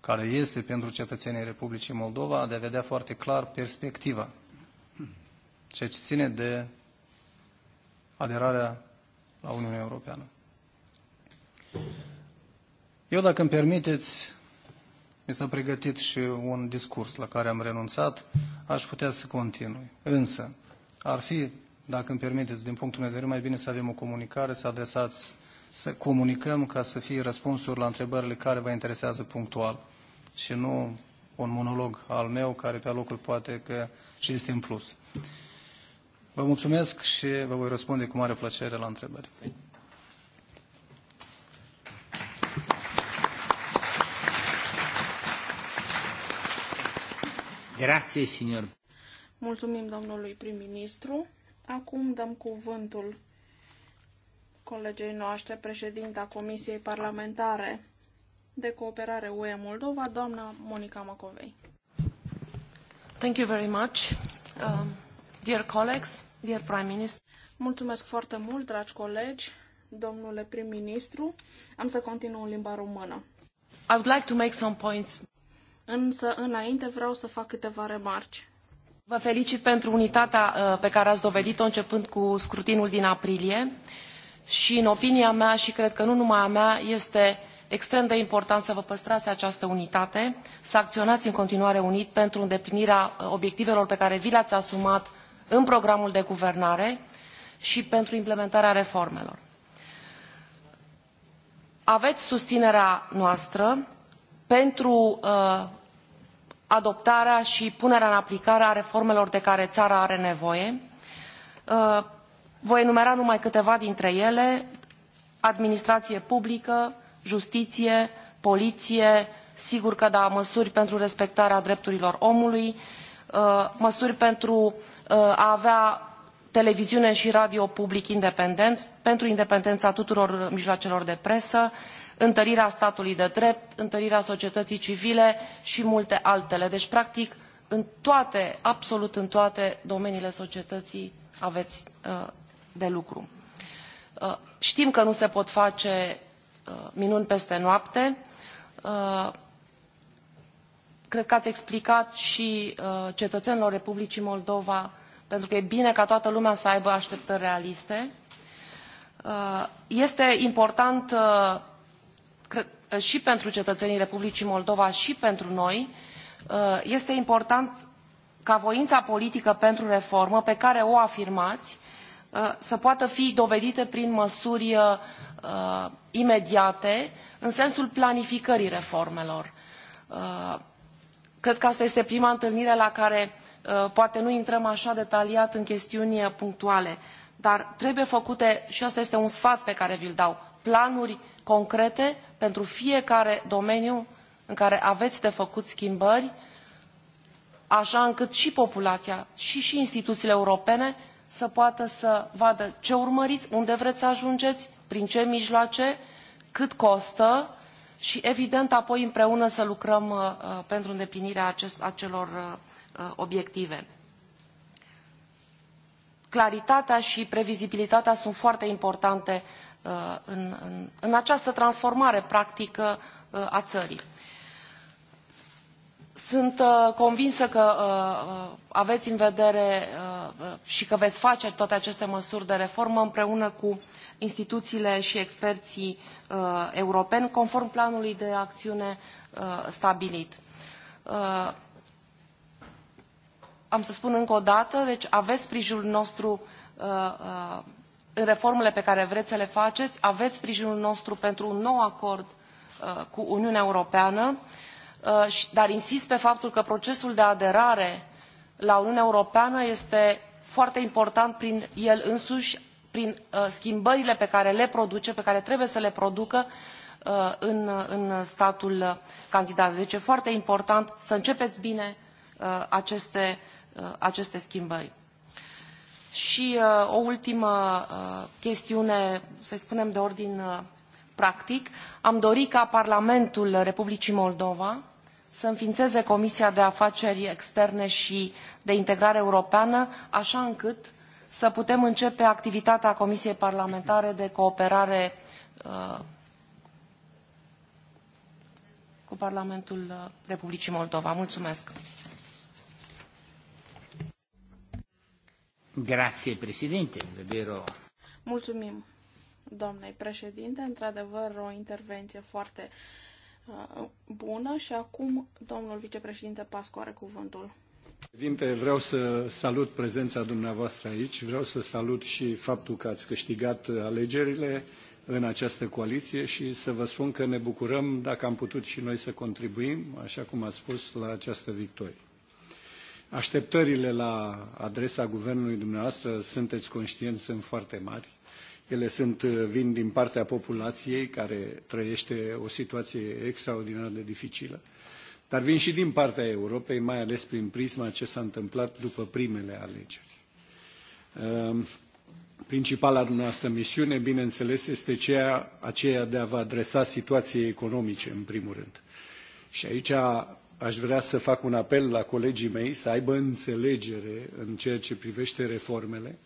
care este pentru cetățenii Republicii Moldova de a vedea foarte clar perspectiva, ceea ce ține de aderarea la Uniunea Europeană. Eu, dacă îmi permiteți, mi s-a pregătit și un discurs la care am renunțat, aș putea să continui. Însă, ar fi, dacă îmi permiteți, din punctul meu de vedere, mai bine să avem o comunicare, să adresați, să comunicăm ca să fie răspunsuri la întrebările care vă interesează punctual și nu un monolog al meu care pe locul poate că și este în plus. Vă mulțumesc și vă voi răspunde cu mare plăcere la întrebări. Grazie, signor. Mulțumim domnului prim-ministru. Acum dăm cuvântul colegei noastre, președinta Comisiei Parlamentare de Cooperare UE Moldova, doamna Monica Macovei. Thank you very much. Um, dear colleagues, dear Prime Minister. Mulțumesc foarte mult, dragi colegi, domnule prim-ministru. Am să continu în limba română. I would like to make some points însă înainte vreau să fac câteva remarci. Vă felicit pentru unitatea uh, pe care ați dovedit-o începând cu scrutinul din aprilie și în opinia mea și cred că nu numai a mea este extrem de important să vă păstrați această unitate, să acționați în continuare unit pentru îndeplinirea uh, obiectivelor pe care vi le-ați asumat în programul de guvernare și pentru implementarea reformelor. Aveți susținerea noastră pentru uh, adoptarea și punerea în aplicare a reformelor de care țara are nevoie. Uh, voi enumera numai câteva dintre ele, administrație publică, justiție, poliție, sigur că da, măsuri pentru respectarea drepturilor omului, uh, măsuri pentru a avea televiziune și radio public independent, pentru independența tuturor mijloacelor de presă, întărirea statului de drept întărirea societății civile și multe altele. deci practic în toate absolut în toate domeniile societății aveți uh, de lucru. Uh, știm că nu se pot face uh, minuni peste noapte cred că ați explicat și cetățenilor republicii moldova pentru că e bine ca toată lumea să aibă așteptări realiste este important Uh, și pentru cetățenii Republicii Moldova și pentru noi, uh, este important ca voința politică pentru reformă pe care o afirmați uh, să poată fi dovedită prin măsuri imediate în sensul planificării reformelor. Cred că asta este prima întâlnire la care poate nu intrăm așa detaliat în chestiuni punctuale, dar trebuie făcute, și asta este un sfat pe care vi-l dau, planuri concrete pentru fiecare domeniu în care aveți de făcut schimbări, așa încât și populația și, și instituțiile europene să poată să vadă ce urmăriți, unde vreți să ajungeți, prin ce mijloace, cât costă și, evident, apoi împreună să lucrăm uh, uh pentru îndeplinirea acest, acelor uh, uh, obiective. Claritatea și previzibilitatea sunt foarte importante uh, Uh, în, în, în această transformare practică uh, a țării. Sunt uh, convinsă că aveți în vedere și că veți face toate aceste măsuri de reformă împreună cu instituțiile și experții europeni, conform planului de acțiune stabilit. Am să spun încă o dată, deci aveți sprijinul nostru reformele pe care vreți să le faceți, aveți sprijinul nostru pentru un nou acord uh, cu Uniunea Europeană, uh, dar insist pe faptul că procesul de aderare la Uniunea Europeană este foarte important prin el însuși, prin uh, schimbările pe care le produce, pe care trebuie să le producă în, în statul candidat. Deci e foarte important să începeți bine aceste, aceste schimbări. Și uh, o ultimă uh, chestiune, să spunem, de ordin uh, practic. Am dorit ca Parlamentul Republicii Moldova să înființeze Comisia de Afaceri Externe și de Integrare Europeană, așa încât să putem începe activitatea Comisiei Parlamentare de Cooperare uh, cu Parlamentul uh, Republicii Moldova. Mulțumesc! Grazie, președinte, davvero. Mulțumim, doamnei președinte, într-adevăr o intervenție foarte uh, bună și acum domnul vicepreședinte Pascu are cuvântul. Președinte, vreau să salut prezența dumneavoastră aici, vreau să salut și faptul că ați câștigat alegerile în această coaliție și să vă spun că ne bucurăm dacă am putut și noi să contribuim, așa cum ați spus, la această victorie. Așteptările la adresa guvernului dumneavoastră, sunteți conștienți, sunt foarte mari. Ele sunt, uh, vin din partea populației care trăiește o situație extraordinar de dificilă, dar vin și din partea Europei, mai ales prin prisma ce s-a întâmplat după primele alegeri. Uh, principala dumneavoastră misiune, bineînțeles, este ceea, aceea de a vă adresa situației economice, în primul rând. Și aici aș vrea să fac un apel la colegii mei să aibă înțelegere în ceea ce privește reformele,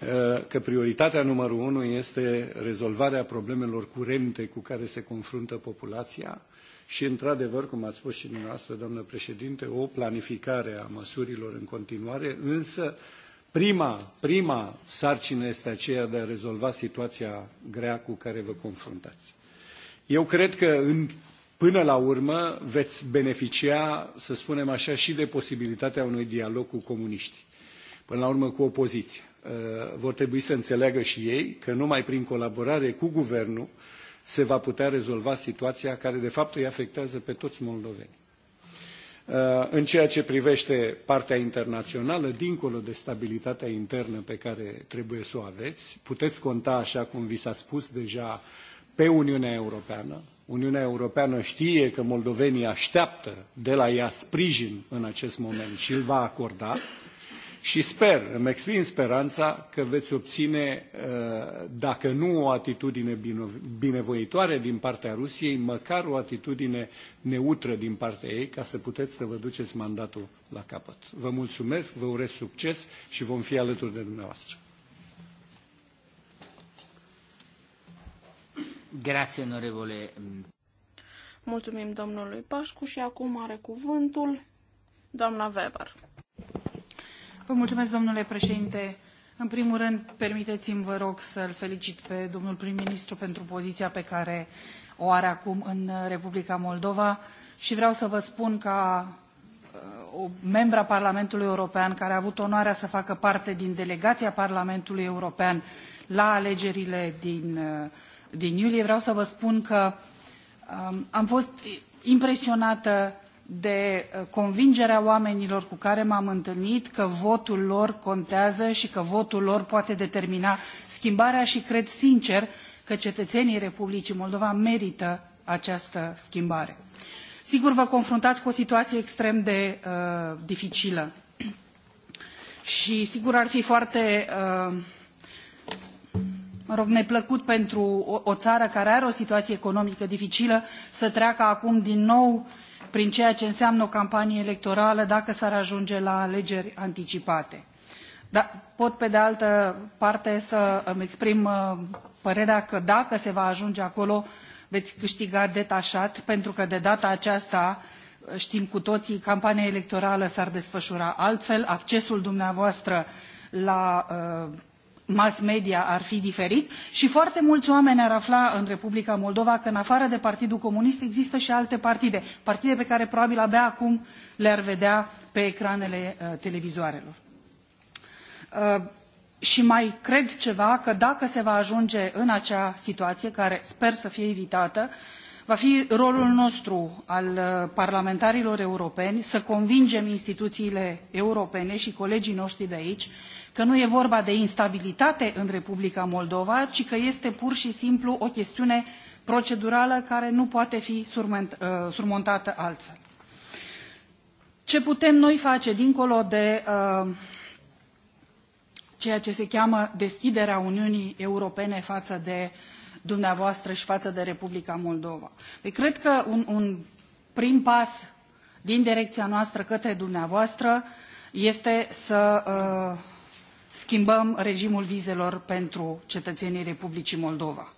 uh, că prioritatea numărul unu este rezolvarea problemelor curente cu care se confruntă populația și, într-adevăr, cum ați spus și dumneavoastră, doamnă președinte, o planificare a măsurilor în continuare, însă prima, prima sarcină este aceea de a rezolva situația grea cu care vă confruntați. Eu cred că în Până la urmă veți beneficia, să spunem așa, și de posibilitatea unui dialog cu comuniștii, până la urmă cu opoziția. Uh, vor trebui să înțeleagă și ei că numai prin colaborare cu guvernul se va putea rezolva situația care de fapt îi afectează pe toți moldovenii. Uh, în ceea ce privește partea internațională, dincolo de stabilitatea internă pe care trebuie să o aveți, puteți conta, așa cum vi s-a spus deja, pe Uniunea Europeană. Uniunea Europeană știe că moldovenii așteaptă de la ea sprijin în acest moment și îl va acorda și sper, îmi exprim speranța că veți obține, uh, dacă nu o atitudine binevoitoare din partea Rusiei, măcar o atitudine neutră din partea ei, ca să puteți să vă duceți mandatul la capăt. Vă mulțumesc, vă urez succes și vom fi alături de dumneavoastră. Grazie, onorevole. Mm. Mulțumim domnului Pașcu și acum are cuvântul doamna Weber. Vă mulțumesc, domnule președinte. În primul rând, permiteți-mi, vă rog, să-l felicit pe domnul prim-ministru pentru poziția pe care o are acum în Republica Moldova și vreau să vă spun ca uh, o membră a Parlamentului European care a avut onoarea să facă parte din delegația Parlamentului European la alegerile din uh, din iulie, vreau să vă spun că um, am fost impresionată de uh, convingerea oamenilor cu care m-am întâlnit că votul lor contează și că votul lor poate determina schimbarea și cred sincer că cetățenii Republicii Moldova merită această schimbare. Sigur, vă confruntați cu o situație extrem de uh, dificilă și sigur ar fi foarte uh, mă rog, neplăcut pentru o, o țară care are o situație economică dificilă să treacă acum din nou prin ceea ce înseamnă o campanie electorală dacă s-ar ajunge la alegeri anticipate. Dar pot, pe de altă parte, să îmi exprim uh, părerea că dacă se va ajunge acolo, veți câștiga detașat, pentru că de data aceasta, uh, știm cu toții, campania electorală s-ar desfășura altfel, accesul dumneavoastră la uh, mass media ar fi diferit și foarte mulți oameni ar afla în Republica Moldova că în afară de Partidul Comunist există și alte partide, partide pe care probabil abia acum le-ar vedea pe ecranele uh, televizoarelor. Uh, și mai cred ceva, că dacă se va ajunge în acea situație, care sper să fie evitată, uh, va fi rolul nostru al uh, parlamentarilor europeni să convingem instituțiile europene și colegii noștri de aici că nu e vorba de instabilitate în Republica Moldova, ci că este pur și simplu o chestiune procedurală care nu poate fi uh, surmontată altfel. Ce putem noi face dincolo de uh, ceea ce se cheamă deschiderea Uniunii Europene față de uh, dumneavoastră și față de Republica Moldova. Păi cred că un, un prim pas din direcția noastră către dumneavoastră este să uh, schimbăm regimul vizelor pentru cetățenii Republicii Moldova.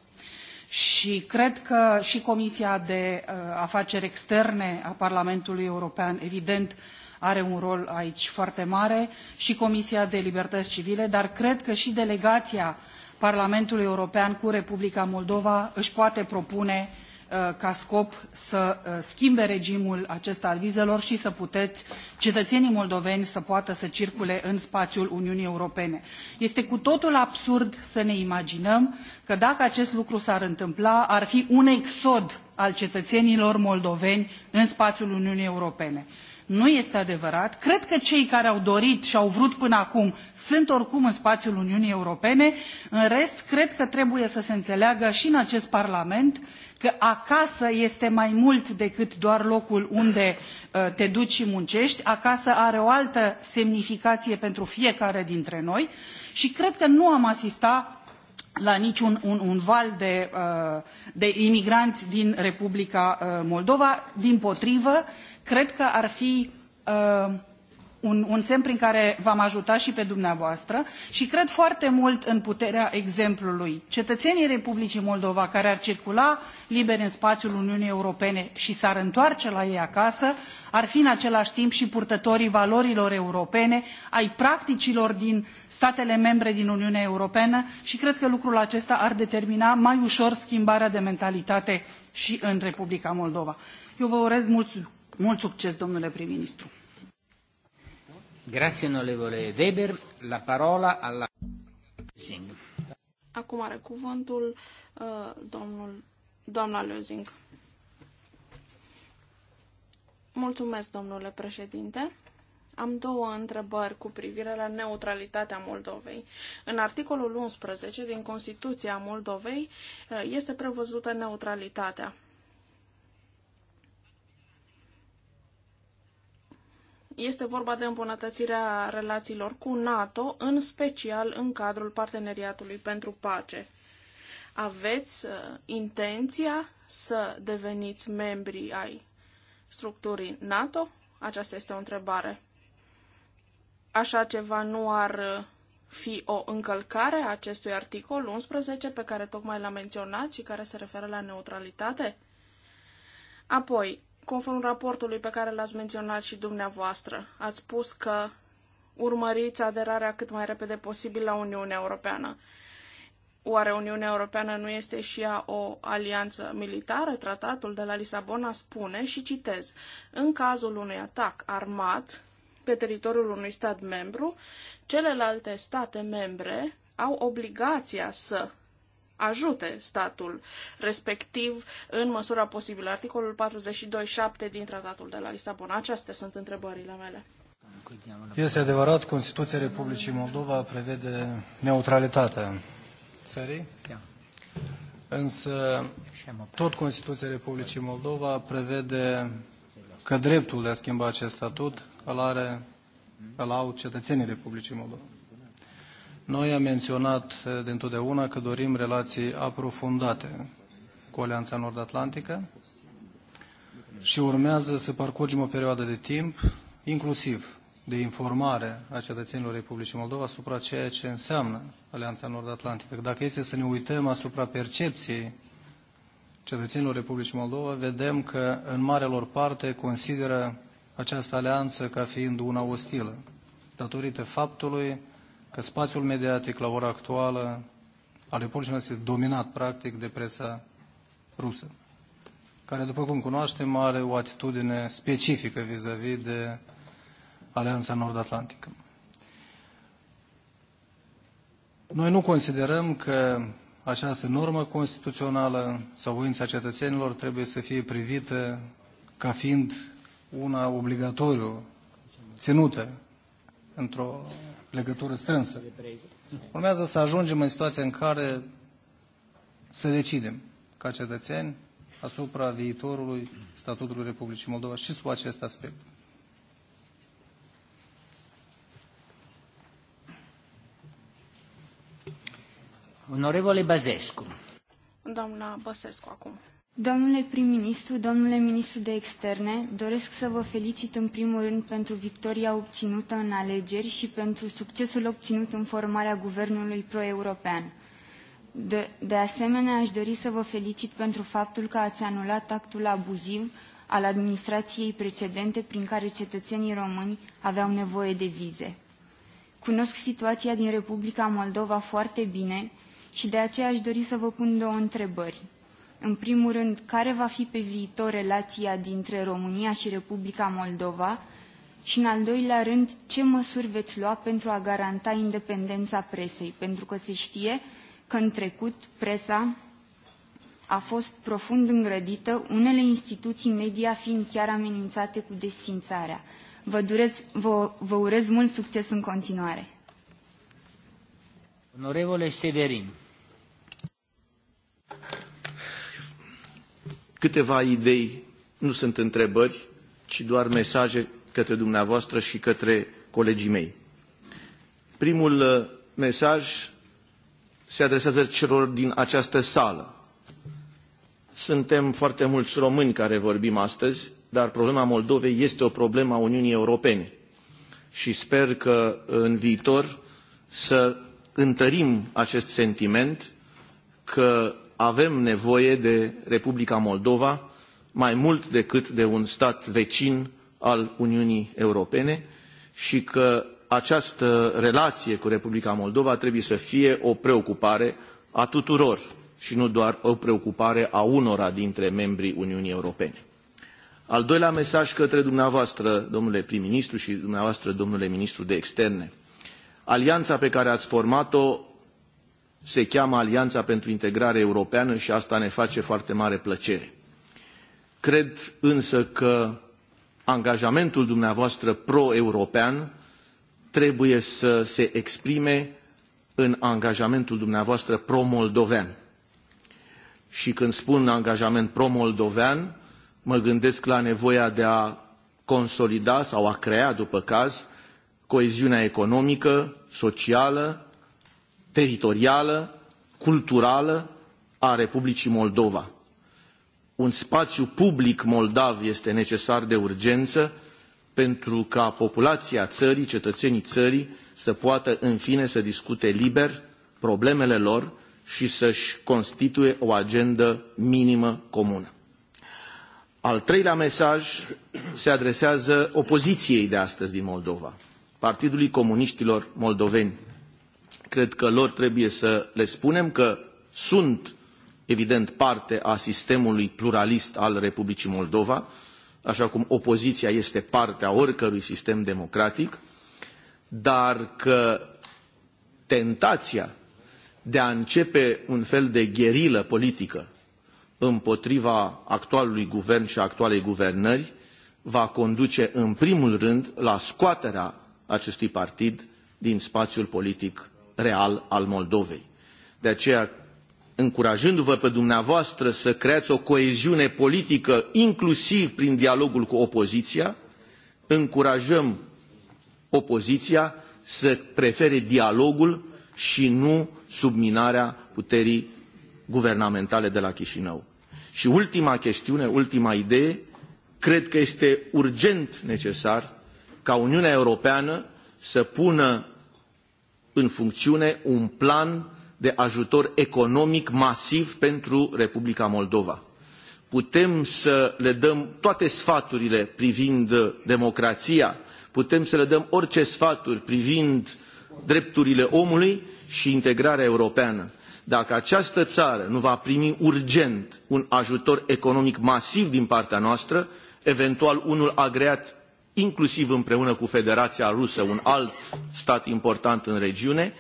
Și cred că și Comisia de uh, Afaceri Externe a Parlamentului European, evident, are un rol aici foarte mare, și Comisia de Libertăți Civile, dar cred că și delegația uh, Parlamentului European cu Republica Moldova își poate propune uh, ca scop să uh, schimbe regimul acesta al vizelor și să puteți cetățenii moldoveni să poată să circule în spațiul Uniunii Europene. Este cu totul absurd să ne imaginăm că dacă acest lucru s-ar întâmpla, ar fi un exod al cetățenilor moldoveni în spațiul Uniunii Europene. Nu este adevărat. Cred că cei care au dorit și au vrut până acum sunt oricum în spațiul Uniunii Europene. În rest, cred că trebuie să se înțeleagă și în acest Parlament că acasă este mai mult decât doar locul unde uh, te duci și muncești. Acasă are o altă semnificație pentru fiecare dintre noi și cred că nu am asistat la niciun un, un val de, uh, de imigranți din Republica uh, Moldova. Din potrivă, cred că ar fi uh, un, un semn prin care v-am ajutat și pe dumneavoastră și cred foarte mult în puterea exemplului. Cetățenii Republicii Moldova care ar circula liber în spațiul Uniunii Europene și s-ar întoarce la ei acasă, ar fi în același timp și purtătorii valorilor europene, ai practicilor din statele membre din Uniunea Europeană și cred că lucrul acesta ar determina mai ușor schimbarea de mentalitate și în Republica Moldova. Eu vă urez mult mult succes, domnule prim-ministru! Grazie, onorevole Weber. La parola alla... Acum are cuvântul uh, domnul, doamna Lözing. Mulțumesc, domnule președinte. Am două întrebări cu privire la neutralitatea Moldovei. În articolul 11 din Constituția Moldovei uh, este prevăzută neutralitatea. Este vorba de îmbunătățirea relațiilor cu NATO, în special în cadrul Parteneriatului pentru Pace. Aveți uh, intenția să deveniți membri ai structurii NATO? Aceasta este o întrebare. Așa ceva nu ar uh, fi o încălcare a acestui articol 11 pe care tocmai l-am menționat și care se referă la neutralitate? Apoi, Conform raportului pe care l-ați menționat și dumneavoastră, ați spus că urmăriți aderarea cât mai repede posibil la Uniunea Europeană. Oare Uniunea Europeană nu este și ea o alianță militară? Tratatul de la Lisabona spune, și citez, în cazul unui atac armat pe teritoriul unui stat membru, celelalte state membre au obligația să ajute statul respectiv în măsura posibilă. Articolul 42.7 din Tratatul de la Lisabona. Acestea sunt întrebările mele. Este adevărat, Constituția Republicii Moldova prevede neutralitatea țării, însă tot Constituția Republicii Moldova prevede că dreptul de a schimba acest statut îl, are, îl au cetățenii Republicii Moldova. Noi am menționat eh, de că dorim relații aprofundate cu Alianța Nord-Atlantică și urmează să parcurgem o perioadă de timp, inclusiv de informare a cetățenilor Republicii Moldova asupra ceea ce înseamnă Alianța Nord-Atlantică. Dacă este să ne uităm asupra percepției cetățenilor Republicii Moldova, vedem că în mare lor parte consideră această alianță ca fiind una ostilă, datorită faptului că spațiul mediatic la ora actuală al Republicii este dominat practic de presa rusă, care, după cum cunoaștem, are o atitudine specifică vis-a-vis -vis de Alianța Nord-Atlantică. Noi nu considerăm că această normă constituțională sau voința cetățenilor trebuie să fie privită ca fiind una obligatoriu ținută într-o legătură strânsă. Urmează să ajungem în situația în care să decidem ca cetățeni asupra viitorului statutului Republicii Moldova și sub acest aspect. Onorevole Bazescu. Doamna Băsescu acum. Domnule prim-ministru, domnule ministru de externe, doresc să vă felicit în primul rând pentru victoria obținută în alegeri și pentru succesul obținut în formarea guvernului pro-european. De, de asemenea, aș dori să vă felicit pentru faptul că ați anulat actul abuziv al administrației precedente prin care cetățenii români aveau nevoie de vize. Cunosc situația din Republica Moldova foarte bine și de aceea aș dori să vă pun două întrebări. În primul rând, care va fi pe viitor relația dintre România și Republica Moldova? Și în al doilea rând, ce măsuri veți lua pentru a garanta independența presei? Pentru că se știe că în trecut presa a fost profund îngrădită, unele instituții media fiind chiar amenințate cu desfințarea. Vă, durez, vă, vă urez mult succes în continuare. Onorevole Severin. câteva idei, nu sunt întrebări, ci doar mesaje către dumneavoastră și către colegii mei. Primul uh, mesaj se adresează celor din această sală. Suntem foarte mulți români care vorbim astăzi, dar problema Moldovei este o problemă a Uniunii Europene. Și sper că în viitor să întărim acest sentiment că avem nevoie de Republica Moldova mai mult decât de un stat vecin al Uniunii Europene și că această relație cu Republica Moldova trebuie să fie o preocupare a tuturor și nu doar o preocupare a unora dintre membrii Uniunii Europene. Al doilea mesaj către dumneavoastră, domnule prim-ministru și dumneavoastră, domnule ministru de externe. Alianța pe care ați format-o se cheamă Alianța pentru Integrare Europeană și asta ne face foarte mare plăcere. Cred însă că angajamentul dumneavoastră pro-european trebuie să se exprime în angajamentul dumneavoastră pro-moldovean. Și când spun angajament pro-moldovean, mă gândesc la nevoia de a consolida sau a crea, după caz, coeziunea economică, socială teritorială, culturală a Republicii Moldova. Un spațiu public moldav este necesar de urgență pentru ca populația țării, cetățenii țării, să poată în fine să discute liber problemele lor și să-și constituie o agendă minimă comună. Al treilea mesaj se adresează opoziției de astăzi din Moldova, Partidului Comuniștilor Moldoveni, cred că lor trebuie să le spunem că sunt, evident, parte a sistemului pluralist al Republicii Moldova, așa cum opoziția este parte a oricărui sistem democratic, dar că tentația de a începe un fel de gherilă politică împotriva actualului guvern și actualei guvernări va conduce în primul rând la scoaterea acestui partid din spațiul politic real al Moldovei. De aceea, încurajându-vă pe dumneavoastră să creați o coeziune politică, inclusiv prin dialogul cu opoziția, încurajăm opoziția să prefere dialogul și nu subminarea puterii guvernamentale de la Chișinău. Și ultima chestiune, ultima idee, cred că este urgent necesar ca Uniunea Europeană să pună în funcțiune un plan de ajutor economic masiv pentru Republica Moldova. Putem să le dăm toate sfaturile privind democrația, putem să le dăm orice sfaturi privind drepturile omului și integrarea europeană. Dacă această țară nu va primi urgent un ajutor economic masiv din partea noastră, eventual unul agreat inclusiv împreună cu Federația Rusă, un alt stat important în regiune,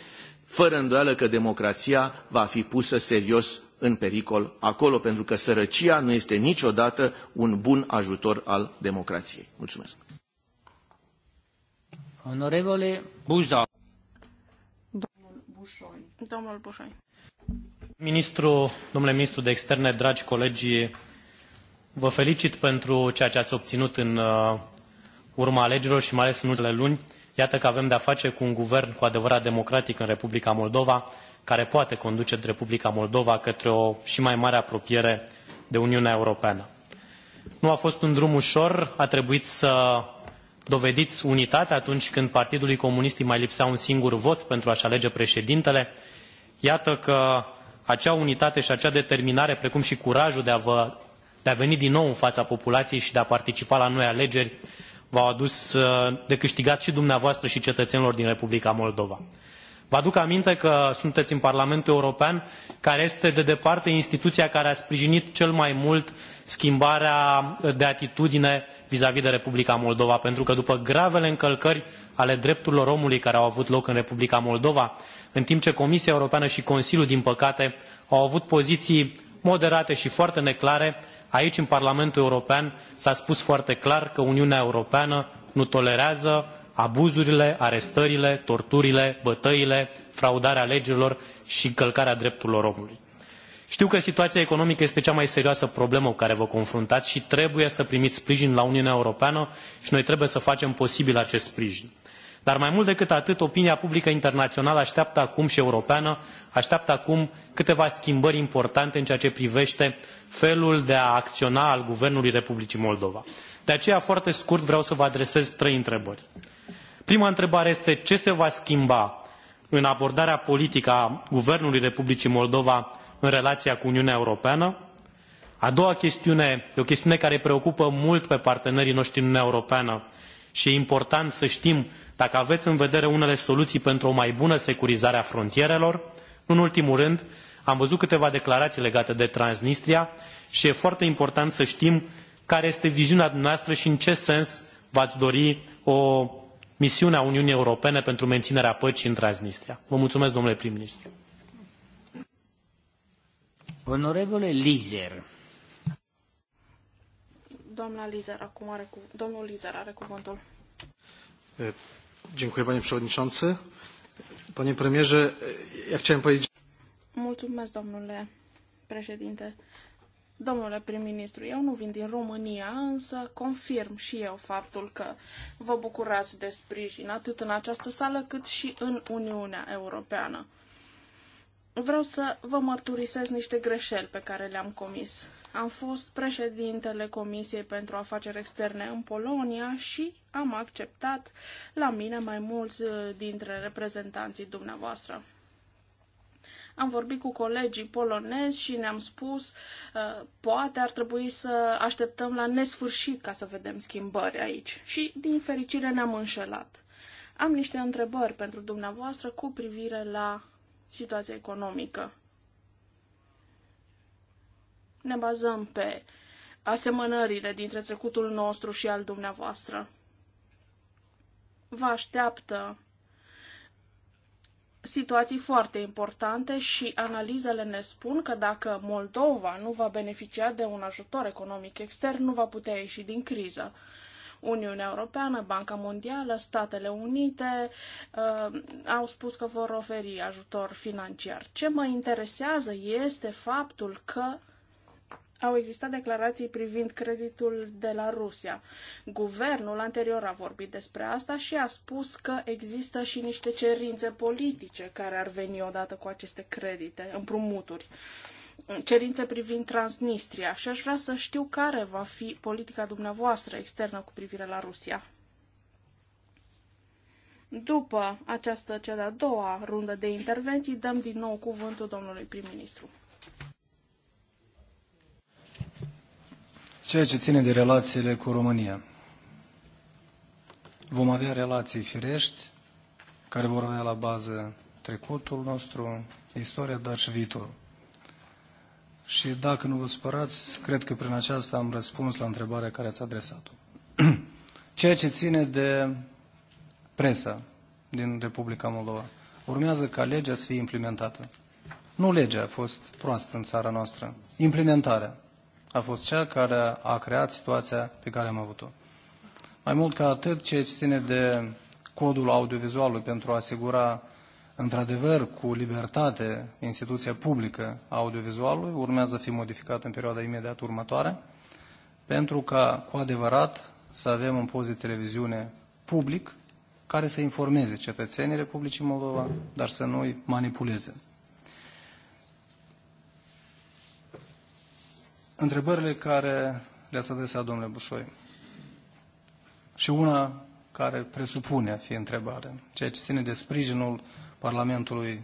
fără îndoială că democrația va fi pusă serios în pericol acolo, pentru că sărăcia nu este niciodată un bun ajutor al democrației. Mulțumesc. Onorevole Buza. Domnul Bușoi. Domnul Bușoi. Ministru, domnule ministru de externe, dragi colegi, vă felicit pentru ceea ce ați obținut în uh, urma alegerilor și mai ales în ultimele luni, iată că avem de-a face cu un guvern cu adevărat democratic în Republica Moldova, care poate conduce Republica Moldova către o și mai mare apropiere de Uniunea Europeană. Nu a fost un drum ușor, a trebuit să dovediți unitate atunci când Partidului Comunist îi mai lipsea un singur vot pentru a-și alege președintele. Iată că acea unitate și acea determinare, precum și curajul de a, vă, de a veni din nou în fața populației și de a participa la noi alegeri, v-au adus uh, de câștigat și dumneavoastră și cetățenilor din Republica Moldova. Vă aduc aminte că sunteți în Parlamentul European, care este de departe instituția care a sprijinit cel mai mult schimbarea de atitudine vis-a-vis -vis de Republica Moldova, pentru că după gravele încălcări ale drepturilor omului care au avut loc în Republica Moldova, în timp ce Comisia Europeană și Consiliul, din păcate, au avut poziții moderate și foarte neclare, Aici, în Parlamentul European, s-a spus foarte clar că Uniunea Europeană nu tolerează abuzurile, arestările, torturile, bătăile, fraudarea legilor și încălcarea drepturilor omului. Știu că situația economică este cea mai serioasă problemă cu care vă confruntați și trebuie să primiți sprijin la Uniunea Europeană și noi trebuie să facem posibil acest sprijin. Dar mai mult decât atât, opinia publică internațională așteaptă acum și europeană, așteaptă acum câteva schimbări importante în ceea ce privește felul de a acționa al Guvernului Republicii Moldova. De aceea, foarte scurt, vreau să vă adresez trei întrebări. Prima întrebare este ce se va schimba în abordarea politică a Guvernului Republicii Moldova în relația cu Uniunea Europeană. A doua chestiune, e o chestiune care preocupă mult pe partenerii noștri în Uniunea Europeană și e important să știm dacă aveți în vedere unele soluții pentru o mai bună securizare a frontierelor. Nu în ultimul rând, am văzut câteva declarații legate de Transnistria și e foarte important să știm care este viziunea dumneavoastră și în ce sens v-ați dori o misiune a Uniunii Europene pentru menținerea păcii în Transnistria. Vă mulțumesc, domnule prim-ministru. Onorevole Lizer. Doamna Lizer, acum are cu... Domnul Lizer are cuvântul. Dziękuję, panie przewodniczący. Panie premierze, ja chciałem powiedzieć... Mulțumesc, domnule președinte. Domnule prim-ministru, eu nu vin din România, însă confirm și eu faptul că vă bucurați de sprijin atât în această sală cât și în Uniunea Europeană. Vreau să vă mărturisesc niște greșeli pe care le-am comis. Am fost președintele Comisiei pentru Afaceri Externe în Polonia și am acceptat la mine mai mulți uh, dintre reprezentanții dumneavoastră. Am vorbit cu colegii polonezi și ne-am spus, uh, poate ar trebui să așteptăm la nesfârșit ca să vedem schimbări aici. Și, din fericire, ne-am înșelat. Am niște întrebări pentru dumneavoastră cu privire la situația economică ne bazăm pe asemănările dintre trecutul nostru și al dumneavoastră. Vă așteaptă situații foarte importante și analizele ne spun că dacă Moldova nu va beneficia de un ajutor economic extern, nu va putea ieși din criză. Uniunea Europeană, Banca Mondială, Statele Unite uh, au spus că vor oferi ajutor financiar. Ce mă interesează este faptul că uh, au existat declarații privind creditul de la Rusia. Guvernul anterior a vorbit despre asta și a spus că există și niște cerințe politice care ar veni odată cu aceste credite, împrumuturi cerințe privind Transnistria și aș vrea să știu care va fi politica dumneavoastră externă cu privire la Rusia. După această cea de-a doua rundă de intervenții, dăm din nou cuvântul domnului prim-ministru. ceea ce ține de relațiile cu România. Vom avea relații firești, care vor avea la bază trecutul nostru, istoria, dar și viitorul. Și dacă nu vă supărați, cred că prin aceasta am răspuns la întrebarea care ați adresat-o. Ceea ce ține de presa din Republica Moldova, urmează ca legea să fie implementată. Nu legea a fost proastă în țara noastră, implementarea a fost cel care a creat situația pe care am avut-o. Mai mult ca atât, ceea ce ține de codul audiovizualului pentru a asigura într-adevăr cu libertate instituția publică a audiovizualului, urmează fi modificat în perioada imediat următoare, pentru ca cu adevărat să avem un post de televiziune public care să informeze cetățenii Republicii Moldova, dar să nu-i manipuleze. întrebările care le-ați adresat, domnule Bușoi, și una care presupune a fi întrebare, ceea ce ține de sprijinul Parlamentului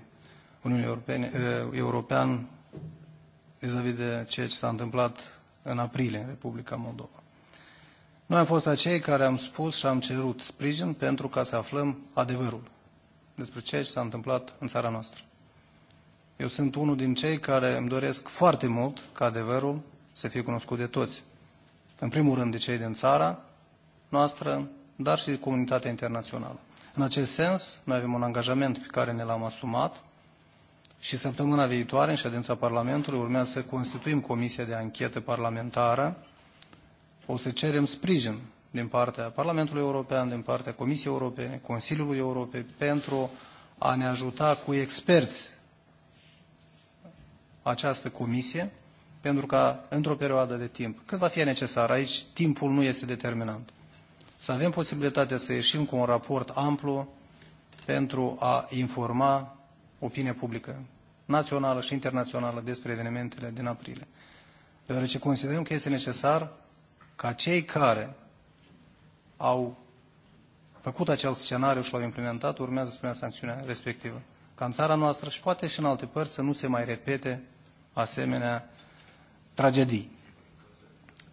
Uniunii Europene, eh, European vis-a-vis -vis de ceea ce s-a întâmplat în aprilie în Republica Moldova. Noi am fost acei care am spus și am cerut sprijin pentru ca să aflăm adevărul despre ceea ce s-a întâmplat în țara noastră. Eu sunt unul din cei care îmi doresc foarte mult ca adevărul să fie cunoscut de toți. În primul rând de cei din țara noastră, dar și de comunitatea internațională. În acest sens, noi avem un angajament pe care ne l-am asumat și săptămâna viitoare, în ședința Parlamentului, urmează să constituim Comisia de Anchetă Parlamentară. O să cerem sprijin din partea Parlamentului European, din partea Comisiei Europene, Consiliului Europei, pentru a ne ajuta cu experți această comisie pentru ca într-o perioadă de timp, cât va fi necesar, aici timpul nu este determinant, să avem posibilitatea să ieșim cu un raport amplu pentru a informa opinia publică națională și internațională despre evenimentele din aprilie. Deoarece considerăm că este necesar ca cei care au făcut acel scenariu și l-au implementat, urmează să pună sancțiunea respectivă. Ca în țara noastră și poate și în alte părți să nu se mai repete asemenea tragedii.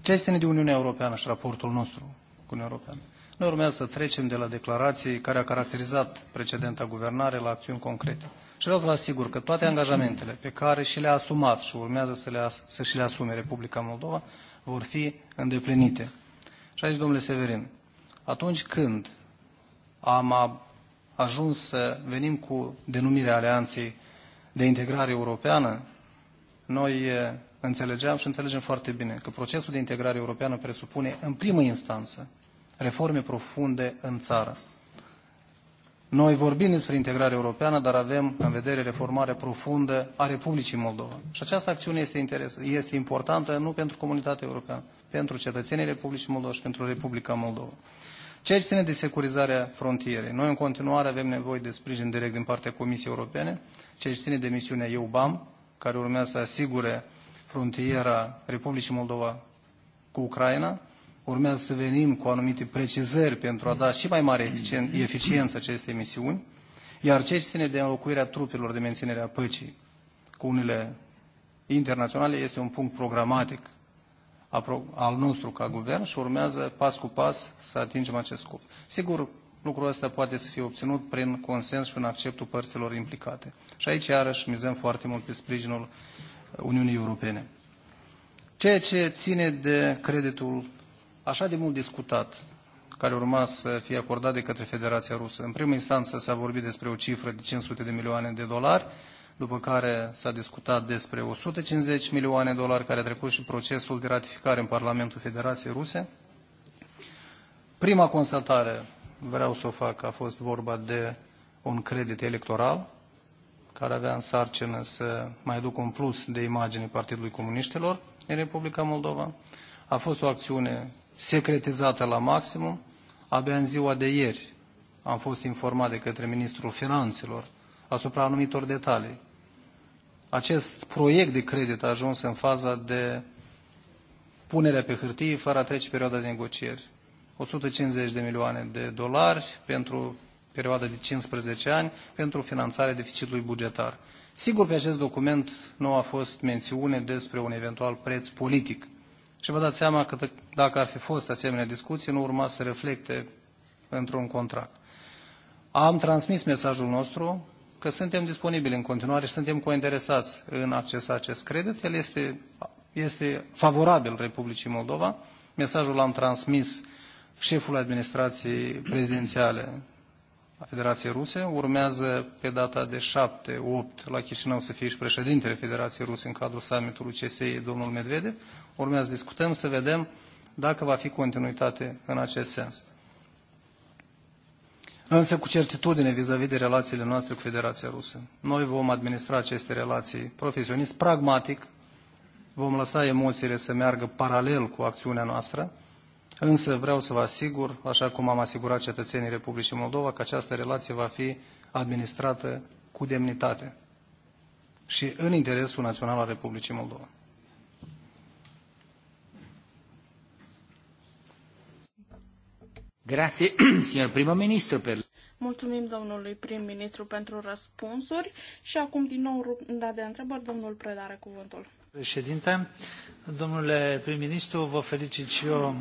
Ce este de Uniunea Europeană și raportul nostru cu Uniunea Europeană? Noi urmează să trecem de la declarații care a caracterizat precedenta guvernare la acțiuni concrete. Și vreau să vă asigur că toate angajamentele pe care și le-a asumat și urmează să, le as- să și le asume Republica Moldova vor fi îndeplinite. Și aici, domnule Severin, atunci când am ajuns să venim cu denumirea Alianței de Integrare Europeană, noi eh, înțelegeam și înțelegem foarte bine că procesul de integrare europeană presupune, în primă instanță, reforme profunde în țară. Noi vorbim despre integrare europeană, dar avem în vedere reformarea profundă a Republicii Moldova. Și această acțiune este, interes, este importantă nu pentru comunitatea europeană, pentru cetățenii Republicii Moldova și pentru Republica Moldova. Ceea ce ține de securizarea frontierei. Noi în continuare avem nevoie de sprijin direct din partea Comisiei Europene, ceea ce ține de misiunea EUBAM, care urmează să asigure frontiera Republicii Moldova cu Ucraina. Urmează să venim cu anumite precizări pentru a da și mai mare eficiență acestei misiuni. Iar ce ține de înlocuirea trupelor de menținere a păcii cu unele internaționale este un punct programatic al nostru ca guvern și urmează pas cu pas să atingem acest scop. Sigur, lucrul ăsta poate să fie obținut prin consens și prin acceptul părților implicate. Și aici, iarăși, mizăm foarte mult pe sprijinul Uniunii Europene. Ceea ce ține de creditul așa de mult discutat, care urma să fie acordat de către Federația Rusă. În primă instanță s-a vorbit despre o cifră de 500 de milioane de dolari, după care s-a discutat despre 150 milioane de dolari, care a trecut și procesul de ratificare în Parlamentul Federației Ruse. Prima constatare, vreau să o fac, a fost vorba de un credit electoral, care avea în sarcină să mai ducă un plus de imagine Partidului Comuniștilor în Republica Moldova. A fost o acțiune secretizată la maximum. Abia în ziua de ieri am fost informat de către Ministrul Finanțelor asupra anumitor detalii. Acest proiect de credit a ajuns în faza de punerea pe hârtie fără a trece perioada de negocieri. 150 de milioane de dolari pentru perioadă de 15 ani, pentru finanțarea deficitului bugetar. Sigur, pe acest document nu a fost mențiune despre un eventual preț politic. Și vă dați seama că dacă ar fi fost asemenea discuții, nu urma să reflecte într-un contract. Am transmis mesajul nostru că suntem disponibili în continuare și suntem cointeresați în acces acest credit. El este, este favorabil Republicii Moldova. Mesajul l-am transmis șeful administrației prezidențiale a Federației Ruse. Urmează pe data de 7-8 la Chișinău să fie și președintele Federației Ruse în cadrul summitului CSE, domnul Medvedev. Urmează să discutăm, să vedem dacă va fi continuitate în acest sens. Însă cu certitudine vis-a-vis -vis de relațiile noastre cu Federația Rusă. Noi vom administra aceste relații profesionist, pragmatic, vom lăsa emoțiile să meargă paralel cu acțiunea noastră, Însă vreau să vă asigur, așa cum am asigurat cetățenii Republicii Moldova, că această relație va fi administrată cu demnitate și în interesul național al Republicii Moldova. Grazie, signor primo per... Mulțumim domnului prim-ministru pentru răspunsuri și acum din nou runda de întrebări, domnul predare cuvântul. Președinte, domnule prim-ministru, vă felicit și eu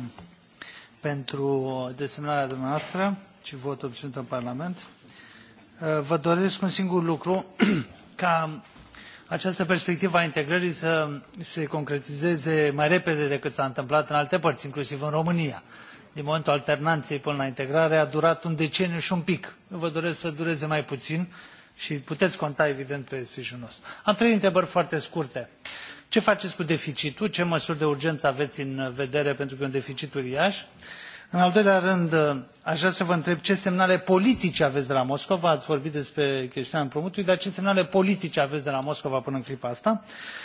pentru uh, desemnarea dumneavoastră și votul obținut în Parlament. Uh, vă doresc un singur lucru, ca această perspectivă a integrării să se concretizeze mai repede decât s-a întâmplat în alte părți, inclusiv în România. Din momentul alternanței până la integrare a durat un deceniu și un pic. Eu vă doresc să dureze mai puțin și puteți conta, evident, pe sprijinul nostru. Am trei întrebări foarte scurte ce faceți cu deficitul? Ce măsuri de urgență aveți în vedere pentru că e un deficit uriaș? În al doilea rând, aș vrea să vă întreb ce semnale politice aveți de la Moscova. Ați vorbit despre chestiunea împrumutului, dar ce semnale politice aveți de la Moscova până în clipa asta?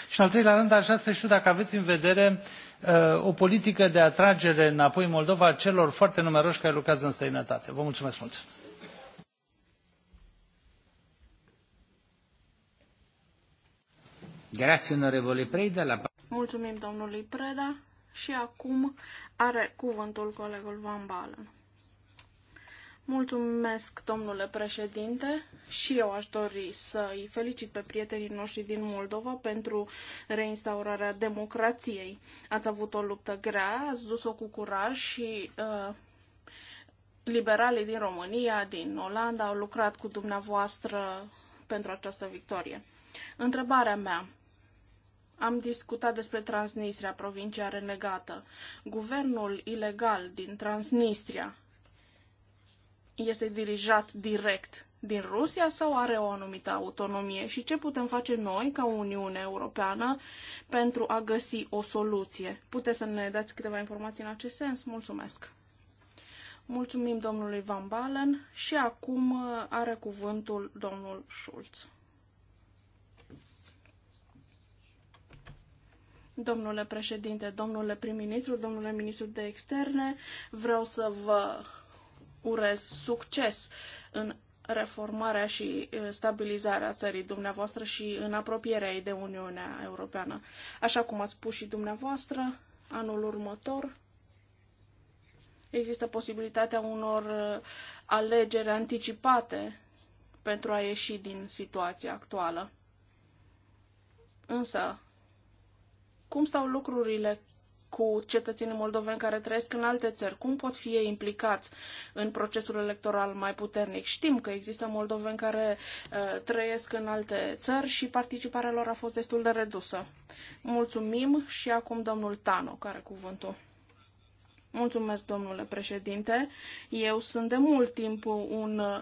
Și în al treilea rând, aș vrea să știu dacă aveți în vedere uh, o politică de atragere înapoi în Moldova a celor foarte numeroși care lucrează în străinătate. Vă mulțumesc mult! Grazie, onorevole Preda. La... Mulțumim domnului Preda și acum are cuvântul colegul Van Balen. Mulțumesc, domnule președinte, și eu aș dori să i felicit pe prietenii noștri din Moldova pentru reinstaurarea democrației. Ați avut o luptă grea, ați dus-o cu curaj și uh, liberalii din România, din Olanda, au lucrat cu dumneavoastră pentru această victorie. Întrebarea mea am discutat despre Transnistria, provincia renegată. Guvernul ilegal din Transnistria este dirijat direct din Rusia sau are o anumită autonomie și ce putem face noi ca Uniune Europeană pentru a găsi o soluție. Puteți să ne dați câteva informații în acest sens? Mulțumesc! Mulțumim domnului Van Balen și acum are cuvântul domnul Schulz. Domnule președinte, domnule prim-ministru, domnule ministru de externe, vreau să vă urez succes în reformarea și stabilizarea țării dumneavoastră și în apropierea ei de Uniunea Europeană. Așa cum ați spus și dumneavoastră, anul următor există posibilitatea unor alegeri anticipate pentru a ieși din situația actuală. Însă, cum stau lucrurile cu cetățenii moldoveni care trăiesc în alte țări? Cum pot fi ei implicați în procesul electoral mai puternic? Știm că există moldoveni care uh, trăiesc în alte țări și participarea lor a fost destul de redusă. Mulțumim și acum domnul Tano, care cuvântul. Mulțumesc, domnule președinte. Eu sunt de mult timp un uh,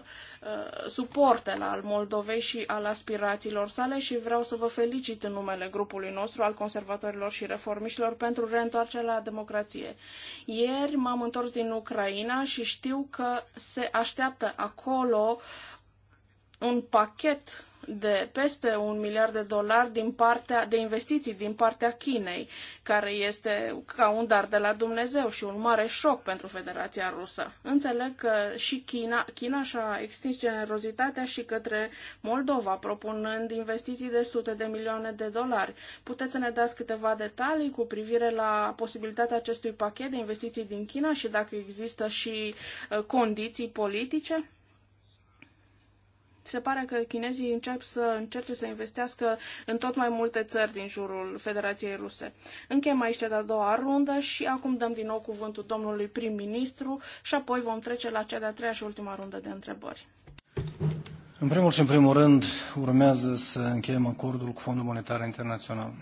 suporter al Moldovei și al aspirațiilor sale și vreau să vă felicit în numele grupului nostru al conservatorilor și reformiștilor pentru reîntoarcerea la democrație. Ieri m-am întors din Ucraina și știu că se așteaptă acolo un pachet de peste un miliard de dolari din partea, de investiții din partea Chinei, care este ca un dar de la Dumnezeu și un mare șoc pentru Federația Rusă. Înțeleg că și China, China și-a extins generozitatea și către Moldova, propunând investiții de sute de milioane de dolari. Puteți să ne dați câteva detalii cu privire la posibilitatea acestui pachet de investiții din China și dacă există și uh, condiții politice? se pare că chinezii încep să încerce să investească în tot mai multe țări din jurul Federației Ruse. Încheiem aici de-a doua rundă și acum dăm din nou cuvântul domnului prim-ministru și apoi vom trece la cea de-a treia și ultima rundă de întrebări. În primul și în primul rând urmează să încheiem acordul cu Fondul Monetar Internațional.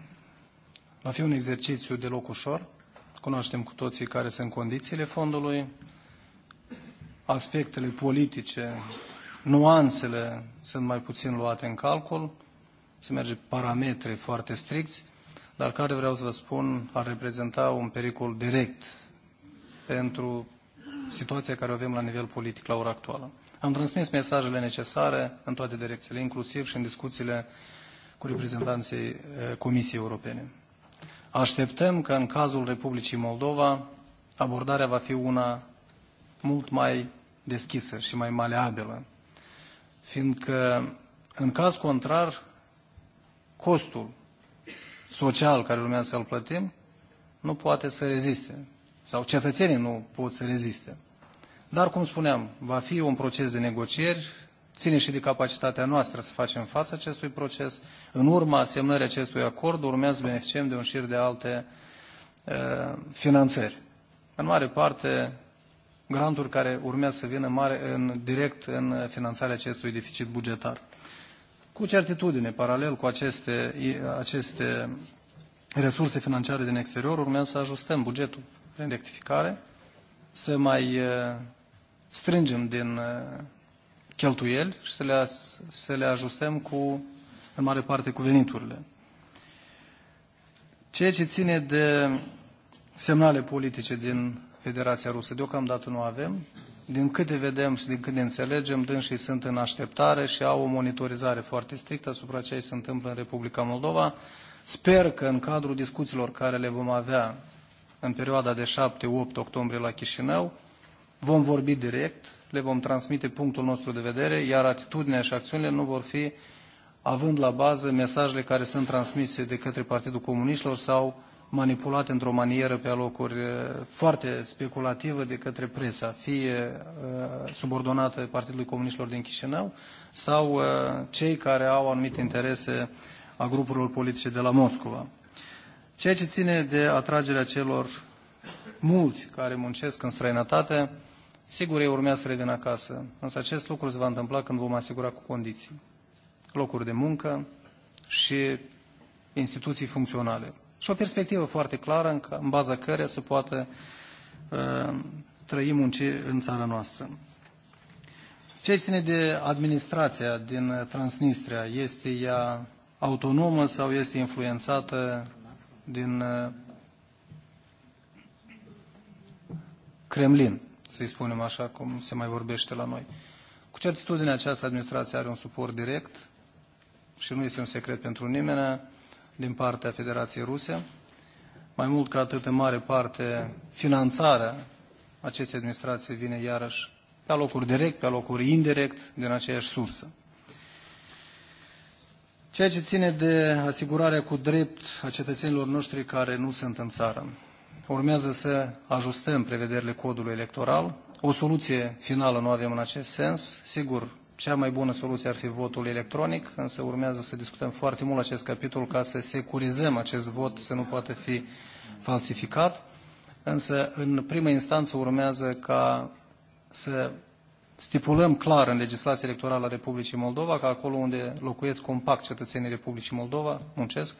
Va fi un exercițiu deloc ușor. Cunoaștem cu toții care sunt condițiile fondului, aspectele politice nuanțele sunt mai puțin luate în calcul, se merge parametri foarte stricți, dar care, vreau să vă spun, ar reprezenta un pericol direct pentru situația care o avem la nivel politic la ora actuală. Am transmis mesajele necesare în toate direcțiile, inclusiv și în discuțiile cu reprezentanții Comisiei Europene. Așteptăm că în cazul Republicii Moldova abordarea va fi una mult mai deschisă și mai maleabilă fiindcă în caz contrar, costul social care urmează să-l plătim nu poate să reziste sau cetățenii nu pot să reziste. Dar, cum spuneam, va fi un proces de negocieri, ține și de capacitatea noastră să facem față acestui proces. În urma semnării acestui acord urmează să beneficiem de un șir de alte uh, finanțări. În mare parte, granturi care urmează să vină mare în, direct în finanțarea acestui deficit bugetar. Cu certitudine, paralel cu aceste, aceste resurse financiare din exterior, urmează să ajustăm bugetul prin rectificare, să mai uh, strângem din uh, cheltuieli și să le, să le ajustăm cu, în mare parte cu veniturile. Ceea ce ține de semnale politice din Federația Rusă. Deocamdată nu avem. Din câte vedem și din câte înțelegem, dânsii sunt în așteptare și au o monitorizare foarte strictă asupra ceea ce se întâmplă în Republica Moldova. Sper că în cadrul discuțiilor care le vom avea în perioada de 7-8 octombrie la Chișinău, vom vorbi direct, le vom transmite punctul nostru de vedere, iar atitudinea și acțiunile nu vor fi având la bază mesajele care sunt transmise de către Partidul Comuniștilor sau manipulate într-o manieră pe alocuri foarte speculativă de către presa, fie subordonată Partidului Comuniștilor din Chișinău sau cei care au anumite interese a grupurilor politice de la Moscova. Ceea ce ține de atragerea celor mulți care muncesc în străinătate, sigur ei urmează să revină acasă, însă acest lucru se va întâmpla când vom asigura cu condiții. Locuri de muncă și instituții funcționale și o perspectivă foarte clară în, în baza căreia se poate uh, trăi, munci în țara noastră. Ce ține de administrația din Transnistria? Este ea autonomă sau este influențată din uh, Kremlin, să-i spunem așa cum se mai vorbește la noi. Cu certitudine această administrație are un suport direct și nu este un secret pentru nimeni din partea Federației Ruse. Mai mult ca atât, în mare parte, finanțarea acestei administrații vine iarăși pe alocuri direct, pe alocuri indirect, din aceeași sursă. Ceea ce ține de asigurarea cu drept a cetățenilor noștri care nu sunt în țară. Urmează să ajustăm prevederile codului electoral. O soluție finală nu avem în acest sens. Sigur, cea mai bună soluție ar fi votul electronic, însă urmează să discutăm foarte mult acest capitol ca să securizăm acest vot să nu poată fi falsificat. Însă, în primă instanță, urmează ca să stipulăm clar în legislația electorală a Republicii Moldova că acolo unde locuiesc compact cetățenii Republicii Moldova, muncesc,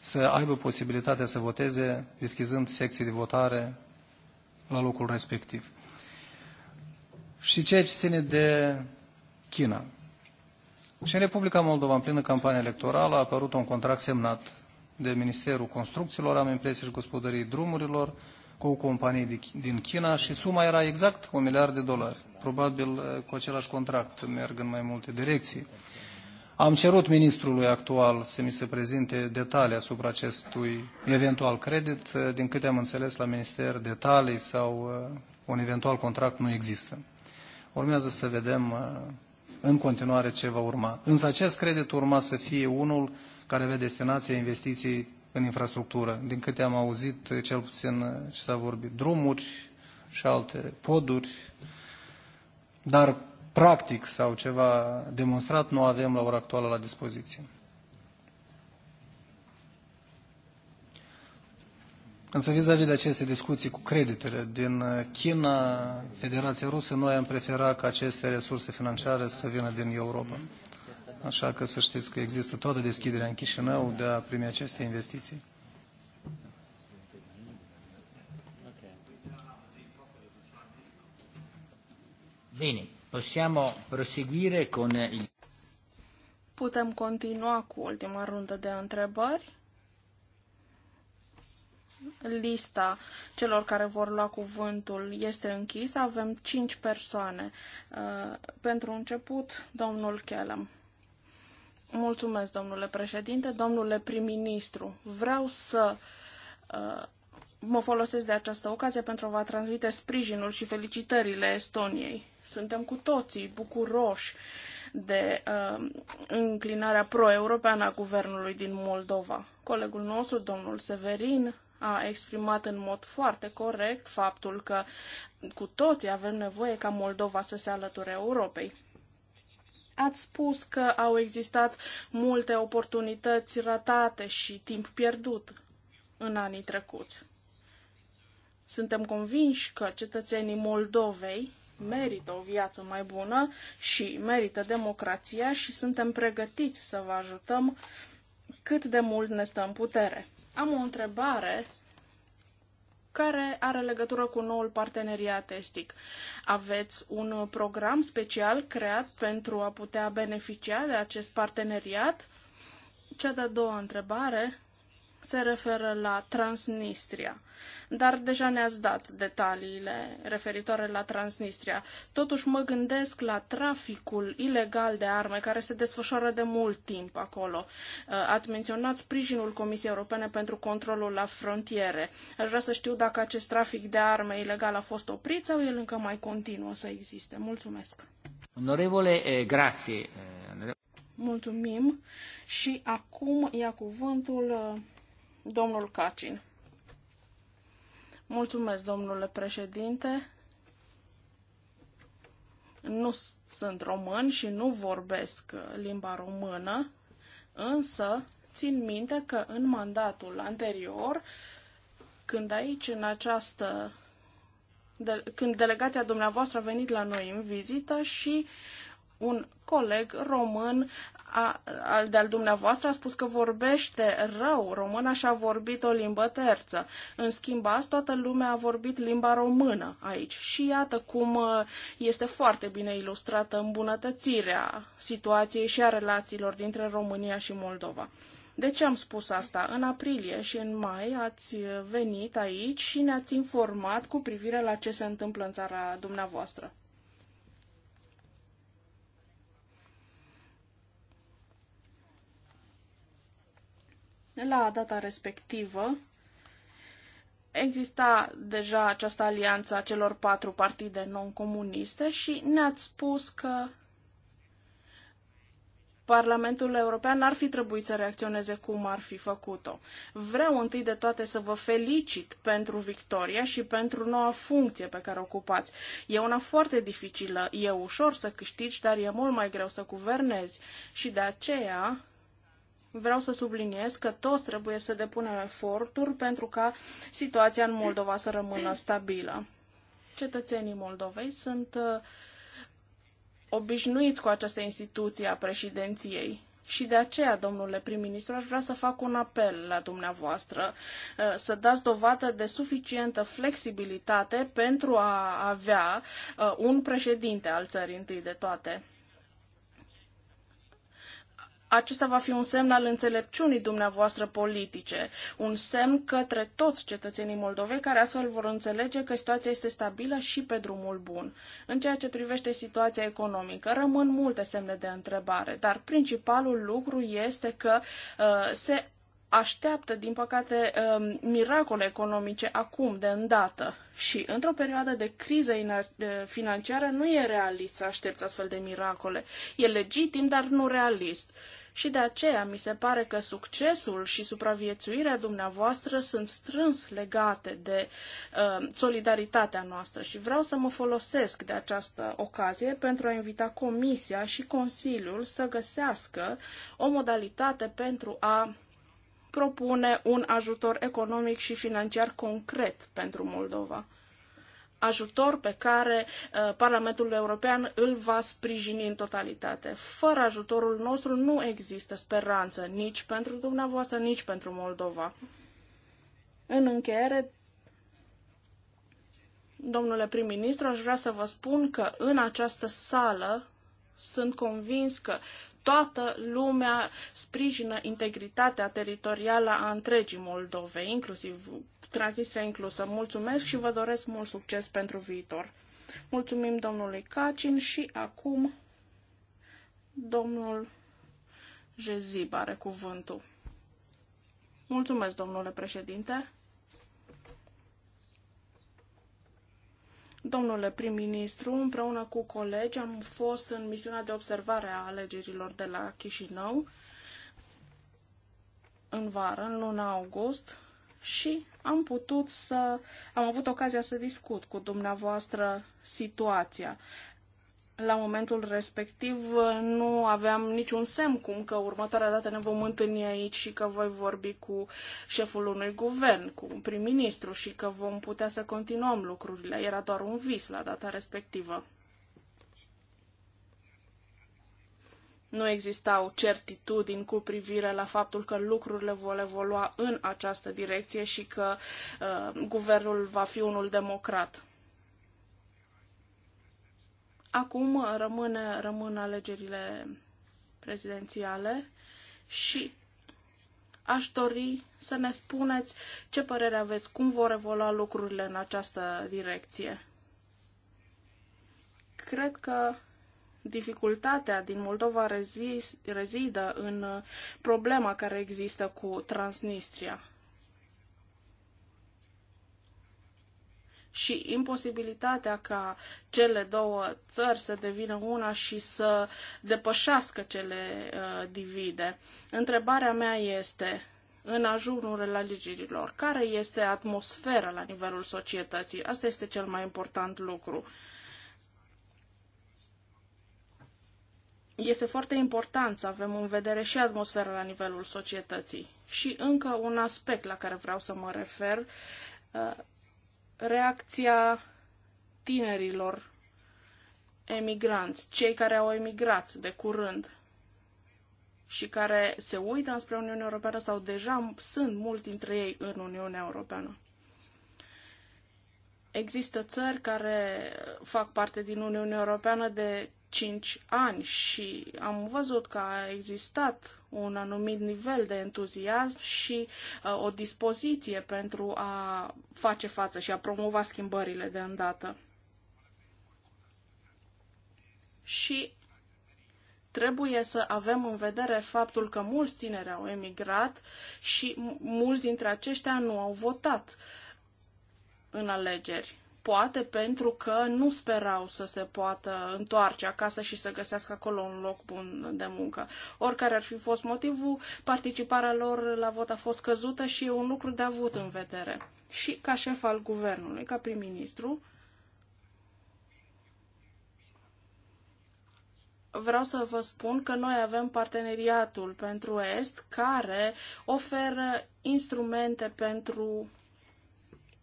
să aibă posibilitatea să voteze deschizând secții de votare la locul respectiv. Și ceea ce ține de China. Și în Republica Moldova, în plină campanie electorală, a apărut un contract semnat de Ministerul Construcțiilor, am impresie și gospodării drumurilor, cu o companie din China și suma era exact un miliard de dolari. Probabil eh, cu același contract merg în mai multe direcții. Am cerut ministrului actual să mi se prezinte detalii asupra acestui eventual credit. Eh, din câte am înțeles la minister, detalii sau eh, un eventual contract nu există. Urmează să vedem în continuare ce va urma. Însă acest credit urma să fie unul care avea destinația investiției în infrastructură. Din câte am auzit, cel puțin ce s-a vorbit, drumuri și alte poduri, dar practic sau ceva demonstrat nu avem la ora actuală la dispoziție. Însă vis-a-vis de aceste discuții cu creditele din uh, China, Federația Rusă, noi am preferat ca aceste resurse financiare să vină din Europa. Așa că să știți că există toată deschiderea în Chișinău de a primi aceste investiții. Bine, possiamo proseguire con il... Putem continua cu ultima rundă de întrebări. Lista celor care vor lua cuvântul este închisă. Avem cinci persoane. Uh, pentru început, domnul Kellam. Mulțumesc, domnule președinte, domnule prim-ministru. Vreau să uh, mă folosesc de această ocazie pentru a vă transmite sprijinul și felicitările Estoniei. Suntem cu toții bucuroși de uh, înclinarea pro-europeană a guvernului din Moldova. Colegul nostru, domnul Severin, a exprimat în mod foarte corect faptul că cu toții avem nevoie ca Moldova să se alăture Europei. Ați spus că au existat multe oportunități ratate și timp pierdut în anii trecuți. Suntem convinși că cetățenii Moldovei merită o viață mai bună și merită democrația și suntem pregătiți să vă ajutăm cât de mult ne stă în putere. Am o întrebare care are legătură cu noul parteneriat estic. Aveți un program special creat pentru a putea beneficia de acest parteneriat? Cea de-a doua întrebare se referă la Transnistria. Dar deja ne-ați dat detaliile referitoare la Transnistria. Totuși mă gândesc la traficul ilegal de arme care se desfășoară de mult timp acolo. Uh, ați menționat sprijinul Comisiei Europene pentru controlul la frontiere. Aș vrea să știu dacă acest trafic de arme ilegal a fost oprit sau el încă mai continuă să existe. Mulțumesc. Onorevole, eh, grație. Eh, Mulțumim. Și acum ia cuvântul uh, Domnul Cacin. Mulțumesc, domnule președinte. Nu sunt român și nu vorbesc limba română, însă țin minte că în mandatul anterior, când aici, în această de, când delegația dumneavoastră a venit la noi în vizită și un coleg român a, al de-al dumneavoastră a spus că vorbește rău româna și a vorbit o limbă terță. În schimb, azi toată lumea a vorbit limba română aici. Și iată cum uh, este foarte bine ilustrată îmbunătățirea situației și a relațiilor dintre România și Moldova. De ce am spus asta? În aprilie și în mai ați venit aici și ne-ați informat cu privire la ce se întâmplă în țara dumneavoastră. La data respectivă exista deja această alianță a celor patru partide non-comuniste și ne-ați spus că Parlamentul European ar fi trebuit să reacționeze cum ar fi făcut-o. Vreau întâi de toate să vă felicit pentru victoria și pentru noua funcție pe care o ocupați. E una foarte dificilă, e ușor să câștigi, dar e mult mai greu să guvernezi și de aceea Vreau să subliniez că toți trebuie să depunem eforturi pentru ca situația în Moldova să rămână stabilă. Cetățenii Moldovei sunt uh, obișnuiți cu această instituție a președinției. Și de aceea, domnule prim-ministru, aș vrea să fac un apel la dumneavoastră uh, să dați dovadă de suficientă flexibilitate pentru a avea uh, un președinte al țării întâi de toate acesta va fi un semn al înțelepciunii dumneavoastră politice, un semn către toți cetățenii moldovei care astfel vor înțelege că situația este stabilă și pe drumul bun. În ceea ce privește situația economică, rămân multe semne de întrebare, dar principalul lucru este că uh, se așteaptă, din păcate, um, miracole economice acum, de îndată. Și într-o perioadă de criză uh, financiară nu e realist să aștepți astfel de miracole. E legitim, dar nu realist și de aceea mi se pare că succesul și supraviețuirea dumneavoastră sunt strâns legate de uh, solidaritatea noastră și vreau să mă folosesc de această ocazie pentru a invita Comisia și Consiliul să găsească o modalitate pentru a propune un ajutor economic și financiar concret pentru Moldova ajutor pe care uh, Parlamentul European îl va sprijini în totalitate. Fără ajutorul nostru nu există speranță nici pentru dumneavoastră, nici pentru Moldova. În încheiere, domnule prim-ministru, aș vrea să vă spun că în această sală sunt convins că toată lumea sprijină integritatea teritorială a întregii Moldovei, inclusiv Transnistria inclusă. Mulțumesc și vă doresc mult succes pentru viitor. Mulțumim domnului Cacin și acum domnul Jezib are cuvântul. Mulțumesc, domnule președinte. Domnule prim-ministru, împreună cu colegi am fost în misiunea de observare a alegerilor de la Chișinău în vară, în luna august, și am putut să, am avut ocazia să discut cu dumneavoastră situația. La momentul respectiv nu aveam niciun semn cum că următoarea dată ne vom întâlni aici și că voi vorbi cu șeful unui guvern, cu un prim-ministru și că vom putea să continuăm lucrurile. Era doar un vis la data respectivă. nu existau certitudini cu privire la faptul că lucrurile vor evolua în această direcție și că uh, guvernul va fi unul democrat. Acum uh, rămâne, rămân alegerile prezidențiale și aș dori să ne spuneți ce părere aveți, cum vor evolua lucrurile în această direcție. Cred că Dificultatea din Moldova rezis, rezidă în uh, problema care există cu Transnistria. și imposibilitatea ca cele două țări să devină una și să depășească cele uh, divide. Întrebarea mea este, în ajunul religiilor, care este atmosfera la nivelul societății? Asta este cel mai important lucru. Uh, este foarte important să avem în vedere și atmosfera la nivelul societății. Și încă un aspect la care vreau să mă refer, uh, reacția tinerilor emigranți, cei care au emigrat de curând și care se uită înspre Uniunea Europeană sau deja sunt mulți dintre ei în Uniunea Europeană. Există țări care fac parte din Uniunea Europeană de 5 ani și am văzut că a existat un anumit nivel de entuziasm și uh, o dispoziție pentru a face față și a promova schimbările de îndată. Și trebuie să avem în vedere faptul că mulți tineri au emigrat și mulți dintre aceștia nu au votat în alegeri poate pentru că nu sperau să se poată întoarce acasă și să găsească acolo un loc bun de muncă. Oricare ar fi fost motivul, participarea lor la vot a fost căzută și e un lucru de avut în vedere. Și ca șef al guvernului, ca prim-ministru, vreau să vă spun că noi avem parteneriatul pentru Est care oferă instrumente pentru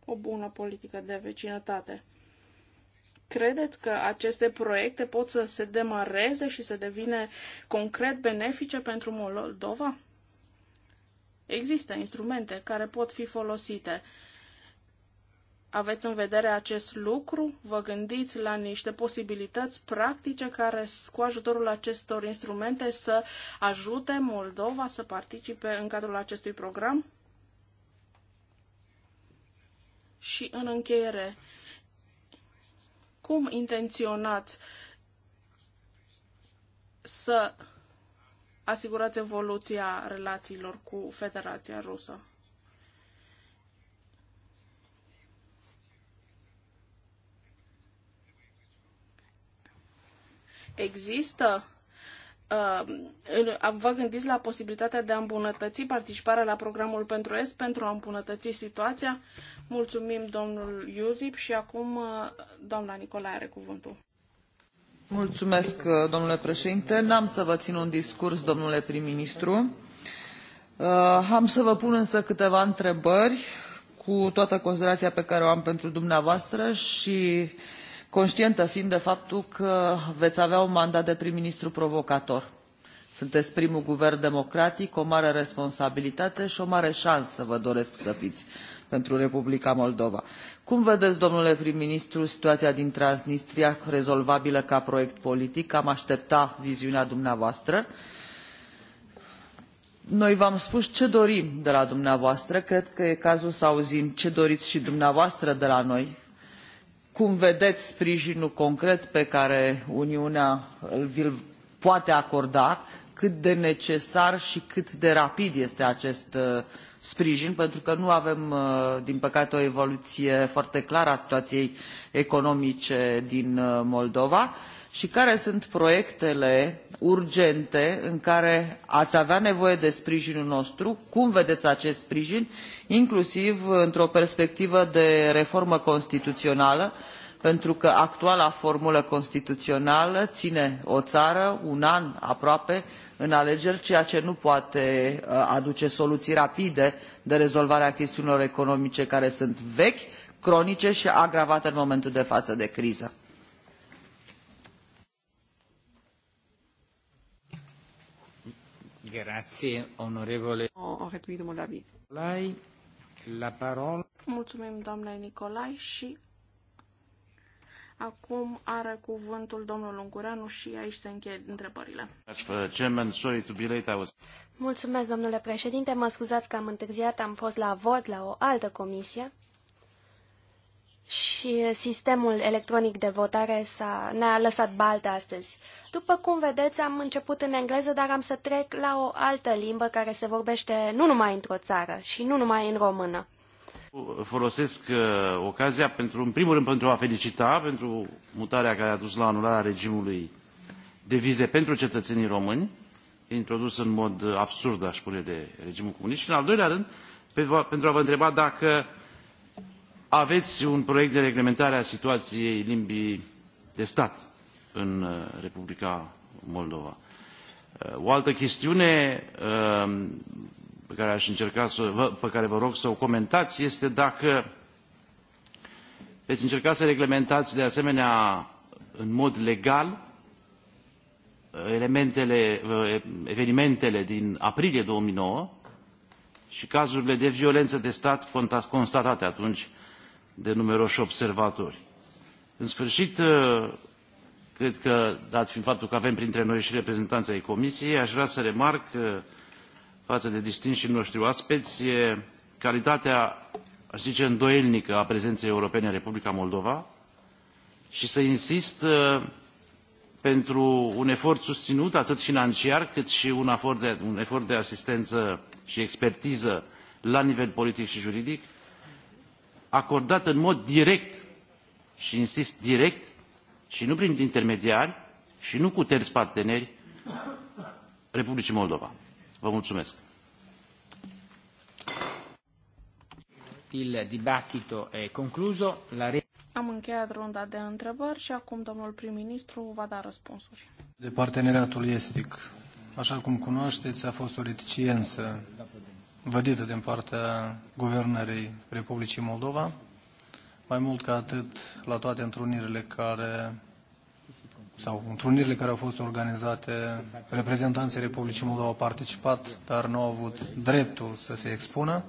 o bună politică de vecinătate. Credeți că aceste proiecte pot să se demareze și să devine concret benefice pentru Moldova? Există instrumente care pot fi folosite. Aveți în vedere acest lucru? Vă gândiți la niște posibilități practice care, cu ajutorul acestor instrumente, să ajute Moldova să participe în cadrul acestui program? Și în încheiere, cum intenționați să asigurați evoluția relațiilor cu Federația Rusă? Există Uh, vă gândiți la posibilitatea de a îmbunătăți participarea la programul pentru Est pentru a îmbunătăți situația? Mulțumim domnul Iuzip și acum uh, doamna Nicolae are cuvântul. Mulțumesc, uh, domnule președinte. N-am să vă țin un discurs, domnule prim-ministru. Am să vă pun însă câteva întrebări cu toată considerația pe care o am pentru dumneavoastră și uh, conștientă fiind de faptul că veți avea un mandat de prim ministru provocator sunteți primul guvern democratic o mare responsabilitate și o mare șansă vă doresc să fiți pentru republica moldova. cum vedeți domnule prim ministru situația din transnistria rezolvabilă ca proiect politic? am aștepta viziunea dumneavoastră. noi v am spus ce dorim de la dumneavoastră cred că e cazul să auzim ce doriți și dumneavoastră de la noi cum vedeți sprijinul concret pe care Uniunea îl poate acorda, cât de necesar și cât de rapid este acest uh, sprijin, pentru că nu avem, uh, din păcate, o evoluție foarte clară a situației economice din uh, Moldova și care sunt proiectele urgente în care ați avea nevoie de sprijinul nostru cum vedeți acest sprijin inclusiv într o perspectivă de reformă constituțională pentru că actuala formulă constituțională ține o țară un an aproape în alegeri ceea ce nu poate uh, aduce soluții rapide de rezolvare a chestiunilor economice care sunt vechi cronice și agravate în momentul de față de criză Grazie, onorevole. O, o David. Lai, la parol. Mulțumim, domnule Nicolai, și acum are cuvântul domnul Lungureanu și aici se încheie întrebările. Mulțumesc, domnule președinte, mă scuzați că am întârziat, am fost la vot la o altă comisie și sistemul electronic de votare ne-a lăsat baltă astăzi. După cum vedeți, am început în engleză, dar am să trec la o altă limbă care se vorbește nu numai într-o țară și nu numai în română. Folosesc uh, ocazia, pentru, în primul rând, pentru a felicita pentru mutarea care a dus la anularea regimului de vize pentru cetățenii români, introdus în mod absurd, aș spune, de regimul comunist, și, în al doilea rând, pe, pentru a vă întreba dacă aveți un proiect de reglementare a situației limbii de stat în uh, Republica Moldova. Uh, o altă chestiune uh, pe care aș încerca să, pe care vă rog să o comentați este dacă veți încerca să reglementați de asemenea în mod legal elementele, evenimentele din aprilie 2009 și cazurile de violență de stat constatate atunci de numeroși observatori. În sfârșit, ă, cred că, dat fiind faptul că avem printre noi și reprezentanții ai Comisiei, aș vrea să remarc ă, față de distinșii noștri oaspeți calitatea, aș zice, îndoielnică a prezenței europene în Republica Moldova și să insist ă, pentru un efort susținut, atât financiar, cât și un efort de, un efort de asistență și expertiză la nivel politic și juridic, acordat în mod direct și insist direct și nu prin intermediari și nu cu terți parteneri Republicii Moldova. Vă mulțumesc. Il dibattito è concluso. La re... Am încheiat runda de întrebări și acum domnul prim-ministru va da răspunsuri. De parteneriatul estic, așa cum cunoașteți, a fost o reticiență vădită din partea Guvernării Republicii Moldova. Mai mult ca atât, la toate întrunirile care sau întrunirile care au fost organizate, reprezentanții Republicii Moldova au participat, dar nu au avut dreptul să se expună.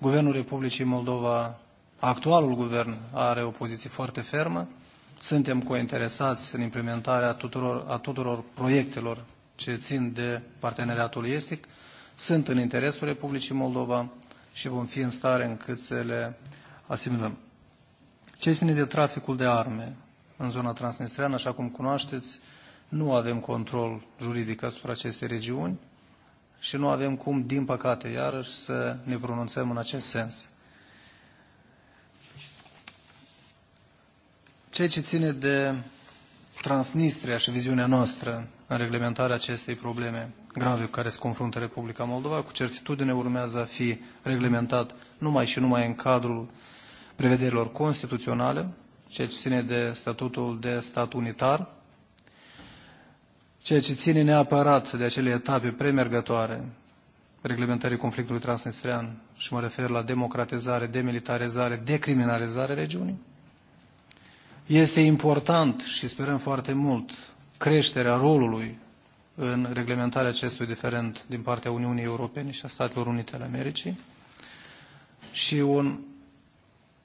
Guvernul Republicii Moldova, actualul guvern, are o poziție foarte fermă. Suntem cointeresați în implementarea tuturor, a tuturor proiectelor ce țin de parteneriatul estic sunt în interesul Republicii Moldova și vom fi în stare încât să le asimilăm. Ce ține de traficul de arme în zona transnistreană, așa cum cunoașteți, nu avem control juridic asupra acestei regiuni și nu avem cum, din păcate, iarăși să ne pronunțăm în acest sens. Ceea ce ține de Transnistria și viziunea noastră în reglementarea acestei probleme grave care se confruntă Republica Moldova, cu certitudine urmează a fi reglementat numai și numai în cadrul prevederilor constituționale, ceea ce ține de statutul de stat unitar, ceea ce ține neapărat de acele etape premergătoare reglementării conflictului transnistrian și mă refer la democratizare, demilitarizare, decriminalizare regiunii. Este important și sperăm foarte mult creșterea rolului în reglementarea acestui diferent din partea Uniunii Europene și a Statelor Unite ale Americii și un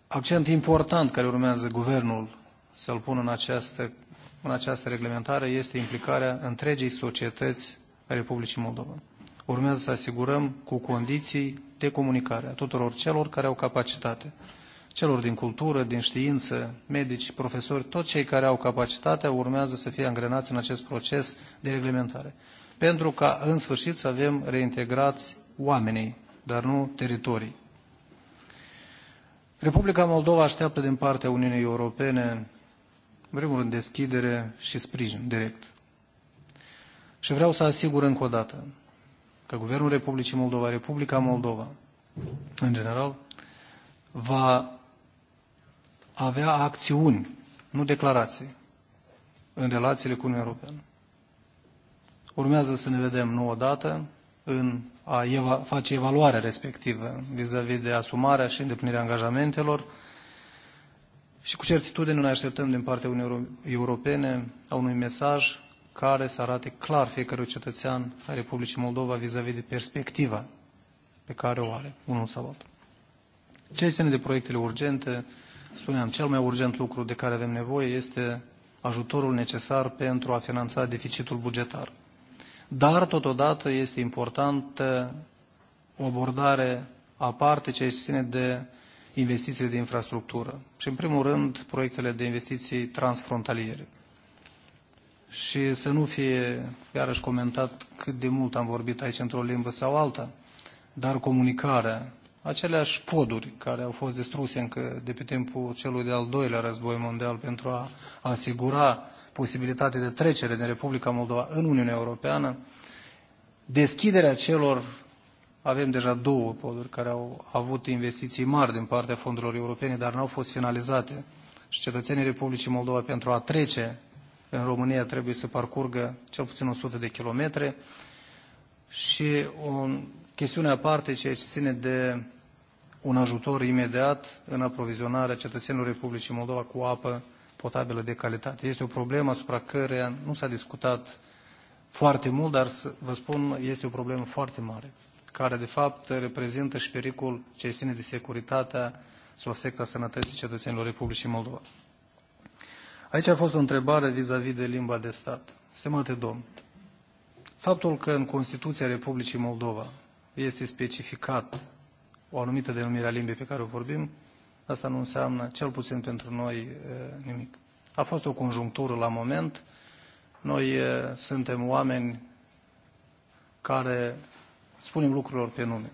accent important care urmează guvernul să-l pună în această, în această reglementare este implicarea întregii societăți a Republicii Moldova. Urmează să asigurăm cu condiții de comunicare a tuturor celor care au capacitate celor din cultură, din știință, medici, profesori, toți cei care au capacitatea urmează să fie angrenați în acest proces de reglementare. Pentru ca, în sfârșit, să avem reintegrați oamenii, dar nu teritorii. Republica Moldova așteaptă din partea Uniunii Europene, în primul rând, deschidere și sprijin direct. Și vreau să asigur încă o dată că Guvernul Republicii Moldova, Republica Moldova, în general, va avea acțiuni, nu declarații, în relațiile cu Uniunea Europeană. Urmează să ne vedem nouă dată în a eva face evaluarea respectivă vis-a-vis -vis de asumarea și îndeplinirea angajamentelor și cu certitudine ne așteptăm din partea Uniunii Europene a unui mesaj care să arate clar fiecărui cetățean a Republicii Moldova vis-a-vis -vis de perspectiva pe care o are unul sau altul. Ce este de proiectele urgente, spuneam, cel mai urgent lucru de care avem nevoie este ajutorul necesar pentru a finanța deficitul bugetar. Dar, totodată, este importantă o abordare aparte ceea ce ține de investițiile de infrastructură și, în primul rând, proiectele de investiții transfrontaliere. Și să nu fie, iarăși, comentat cât de mult am vorbit aici într-o limbă sau alta, dar comunicarea aceleași poduri care au fost distruse încă de pe timpul celui de-al doilea război mondial pentru a asigura posibilitatea de trecere din Republica Moldova în Uniunea Europeană, deschiderea celor, avem deja două poduri care au avut investiții mari din partea fondurilor europene, dar n-au fost finalizate și cetățenii Republicii Moldova pentru a trece în România trebuie să parcurgă cel puțin 100 de kilometre și o chestiune aparte, ceea ce ține de un ajutor imediat în aprovizionarea cetățenilor Republicii Moldova cu apă potabilă de calitate. Este o problemă asupra căreia nu s-a discutat foarte mult, dar vă spun, este o problemă foarte mare, care de fapt reprezintă și pericol ce ține de securitatea sub secta sănătății cetățenilor Republicii Moldova. Aici a fost o întrebare vis-a-vis -vis de limba de stat. Stimate domn, faptul că în Constituția Republicii Moldova este specificat o anumită denumire a limbii pe care o vorbim, asta nu înseamnă, cel puțin pentru noi, nimic. A fost o conjunctură la moment. Noi suntem oameni care spunem lucrurilor pe nume.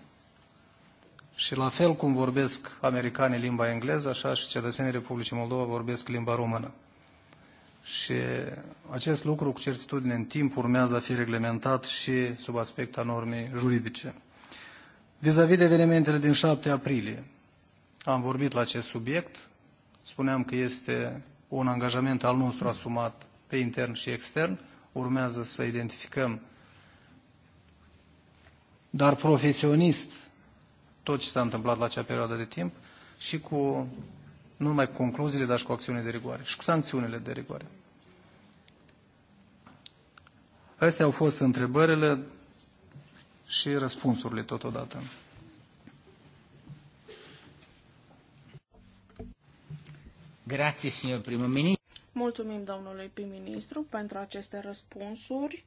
Și la fel cum vorbesc americanii limba engleză, așa și cetățenii Republicii Moldova vorbesc limba română. Și acest lucru, cu certitudine, în timp urmează a fi reglementat și sub aspecta normei juridice. Vis-a-vis de evenimentele din 7 aprilie, am vorbit la acest subiect, spuneam că este un angajament al nostru asumat pe intern și extern, urmează să identificăm, dar profesionist, tot ce s-a întâmplat la acea perioadă de timp și cu, nu numai cu concluziile, dar și cu acțiunile de rigoare și cu sancțiunile de rigoare. Astea au fost întrebările și răspunsurile totodată. Grazie, signor primul ministru. Mulțumim domnului prim-ministru pentru aceste răspunsuri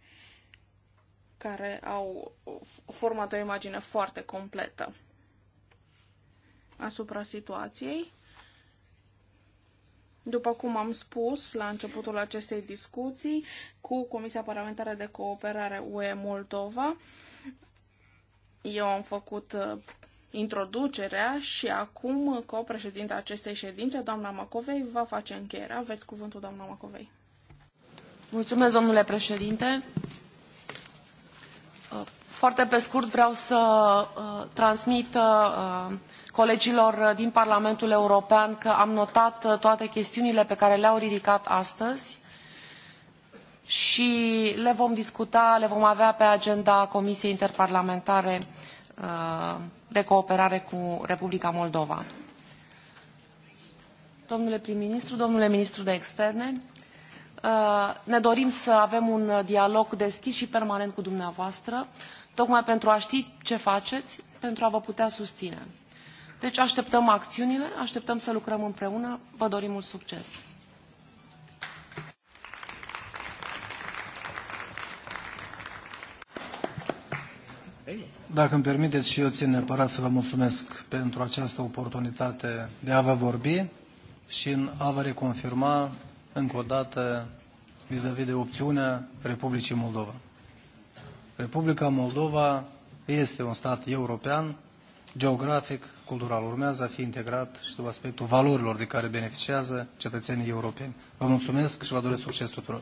care au format o imagine foarte completă asupra situației. După cum am spus la începutul acestei discuții cu Comisia Parlamentară de Cooperare UE Moldova, eu am făcut uh, introducerea și acum uh, co-președinta acestei ședințe, doamna Macovei, va face încheierea. Aveți cuvântul, doamna Macovei. Mulțumesc, domnule președinte. Uh, foarte pe scurt vreau să transmit colegilor din Parlamentul European că am notat toate chestiunile pe care le-au ridicat astăzi și le vom discuta, le vom avea pe agenda Comisiei Interparlamentare uh, de Cooperare cu Republica Moldova. Domnule prim-ministru, domnule ministru de externe, uh, ne dorim să avem un dialog deschis și permanent cu dumneavoastră, tocmai pentru a ști ce faceți, pentru a vă putea susține. Deci așteptăm acțiunile, așteptăm să lucrăm împreună, vă dorim mult succes! Dacă îmi permiteți și eu țin neapărat să vă mulțumesc pentru această oportunitate de a vă vorbi și în a vă reconfirma încă o dată vis-a-vis de opțiunea Republicii Moldova. Republica Moldova este un stat european, geografic, cultural. Urmează a fi integrat și sub aspectul valorilor de care beneficiază cetățenii europeni. Vă mulțumesc și vă doresc succes tuturor!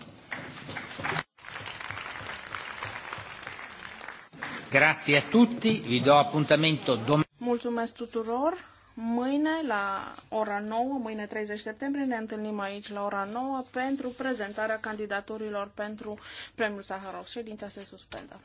Grazie a tutti, vi do appuntamento domani. Mulțumesc tuturor! Mâine la ora 9, mâine 30 septembrie, ne întâlnim aici la ora 9 pentru prezentarea candidaturilor pentru Premiul Saharov. Ședința se suspendă.